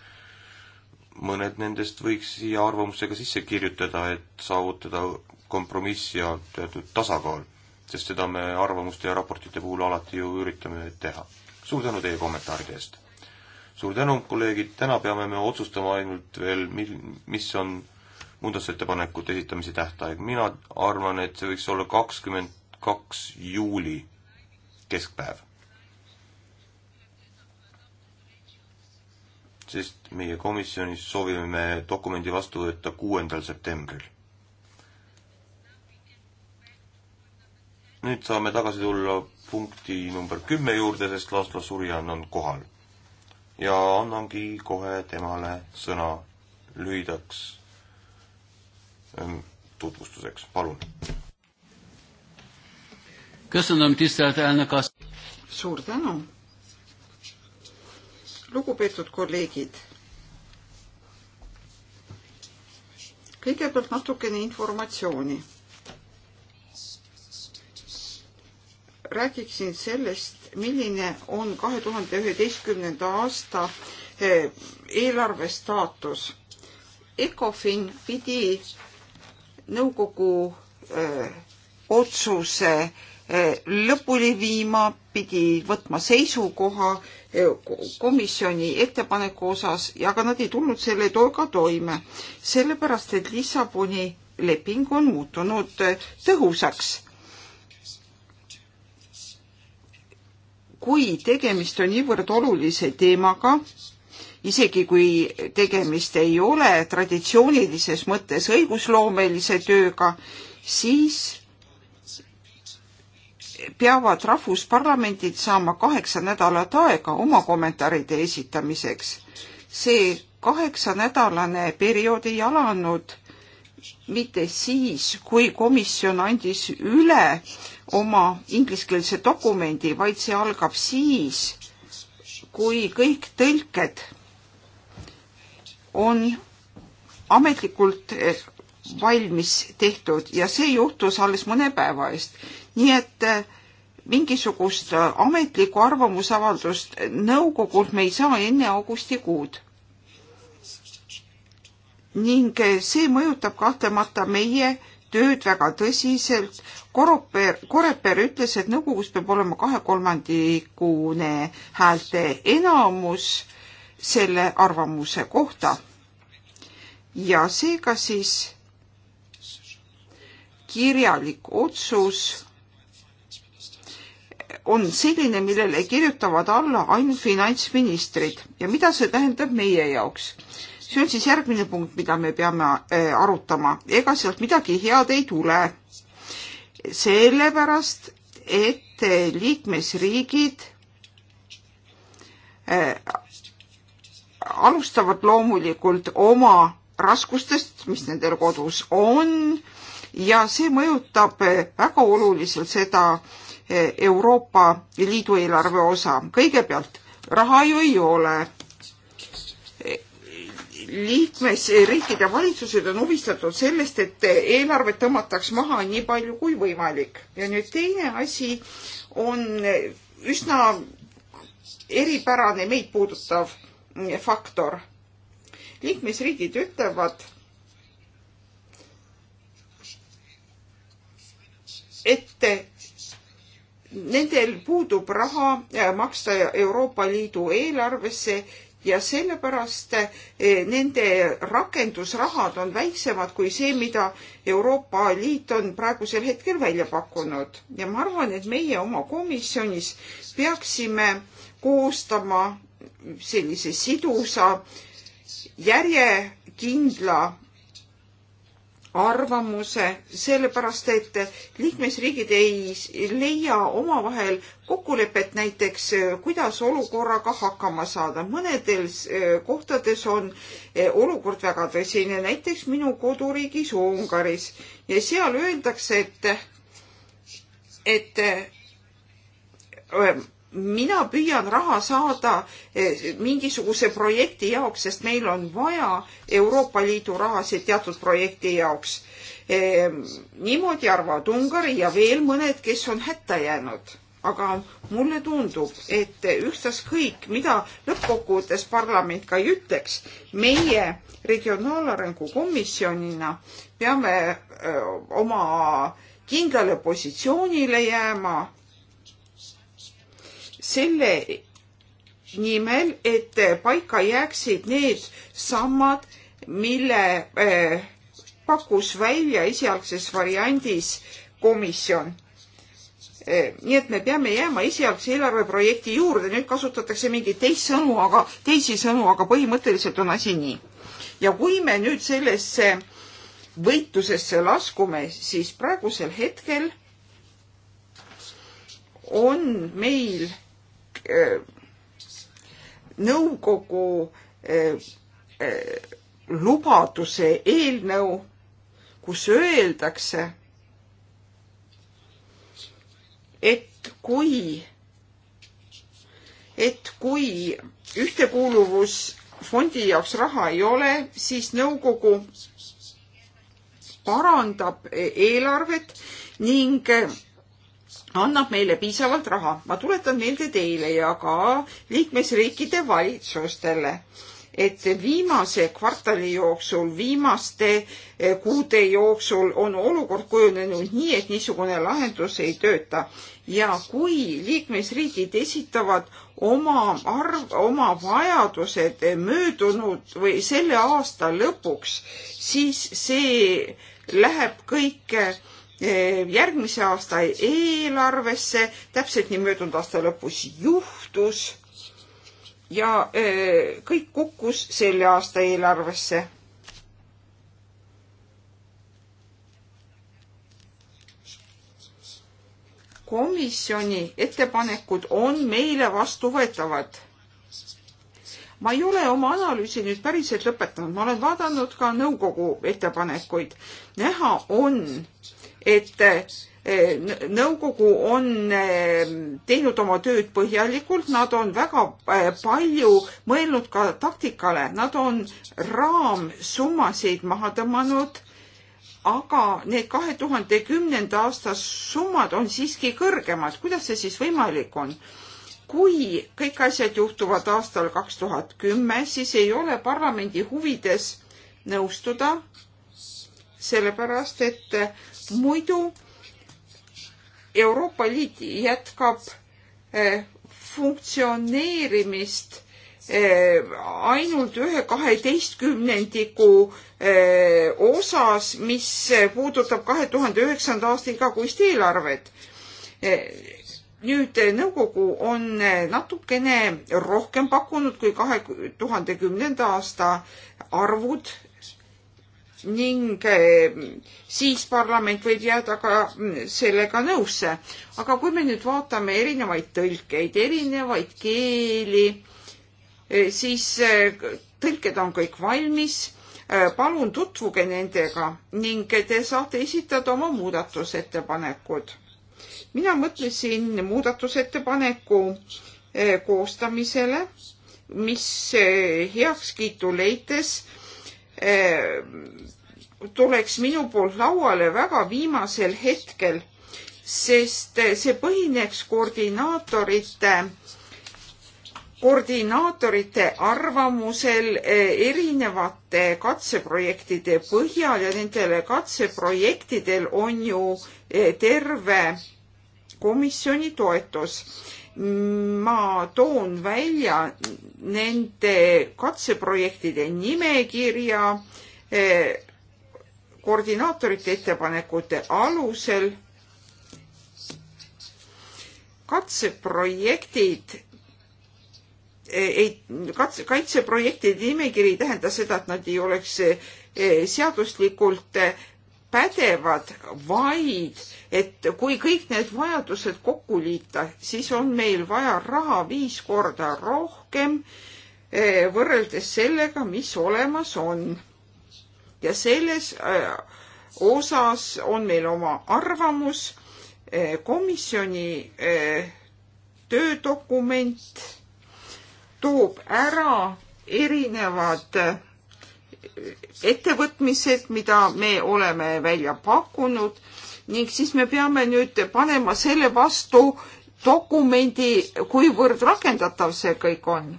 mõned nendest võiks siia arvamusse ka sisse kirjutada, et saavutada kompromiss ja teatud tasakaal, sest seda me arvamuste ja raportite puhul alati ju üritame teha. suur tänu teie kommentaaride eest! suur tänu, kolleegid, täna peame me otsustama ainult veel, mil-, mis on muudatusettepanekute esitamise tähtaeg. mina arvan, et see võiks olla kakskümmend kaks juuli keskpäev. sest meie komisjonis soovime me dokumendi vastu võtta kuuendal septembril. nüüd saame tagasi tulla punkti number kümme juurde, sest Laslo Surjan on kohal. ja annangi kohe temale sõna lühidaks ähm, tutvustuseks, palun.
Köszönöm, tisztelt elnök azt.
Suur tänu. Lugupeetud kolleegid. Kõigepealt natukene informatsiooni. Räägiksin sellest, milline on 2011. aasta eh, eelarve staatus. ECOFIN pidi nõukogu öö, eh, otsuse öö, lõpuni viima, pidi võtma seisukoha eh, komisjoni ettepaneku osas ja ka nad ei tulnud selle tolga toime, sellepärast et Lissaboni leping on muutunud eh, tõhusaks. kui tegemist on niivõrd olulise teemaga, isegi kui tegemist ei ole traditsioonilises mõttes õigusloomelise tööga, siis peavad rahvusparlamendid saama kaheksa nädalat aega oma kommentaaride esitamiseks. see kaheksanädalane periood ei alanud mitte siis, kui komisjon andis üle oma ingliskeelse dokumendi, vaid see algab siis, kui kõik tõlked on ametlikult eh, valmis tehtud ja see juhtus alles mõne päeva eest. nii et eh, mingisugust äh, ametlikku arvamusavaldust nõukogult me ei saa enne augustikuud. ning äh, see mõjutab kahtlemata meie tööd väga tõsiselt. Koroper, Koreper ütles, et nõukogus peab olema kahekolmandikune häälte enamus selle arvamuse kohta. ja seega siis kirjalik otsus on selline, millele kirjutavad alla ainult finantsministrid ja mida see tähendab meie jaoks? see on siis järgmine punkt, mida me peame äh, arutama, ega sealt midagi head ei tule. sellepärast, et äh, liikmesriigid äh, alustavad loomulikult oma raskustest, mis nendel kodus on ja see mõjutab väga oluliselt seda, Euroopa Liidu eelarve osa. kõigepealt, raha ju ei ole. liikmesriikide valitsused on huvistatud sellest, et eelarvet tõmmataks maha nii palju kui võimalik. ja nüüd teine asi on üsna eripärane meid puudutav faktor. liikmesriigid ütlevad, et nendel puudub raha äh, maksta Euroopa Liidu eelarvesse ja sellepärast äh, nende rakendusrahad on väiksemad kui see, mida Euroopa Liit on praegusel hetkel välja pakkunud ja ma arvan, et meie oma komisjonis peaksime koostama sellise sidusa järjekindla arvamuse, sellepärast et liikmesriigid ei leia omavahel kokkulepet näiteks, kuidas olukorraga hakkama saada. mõnedes eh, kohtades on eh, olukord väga tõsine, näiteks minu koduriigis Ungaris ja seal öeldakse, et, et eh, mina püüan raha saada eh, mingisuguse projekti jaoks, sest meil on vaja Euroopa Liidu rahasid teatud projekti jaoks. Eh, niimoodi arvavad Ungari ja veel mõned, kes on hätta jäänud. aga mulle tundub, et ükstaskõik, mida lõppkokkuvõttes parlament ka ei ütleks, meie regionaalarengu komisjonina peame eh, oma kindlale positsioonile jääma selle nimel, et paika jääksid need sammad, mille eh, pakkus välja esialgses variandis komisjon. Eh, nii et me peame jääma esialgse eelarveprojekti juurde, nüüd kasutatakse mingeid teist sõnu, aga teisi sõnu, aga põhimõtteliselt on asi nii. ja kui me nüüd sellesse võitlusesse laskume, siis praegusel hetkel on meil Äh, nõukogu äh, äh, lubaduse eelnõu, kus öeldakse, et kui, et kui ühtekuuluvusfondi jaoks raha ei ole, siis nõukogu parandab eelarvet ning annab meile piisavalt raha. ma tuletan meelde teile ja ka liikmesriikide valitsustele, et viimase kvartali jooksul, viimaste eh, kuude jooksul on olukord kujunenud nii, et niisugune lahendus ei tööta. ja kui liikmesriigid esitavad oma arv, oma vajadused möödunud või selle aasta lõpuks, siis see läheb kõik Eh, järgmise aasta eelarvesse, täpselt nii möödunud aasta lõpus juhtus. ja eh, kõik kukkus selle aasta eelarvesse. komisjoni ettepanekud on meile vastuvõetavad ma ei ole oma analüüsi nüüd päriselt lõpetanud, ma olen vaadanud ka nõukogu ettepanekuid. näha on, et eh, nõukogu on eh, teinud oma tööd põhjalikult, nad on väga eh, palju mõelnud ka taktikale, nad on raamsummasid maha tõmmanud, aga need kahe tuhande kümnenda aasta summad on siiski kõrgemad, kuidas see siis võimalik on? kui kõik asjad juhtuvad aastal kaks tuhat kümme, siis ei ole parlamendi huvides nõustuda sellepärast et muidu Euroopa Liit jätkab eh, funktsioneerimist eh, ainult ühe kaheteistkümnendiku eh, osas, mis puudutab kahe tuhande üheksanda aasta igakuist eelarvet. nüüd nõukogu on natukene rohkem pakkunud kui kahe tuhande kümnenda aasta arvud ning eh, siis parlament võib jääda ka mm, sellega nõusse. aga kui me nüüd vaatame erinevaid tõlkeid, erinevaid keeli, eh, siis eh, tõlked on kõik valmis. palun tutvuge nendega ning te saate esitada oma muudatusettepanekud. mina mõtlesin muudatusettepaneku koostamisele, mis heakskiitu leides Eh, tuleks minu poolt lauale väga viimasel hetkel, sest eh, see põhineks koordinaatorite, koordinaatorite arvamusel eh, erinevate katseprojektide põhjal ja nendele katseprojektidel on ju terve komisjoni toetus ma toon välja nende katseprojektide nimekirja eh, koordinaatorite ettepanekute alusel. katseprojektid eh, ei, katse, kaitseprojektide nimekiri ei tähenda seda, et nad ei oleks eh, seaduslikult pädevad, vaid et kui kõik need vajadused kokku liita, siis on meil vaja raha viis korda rohkem eh, võrreldes sellega, mis olemas on. ja selles eh, osas on meil oma arvamus eh, komisjoni töödokument toob ära erinevad ettevõtmised, mida me oleme välja pakkunud ning siis me peame nüüd panema selle vastu dokumendi, kuivõrd rakendatav see kõik on.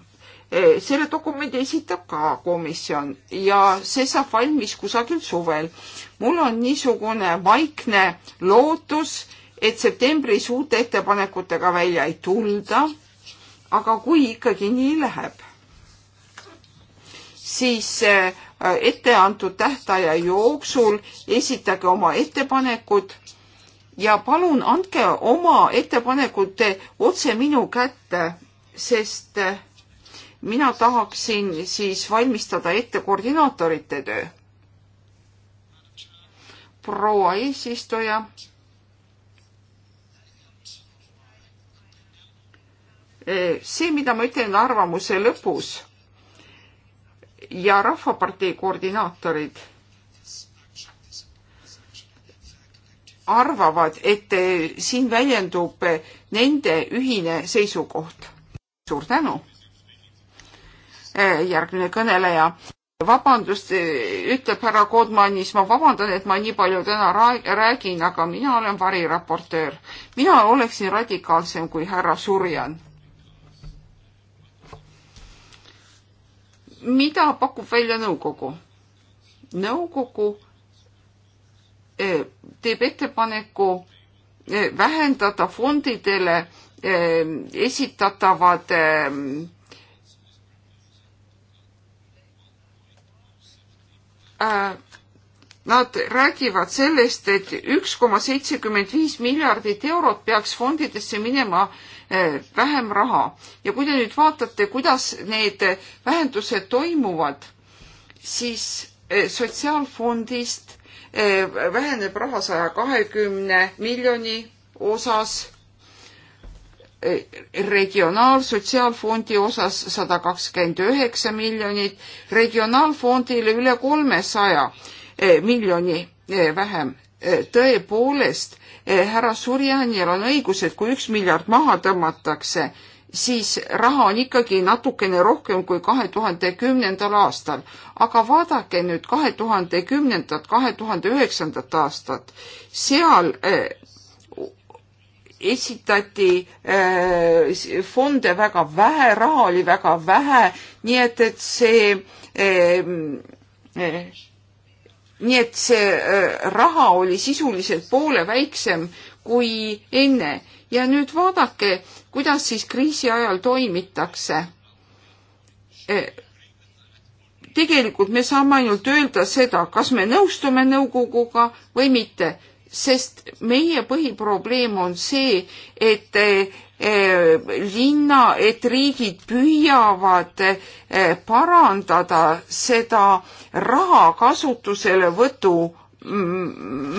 E, selle dokumendi esitab ka komisjon ja see saab valmis kusagil suvel. mul on niisugune vaikne lootus, et septembris uute ettepanekutega välja ei tulda. aga kui ikkagi nii läheb, siis e, ette antud tähtaja jooksul esitage oma ettepanekud ja palun andke oma ettepanekud otse minu kätte, sest mina tahaksin siis valmistada ette koordinaatorite töö. proua eesistuja. see, mida ma ütlen arvamuse lõpus ja Rahvapartei koordinaatorid arvavad, et eh, siin väljendub eh, nende ühine seisukoht. suur tänu. Eh, järgmine kõneleja. vabandust, ütleb härra Kodmanis, ma vabandan, et ma nii palju täna räägin, aga mina olen variraportöör. mina oleksin radikaalsem kui härra Surjan mida pakub välja nõukogu? nõukogu e, teeb ettepaneku e, vähendada fondidele e, esitatavad Nad räägivad sellest, et üks koma seitsekümmend viis miljardit eurot peaks fondidesse minema äh, Eh, vähem raha. ja kui te nüüd vaatate, kuidas need vähendused toimuvad, siis eh, sotsiaalfondist eh, väheneb raha saja kahekümne miljoni osas, regionaalsotsiaalfondi osas sada kakskümmend üheksa miljonit, regionaalfondile üle kolmesaja miljoni vähem. tõepoolest, Eh, härra Surjanil on õigus, et kui üks miljard maha tõmmatakse, siis raha on ikkagi natukene rohkem kui kahe tuhande kümnendal aastal. aga vaadake nüüd kahe tuhande kümnendat, kahe tuhande üheksandat aastat, seal eh, esitati äh, fonde väga vähe, raha oli väga vähe, nii et, et see äh, äh, nii et see äh, raha oli sisuliselt poole väiksem kui enne ja nüüd vaadake, kuidas siis kriisi ajal toimitakse. Äh, tegelikult me saame ainult öelda seda, kas me nõustume nõukoguga või mitte, sest meie põhiprobleem on see, et äh, Eh, linna, et riigid püüavad eh, parandada seda raha kasutuselevõtu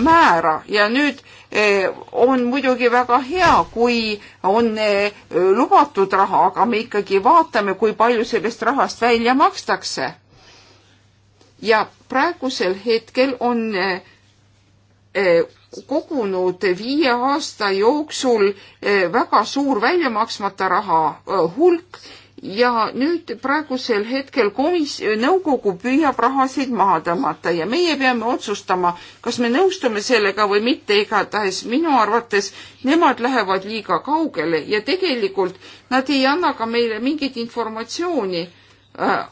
määra ja nüüd eh, on muidugi väga hea, kui on lubatud raha, aga me ikkagi vaatame, kui palju sellest rahast välja makstakse. ja praegusel hetkel on kogunud viie aasta jooksul eh, väga suur väljamaksmata raha eh, hulk ja nüüd praegusel hetkel komis-, nõukogu püüab rahasid maha tõmmata ja meie peame otsustama, kas me nõustume sellega või mitte, igatahes minu arvates nemad lähevad liiga kaugele ja tegelikult nad ei anna ka meile mingit informatsiooni Äh,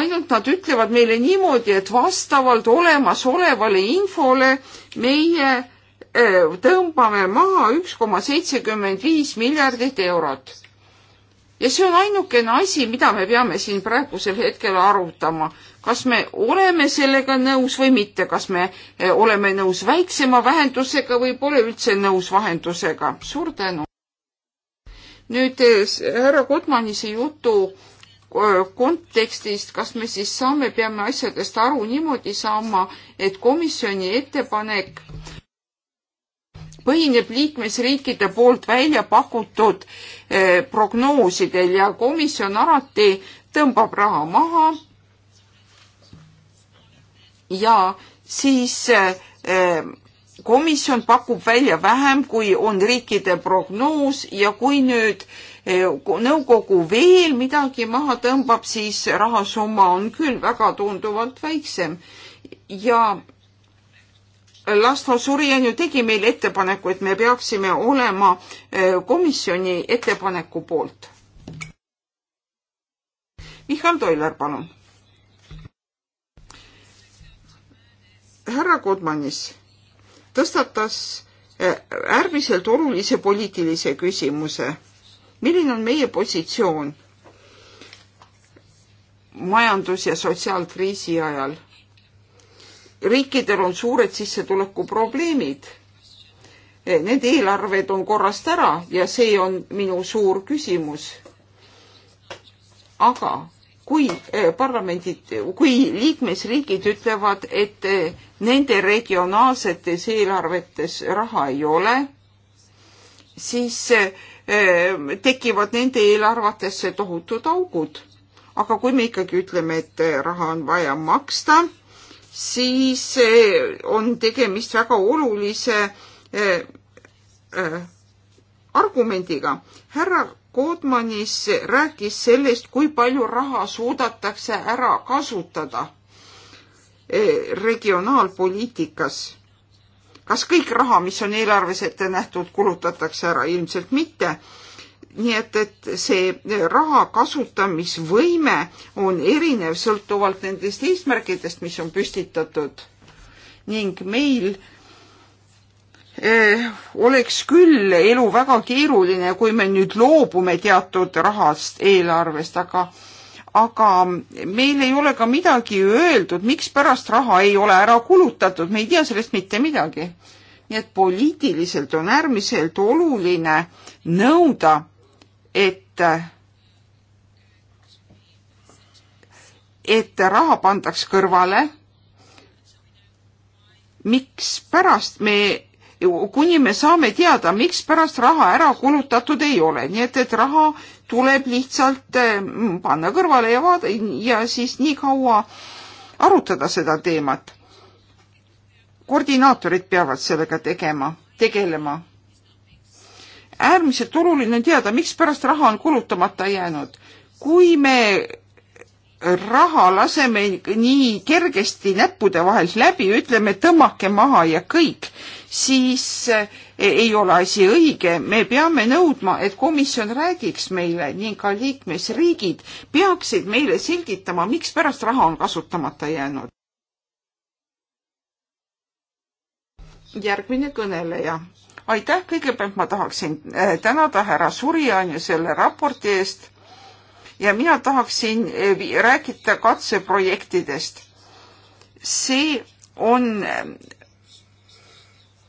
ainult nad ütlevad meile niimoodi, et vastavalt olemasolevale infole meie äh, tõmbame maha üks koma seitsekümmend viis miljardit eurot. ja see on ainukene asi, mida me peame siin praegusel hetkel arutama, kas me oleme sellega nõus või mitte, kas me äh, oleme nõus väiksema vähendusega või pole üldse nõus vahendusega. suur tänu. nüüd härra Kotmani see jutu kontekstist, kas me siis saame, peame asjadest aru niimoodi saama, et komisjoni ettepanek põhineb liikmesriikide poolt välja pakutud prognoosidel ja komisjon alati tõmbab raha maha ja siis komisjon pakub välja vähem, kui on riikide prognoos ja kui nüüd äh, nõukogu veel midagi maha tõmbab, siis rahasumma on küll väga tunduvalt väiksem ja Lasno Surjan ju tegi meile ettepaneku, et me peaksime olema eh, komisjoni ettepaneku poolt. Mihhail Toiler, palun. härra Kodmanis tõstatas eh, äärmiselt olulise poliitilise küsimuse milline on meie positsioon majandus- ja sotsiaalkriisi ajal? riikidel on suured sissetulekuprobleemid. Need eelarved on korrast ära ja see on minu suur küsimus. aga kui eh, parlamendid, kui liikmesriigid ütlevad, et eh, nende regionaalsetes eelarvetes raha ei ole, siis eh, tekivad nende eelarvatesse tohutud augud. aga kui me ikkagi ütleme, et raha on vaja maksta, siis on tegemist väga olulise argumendiga. härra Kootmanis rääkis sellest, kui palju raha suudetakse ära kasutada regionaalpoliitikas kas kõik raha, mis on eelarves ette nähtud, kulutatakse ära? ilmselt mitte. nii et, et see raha kasutamisvõime on erinev sõltuvalt nendest eesmärkidest, mis on püstitatud. ning meil eh, oleks küll elu väga keeruline, kui me nüüd loobume teatud rahast eelarvest, aga eh, aga meil ei ole ka midagi öeldud, mikspärast raha ei ole ära kulutatud, me ei tea sellest mitte midagi. nii et poliitiliselt on äärmiselt oluline nõuda, et et raha pandaks kõrvale. mikspärast me, kuni me saame teada, mikspärast raha ära kulutatud ei ole, nii et, et raha tuleb lihtsalt eh, panna kõrvale ja vaada- ja siis nii kaua arutada seda teemat. koordinaatorid peavad sellega tegema, tegelema. äärmiselt oluline on teada, mikspärast raha on kulutamata jäänud. kui me raha laseme nii kergesti näppude vahelt läbi, ütleme tõmmake maha ja kõik, siis äh, ei ole asi õige, me peame nõudma, et komisjon räägiks meile ning ka liikmesriigid peaksid meile selgitama, mikspärast raha on kasutamata jäänud. järgmine kõneleja aitäh, kõigepealt ma tahaksin äh, tänada härra Surjani selle raporti eest ja mina tahaksin äh, rääkida katseprojektidest. see on äh,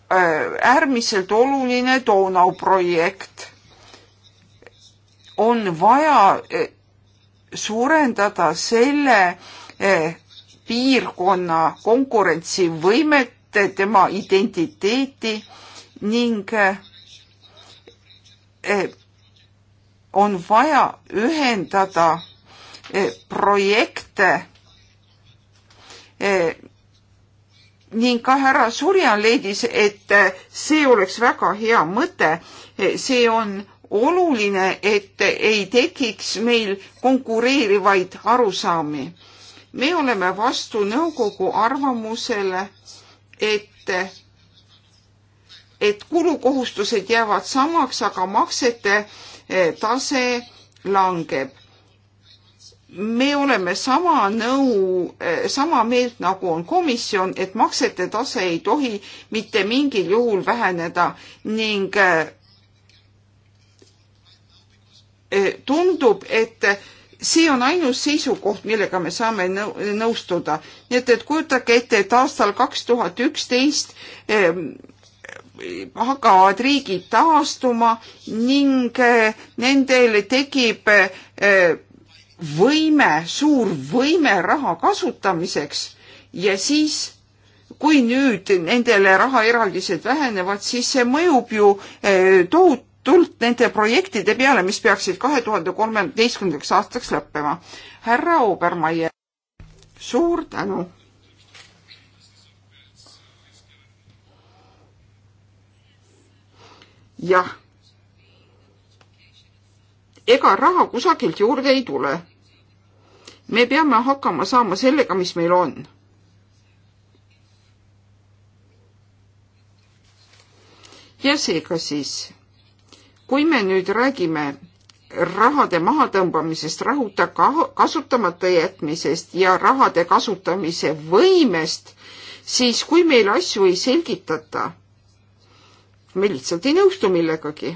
Äh, äärmiselt oluline Donau projekt. on vaja äh, suurendada selle äh, piirkonna konkurentsivõimet, tema identiteeti ning on vaja ühendada projekte ning ka härra Surjan leidis, et äh, see oleks väga hea mõte. see on oluline, et ei tekiks meil konkureerivaid arusaami. me oleme vastu nõukogu arvamusele, et, et kulukohustused jäävad samaks, aga maksete äh, tase langeb me oleme sama nõu, eh, sama meelt, nagu on komisjon, et maksete tase ei tohi mitte mingil juhul väheneda ning eh, eh, tundub, et see on ainus seisukoht, millega me saame nõustuda. nii et, et kujutage ette, et aastal kaks tuhat üksteist hakkavad riigid taastuma ning nendel tekib eh, võime, suur võime raha kasutamiseks ja siis kui nüüd nendele rahaeraldised vähenevad, siis see mõjub ju eh, tohutult nende projektide peale, mis peaksid kahe tuhande kolmeteistkümnendaks aastaks lõppema. härra Obermaier, suur tänu. jah ega raha kusagilt juurde ei tule. me peame hakkama saama sellega, mis meil on. ja seega siis, kui me nüüd räägime rahade mahatõmbamisest, rahuta kasutamata jätmisest ja rahade kasutamise võimest, siis kui meile asju ei selgitata, me lihtsalt ei nõustu millegagi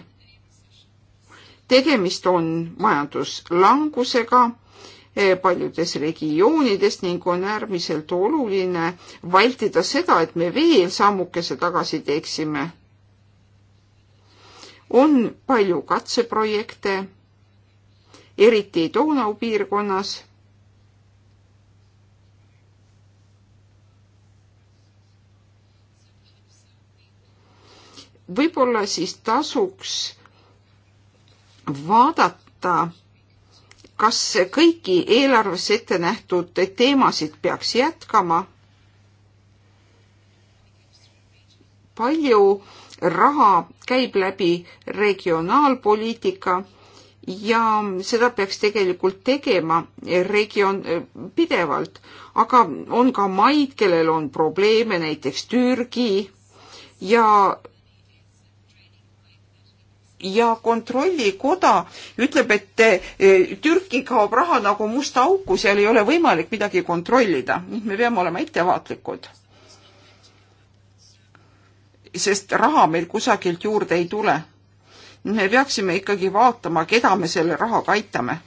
tegemist on majanduslangusega eh, paljudes regioonides ning on äärmiselt oluline vältida seda, et me veel sammukese tagasi teeksime. on palju katseprojekte, eriti Donau piirkonnas. võib-olla siis tasuks vaadata, kas kõiki eelarves ette nähtud teemasid peaks jätkama. palju raha käib läbi regionaalpoliitika ja seda peaks tegelikult tegema regioon eh, pidevalt, aga on ka maid, kellel on probleeme, näiteks Türgi ja ja Kontrollikoda ütleb, et eh, Türki kaob raha nagu musta auku, seal ei ole võimalik midagi kontrollida, nii et me peame olema ettevaatlikud. sest raha meil kusagilt juurde ei tule. me peaksime ikkagi vaatama, keda me selle rahaga aitame.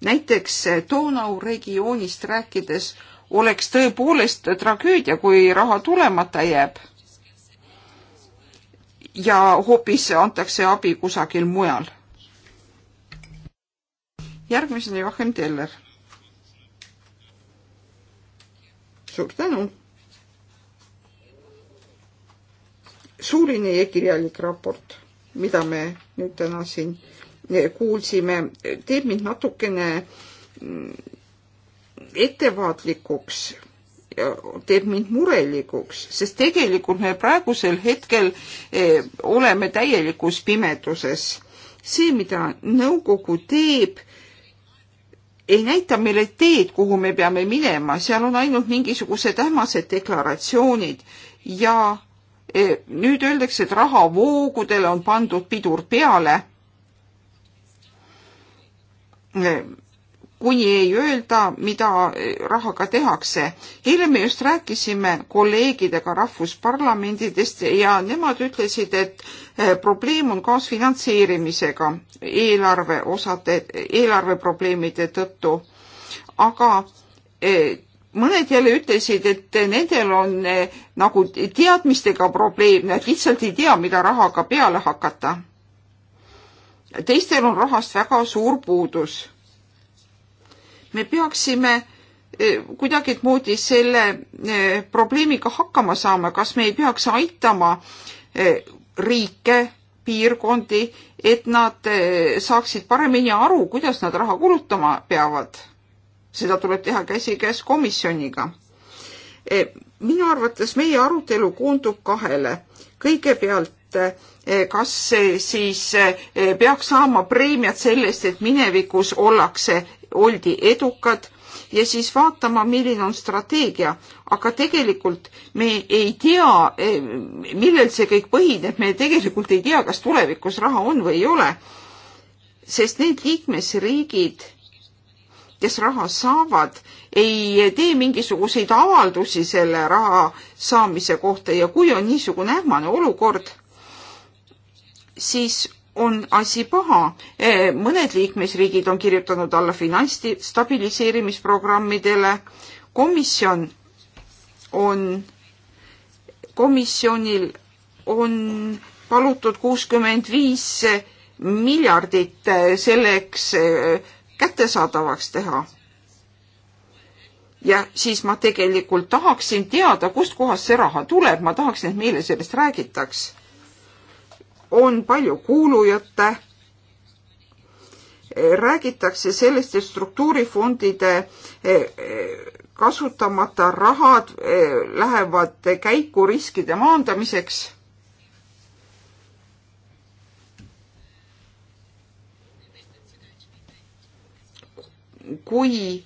näiteks eh, Donau regioonist rääkides oleks tõepoolest tragöödia, kui raha tulemata jääb. ja hoopis antakse abi kusagil mujal. järgmisena Joachim Teller. suur tänu. suuline ja kirjalik raport, mida me nüüd täna siin kuulsime, teeb mind natukene mm, ettevaatlikuks teeb mind murelikuks, sest tegelikult me praegusel hetkel eh, oleme täielikus pimeduses. see, mida nõukogu teeb, ei näita meile teed, kuhu me peame minema, seal on ainult mingisugused ähmased deklaratsioonid ja eh, nüüd öeldakse, et rahavoogudele on pandud pidur peale eh, kuni ei öelda, mida rahaga tehakse. eile me just rääkisime kolleegidega rahvusparlamendidest ja nemad ütlesid, et eh, probleem on kaasfinantseerimisega eelarve osade, eelarveprobleemide tõttu. aga eh, mõned jälle ütlesid, et nendel on eh, nagu teadmistega probleem, nad lihtsalt ei tea, mida rahaga peale hakata. teistel on rahast väga suur puudus me peaksime eh, kuidagimoodi selle eh, probleemiga hakkama saama, kas me ei peaks aitama eh, riike, piirkondi, et nad saaksid paremini aru, kuidas nad raha kulutama peavad. seda tuleb teha käsikäes komisjoniga. minu arvates meie arutelu koondub kahele. kõigepealt kas siis eh, peaks saama preemiat sellest, et minevikus ollakse, oldi edukad ja siis vaatama, milline on strateegia. aga tegelikult me ei tea, eh, millel see kõik põhineb, me tegelikult ei tea, kas tulevikus raha on või ei ole. sest need liikmesriigid, kes raha saavad, ei tee mingisuguseid avaldusi selle raha saamise kohta ja kui on niisugune ähmane olukord siis on asi paha. E, mõned liikmesriigid on kirjutanud alla finantsi stabiliseerimisprogrammidele. komisjon on, komisjonil on palutud kuuskümmend viis miljardit selleks kättesaadavaks teha. ja siis ma tegelikult tahaksin teada, kustkohast see raha tuleb, ma tahaksin, et meile sellest räägitaks on palju kuulujutte. räägitakse sellest, et struktuurifondide eh, eh, kasutamata rahad eh, lähevad käiku riskide maandamiseks. kui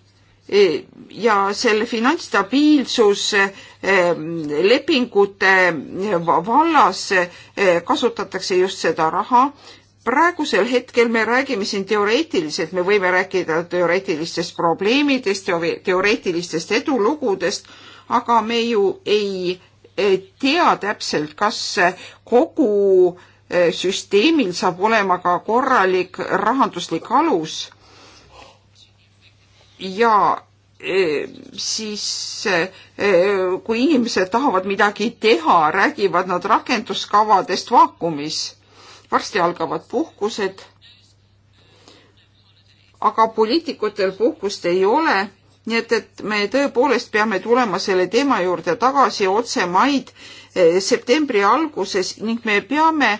ja selle finantsstabiilsus Ehm, lepingute eh, vallas eh, kasutatakse just seda raha. praegusel hetkel me räägime siin teoreetiliselt, me võime rääkida teoreetilistest probleemidest, teoreetilistest edulugudest, aga me ju ei eh, tea täpselt, kas kogu süsteemil saab olema ka korralik rahanduslik alus ja Ehm, siis ehm, kui inimesed tahavad midagi teha, räägivad nad rakenduskavadest vaakumis. varsti algavad puhkused. aga poliitikutel puhkust ei ole, nii et, et me tõepoolest peame tulema selle teema juurde tagasi otse maid eh, septembri alguses ning me peame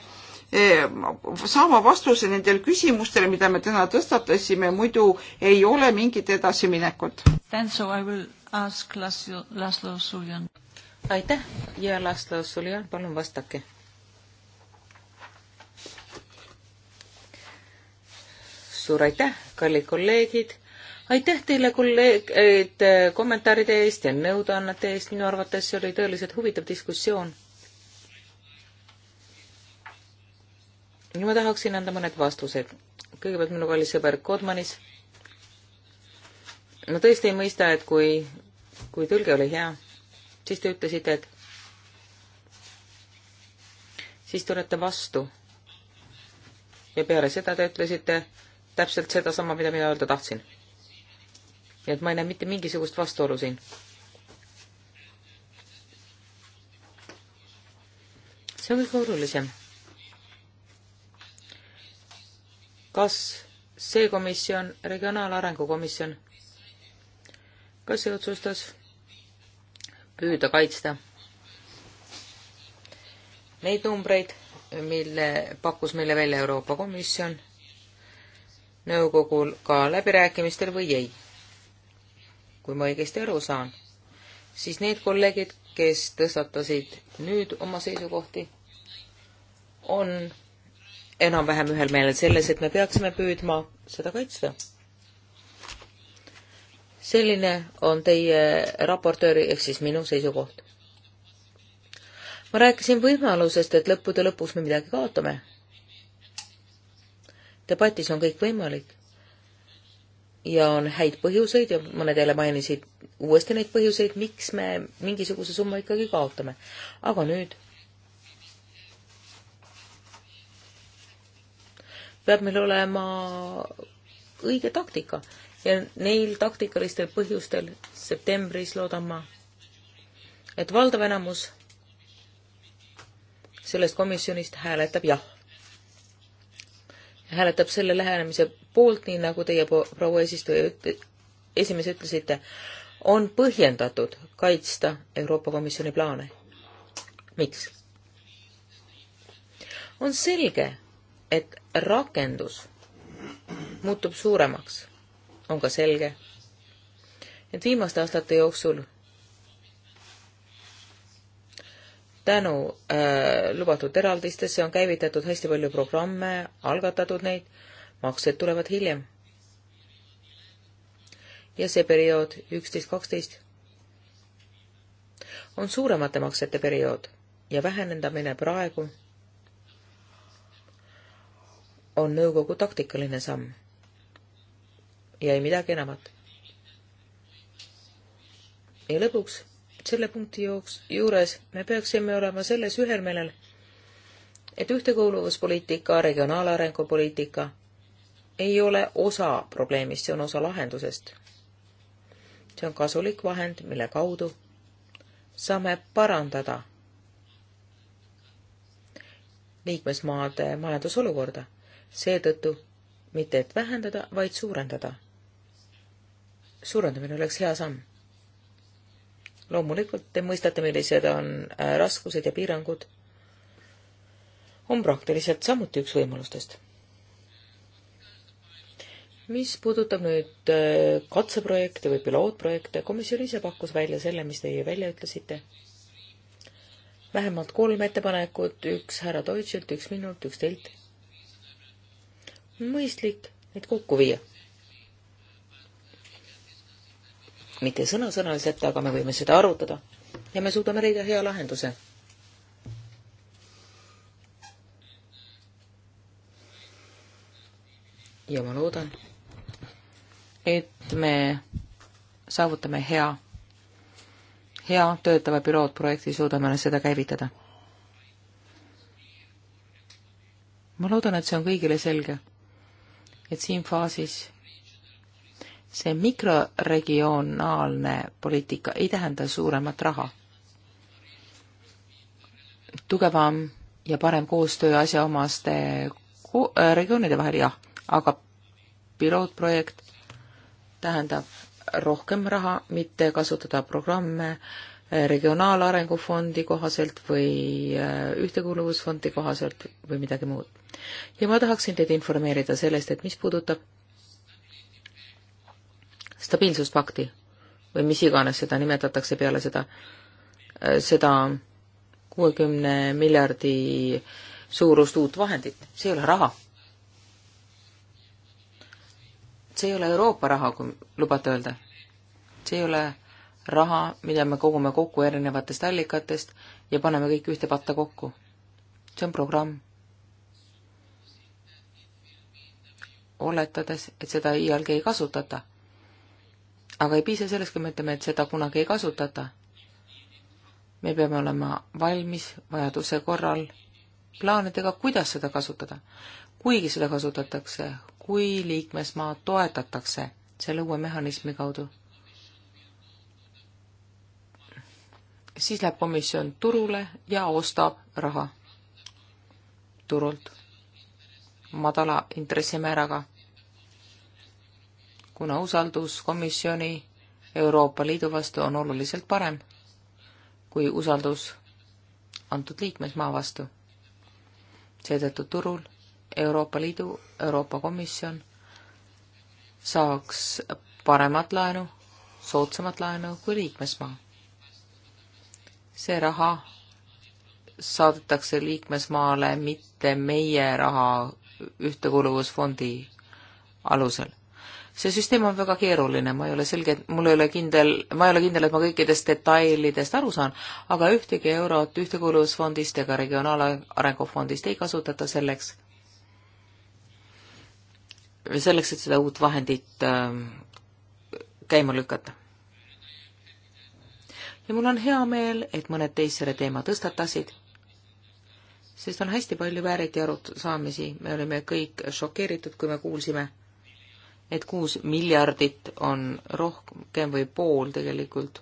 saama vastuse nendele küsimustele, mida me täna tõstatasime, muidu ei ole mingit edasiminekut.
aitäh ja Laslo Suljan, palun vastake. suur aitäh, kallid kolleegid aitäh teile, kolleegid, eh, kommentaaride eest ja nõudeannete eest, minu arvates see oli tõeliselt huvitav diskussioon ja ma tahaksin anda mõned vastused. kõigepealt minu kallis sõber Kodmanis. ma tõesti ei mõista, et kui, kui tõlge oli hea, siis te ütlesite, et siis te olete vastu. ja peale seda te ütlesite täpselt sedasama, mida mina öelda tahtsin. nii et ma ei näe mitte mingisugust vastuolu siin see on kõige olulisem. kas see komisjon, Regionaalarengu komisjon, kas see otsustas püüda kaitsta neid numbreid, mille pakkus meile välja Euroopa Komisjon nõukogul ka läbirääkimistel või ei. kui ma õigesti aru saan, siis need kolleegid, kes tõstatasid nüüd oma seisukohti, on enam-vähem ühel meelel selles, et me peaksime püüdma seda kaitsta. selline on teie raportööri ehk siis minu seisukoht. ma rääkisin võimalusest, et lõppude lõpuks me midagi kaotame. debatis on kõik võimalik ja on häid põhjuseid ja mõned jälle mainisid uuesti neid põhjuseid, miks me mingisuguse summa ikkagi kaotame. aga nüüd peab meil olema õige taktika ja neil taktikalistel põhjustel septembris loodan ma, et valdav enamus sellest komisjonist hääletab jah. hääletab selle lähenemise poolt, nii nagu teie proua eesistuja ütle, esimees ütlesite, on põhjendatud kaitsta Euroopa Komisjoni plaane. miks? on selge, et rakendus muutub suuremaks, on ka selge, et viimaste aastate jooksul tänu äh, lubatud eraldistesse on käivitatud hästi palju programme, algatatud neid, maksed tulevad hiljem. ja see periood üksteist, kaksteist on suuremate maksete periood ja vähenemine praegu on nõukogu taktikaline samm ja ei midagi enamat. ja lõpuks selle punkti jooks, juures me peaksime olema selles ühel meelel, et ühtekuuluvuspoliitika, regionaalarengu poliitika ei ole osa probleemist, see on osa lahendusest. see on kasulik vahend, mille kaudu saame parandada liikmesmaade majandusolukorda seetõttu mitte et vähendada, vaid suurendada. suurendamine oleks hea samm. loomulikult te mõistate, millised on äh, raskused ja piirangud. on praktiliselt samuti üks võimalustest. mis puudutab nüüd äh, katseprojekte või pilootprojekte, komisjon ise pakkus välja selle, mis teie välja ütlesite. vähemalt kolm ettepanekut, üks härra Deutschilt, üks minult, üks teilt mõistlik need kokku viia. mitte sõnasõnaliselt, aga me võime seda arutada ja me suudame leida hea lahenduse. ja ma loodan, et me saavutame hea, hea töötava pilootprojekti, suudame seda käivitada. ma loodan, et see on kõigile selge et siin faasis see mikroregionaalne poliitika ei tähenda suuremat raha. tugevam ja parem koostöö asjaomaste ko äh, regioonide vahel, jah, aga pilootprojekt tähendab rohkem raha, mitte kasutada programme regionaalarengu fondi kohaselt või äh, ühtekuuluvusfondi kohaselt või midagi muud. ja ma tahaksin teid informeerida sellest, et mis puudutab stabiilsuspakti või mis iganes seda nimetatakse peale seda, äh, seda kuuekümne miljardi suurust uut vahendit, see ei ole raha. see ei ole Euroopa raha, kui lubate öelda. see ei ole raha, mida me kogume kokku erinevatest allikatest ja paneme kõik ühte patta kokku. see on programm. oletades, et seda iialgi ei kasutata. aga ei piisa sellest, kui me ütleme, et seda kunagi ei kasutata. me peame olema valmis vajaduse korral plaanidega, kuidas seda kasutada. kuigi seda kasutatakse, kui liikmesmaad toetatakse selle uue mehhanismi kaudu siis läheb komisjon turule ja ostab raha turult madala intressimääraga, kuna usaldus komisjoni Euroopa Liidu vastu on oluliselt parem kui usaldus antud liikmesmaa vastu. seetõttu turul Euroopa Liidu, Euroopa Komisjon saaks paremat laenu, soodsamat laenu kui liikmesmaa see raha saadetakse liikmesmaale mitte meie raha ühtekuuluvusfondi alusel. see süsteem on väga keeruline, ma ei ole selge, mul ei ole kindel, ma ei ole kindel, et ma kõikidest detailidest aru saan, aga ühtegi eurot ühtekuuluvusfondist ega regionaalarengu fondist ei kasutata selleks, selleks, et seda uut vahendit äh, käima lükata ja mul on hea meel, et mõned teist selle teema tõstatasid, sest on hästi palju vääriti arusaamisi, me olime kõik šokeeritud, kui me kuulsime, et kuus miljardit on rohkem või pool tegelikult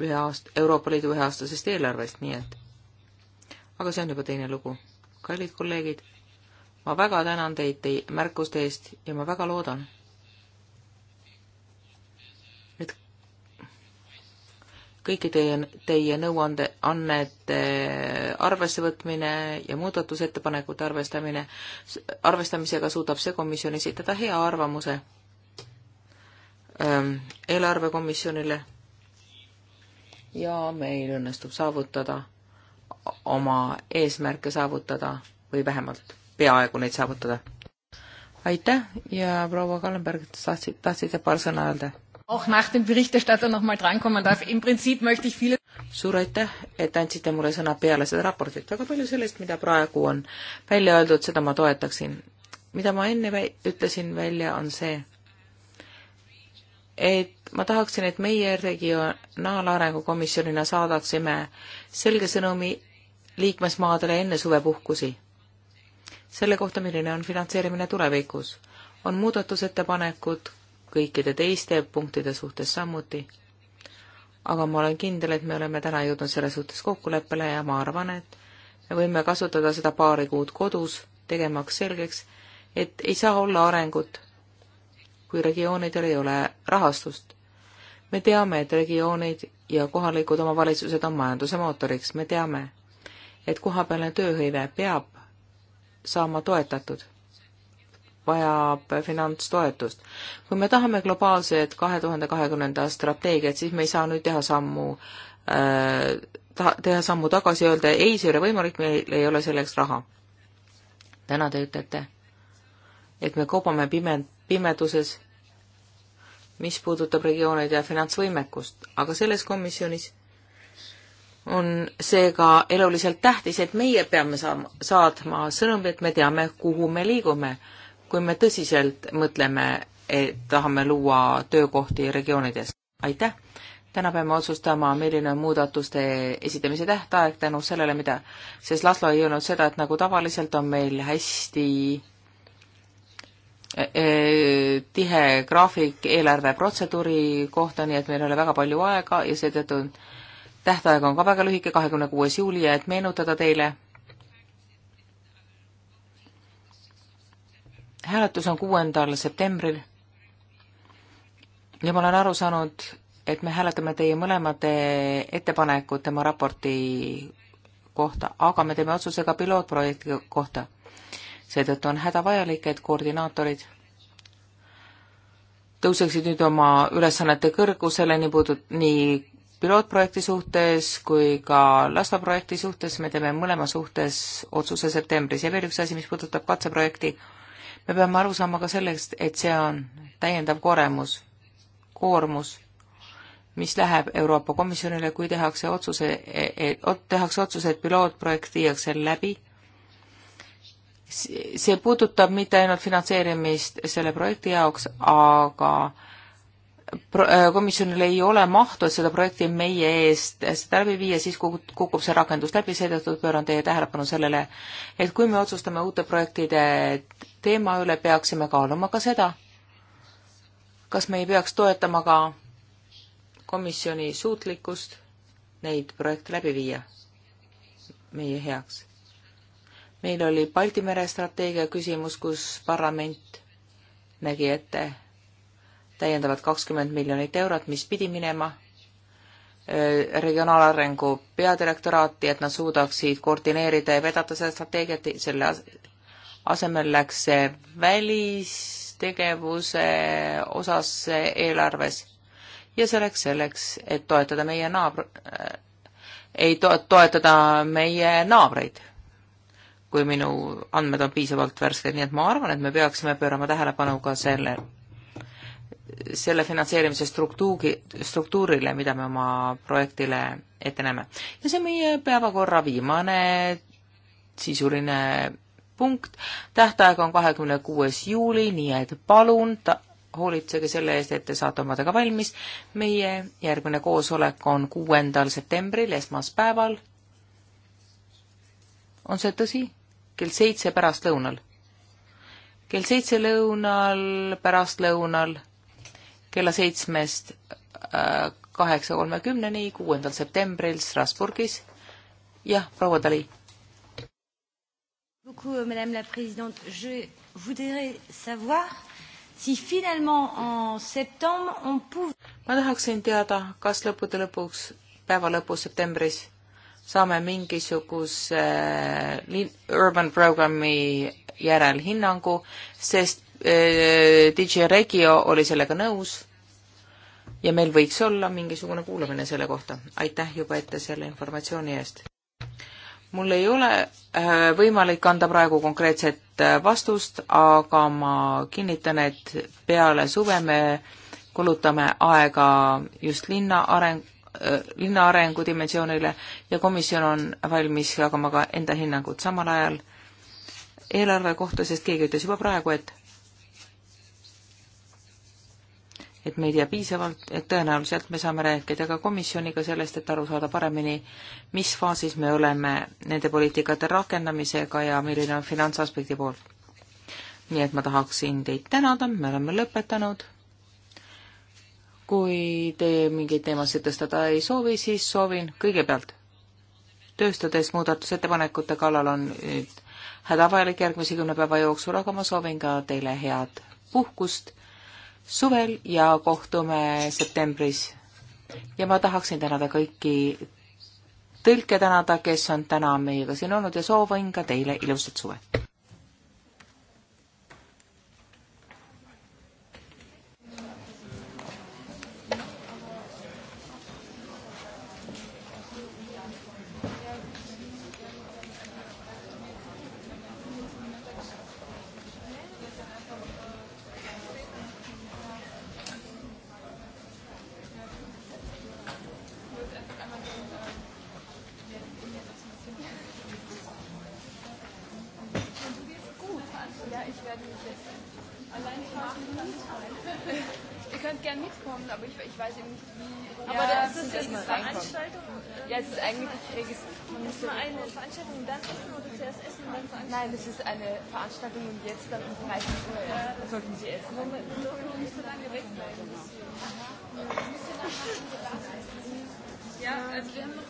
ühe aast-, Euroopa Liidu üheaastasest eelarvest, nii et. aga see on juba teine lugu. kallid kolleegid, ma väga tänan teid teie märkuste eest ja ma väga loodan, kõiki teie, teie nõuande, annete arvessevõtmine ja muudatusettepanekute arvestamine, arvestamisega suudab see komisjon esitada hea arvamuse ähm, eelarvekomisjonile ja meil õnnestub saavutada oma eesmärke saavutada või vähemalt peaaegu neid saavutada. aitäh ja proua Kallenberg, tahtsid, tahtsite paar sõna öelda? auch nach dem Berichterstatter nochmal drankommen darf. Im Prinzip möchte ich viele suur aitäh, et andsite mulle sõna peale seda raportit, väga palju sellest, mida praegu on välja öeldud, seda ma toetaksin. mida ma enne vä-, ütlesin välja, on see, et ma tahaksin, et meie Regionaalarengu Komisjonina saadaksime selge sõnumi liikmesmaadele enne suvepuhkusi. selle kohta, milline on finantseerimine tulevikus. on muudatusettepanekud kõikide teiste punktide suhtes samuti. aga ma olen kindel, et me oleme täna jõudnud selle suhtes kokkuleppele ja ma arvan, et me võime kasutada seda paari kuud kodus, tegemaks selgeks, et ei saa olla arengut, kui regioonidel ei ole rahastust. me teame, et regioonid ja kohalikud omavalitsused on majanduse mootoriks, me teame, et kohapealne tööhõive peab saama toetatud vajab finantstoetust. kui me tahame globaalset kahe tuhande kahekümnenda strateegiat, siis me ei saa nüüd teha sammu äh, ta-, teha sammu tagasi ja öelda ei, see ei ole võimalik, meil ei ole selleks raha. täna te ütlete, et me kobame pime-, pimeduses, mis puudutab regioonide ja finantsvõimekust, aga selles komisjonis on seega eluliselt tähtis, et meie peame saama, saatma sõnumi, et me teame, kuhu me liigume kui me tõsiselt mõtleme, et tahame luua töökohti regioonides. aitäh! täna peame otsustama, milline on muudatuste esitamise tähtaeg tänu sellele, mida, sest Laslo ei öelnud seda, et nagu tavaliselt on meil hästi e, e, tihe graafik eelarveprotseduuri kohta, nii et meil ei ole väga palju aega ja seetõttu tähtaeg on ka väga lühike, kahekümne kuues juuli ja et meenutada teile, hääletus on kuuendal septembril ja ma olen aru saanud, et me hääletame teie mõlemate ettepanekud tema raporti kohta, aga me teeme otsuse ka pilootprojekti kohta. seetõttu on hädavajalik, et koordinaatorid tõuseksid nüüd oma ülesannete kõrgusele nii puudut-, nii pilootprojekti suhtes kui ka lasteprojekti suhtes, me teeme mõlema suhtes otsuse septembris ja veel üks asi, mis puudutab katseprojekti me peame aru saama ka sellest, et see on täiendav koremus, koormus, mis läheb Euroopa Komisjonile, kui tehakse otsuse, e, e, tehakse otsus, et pilootprojekt viiakse läbi. see puudutab mitte ainult finantseerimist selle projekti jaoks, aga äh, komisjonil ei ole mahtu, et seda projekti meie eest seda läbi viia, siis kukub see rakendus läbi, seetõttu pööran teie tähelepanu sellele, et kui me otsustame uute projektide teema üle peaksime kaaluma ka seda, kas me ei peaks toetama ka komisjoni suutlikkust neid projekte läbi viia meie heaks. meil oli Balti mere strateegia küsimus, kus parlament nägi ette täiendavad kakskümmend miljonit eurot, mis pidi minema äh, regionaalarengu peadirektoraati, et nad suudaksid koordineerida ja vedada seda strateegiat, selle asemel läks see välistegevuse osas eelarves ja see läks selleks, et toetada meie naabr-, äh, ei to-, toetada meie naabreid, kui minu andmed on piisavalt värsked, nii et ma arvan, et me peaksime pöörama tähelepanu ka selle, selle finantseerimise struktuuri, struktuurile, mida me oma projektile ette näeme. ja see on meie päevakorra viimane sisuline punkt. tähtaeg on kahekümne kuues juuli, nii et palun ta-, hoolitsege selle eest, et te saate omadega valmis. meie järgmine koosolek on kuuendal septembril, esmaspäeval. on see tõsi? kell seitse pärastlõunal. kell seitse lõunal, pärastlõunal kella seitsmest äh, kaheksa kolmekümneni, kuuendal septembril Strasbourgis. jah, proua Tali
Beaucoup, euh, Madame la Présidente. Je voudrais savoir si finalement
en septembre on pouvait... ma tahaksin teada, kas lõppude lõpuks, päeva lõpus septembris saame mingisuguse äh, urban programmi järelhinnangu, sest äh, eh, DJ Regio oli sellega nõus ja meil võiks olla mingisugune kuulamine selle kohta. aitäh juba ette selle informatsiooni eest mul ei ole äh, võimalik anda praegu konkreetset äh, vastust, aga ma kinnitan, et peale suve me kulutame aega just linna areng, äh, linna arengu dimensioonile ja komisjon on valmis jagama ka enda hinnangut samal ajal eelarve kohta, sest keegi ütles juba praegu, et et meid ei jää piisavalt, et tõenäoliselt me saame rääkida ka komisjoniga sellest, et aru saada paremini, mis faasis me oleme nende poliitikate rakendamisega ja milline on finantsaspekti pool. nii et ma tahaksin teid tänada, me oleme lõpetanud. kui te mingeid teemasid tõstada ei soovi, siis soovin kõigepealt, tööstades muudatusettepanekute kallal on nüüd hädavajalik järgmise kümne päeva jooksul, aga ma soovin ka teile head puhkust suvel ja kohtume septembris. ja ma tahaksin tänada kõiki tõlke tänada, kes on täna meiega siin olnud ja soovin ka teile ilusat suve! Veranstaltung und jetzt dann um 30 Uhr ja, sollten Sie essen. Moment, so, wir nicht so lange weg sein. Genau.
Ja, also wir haben noch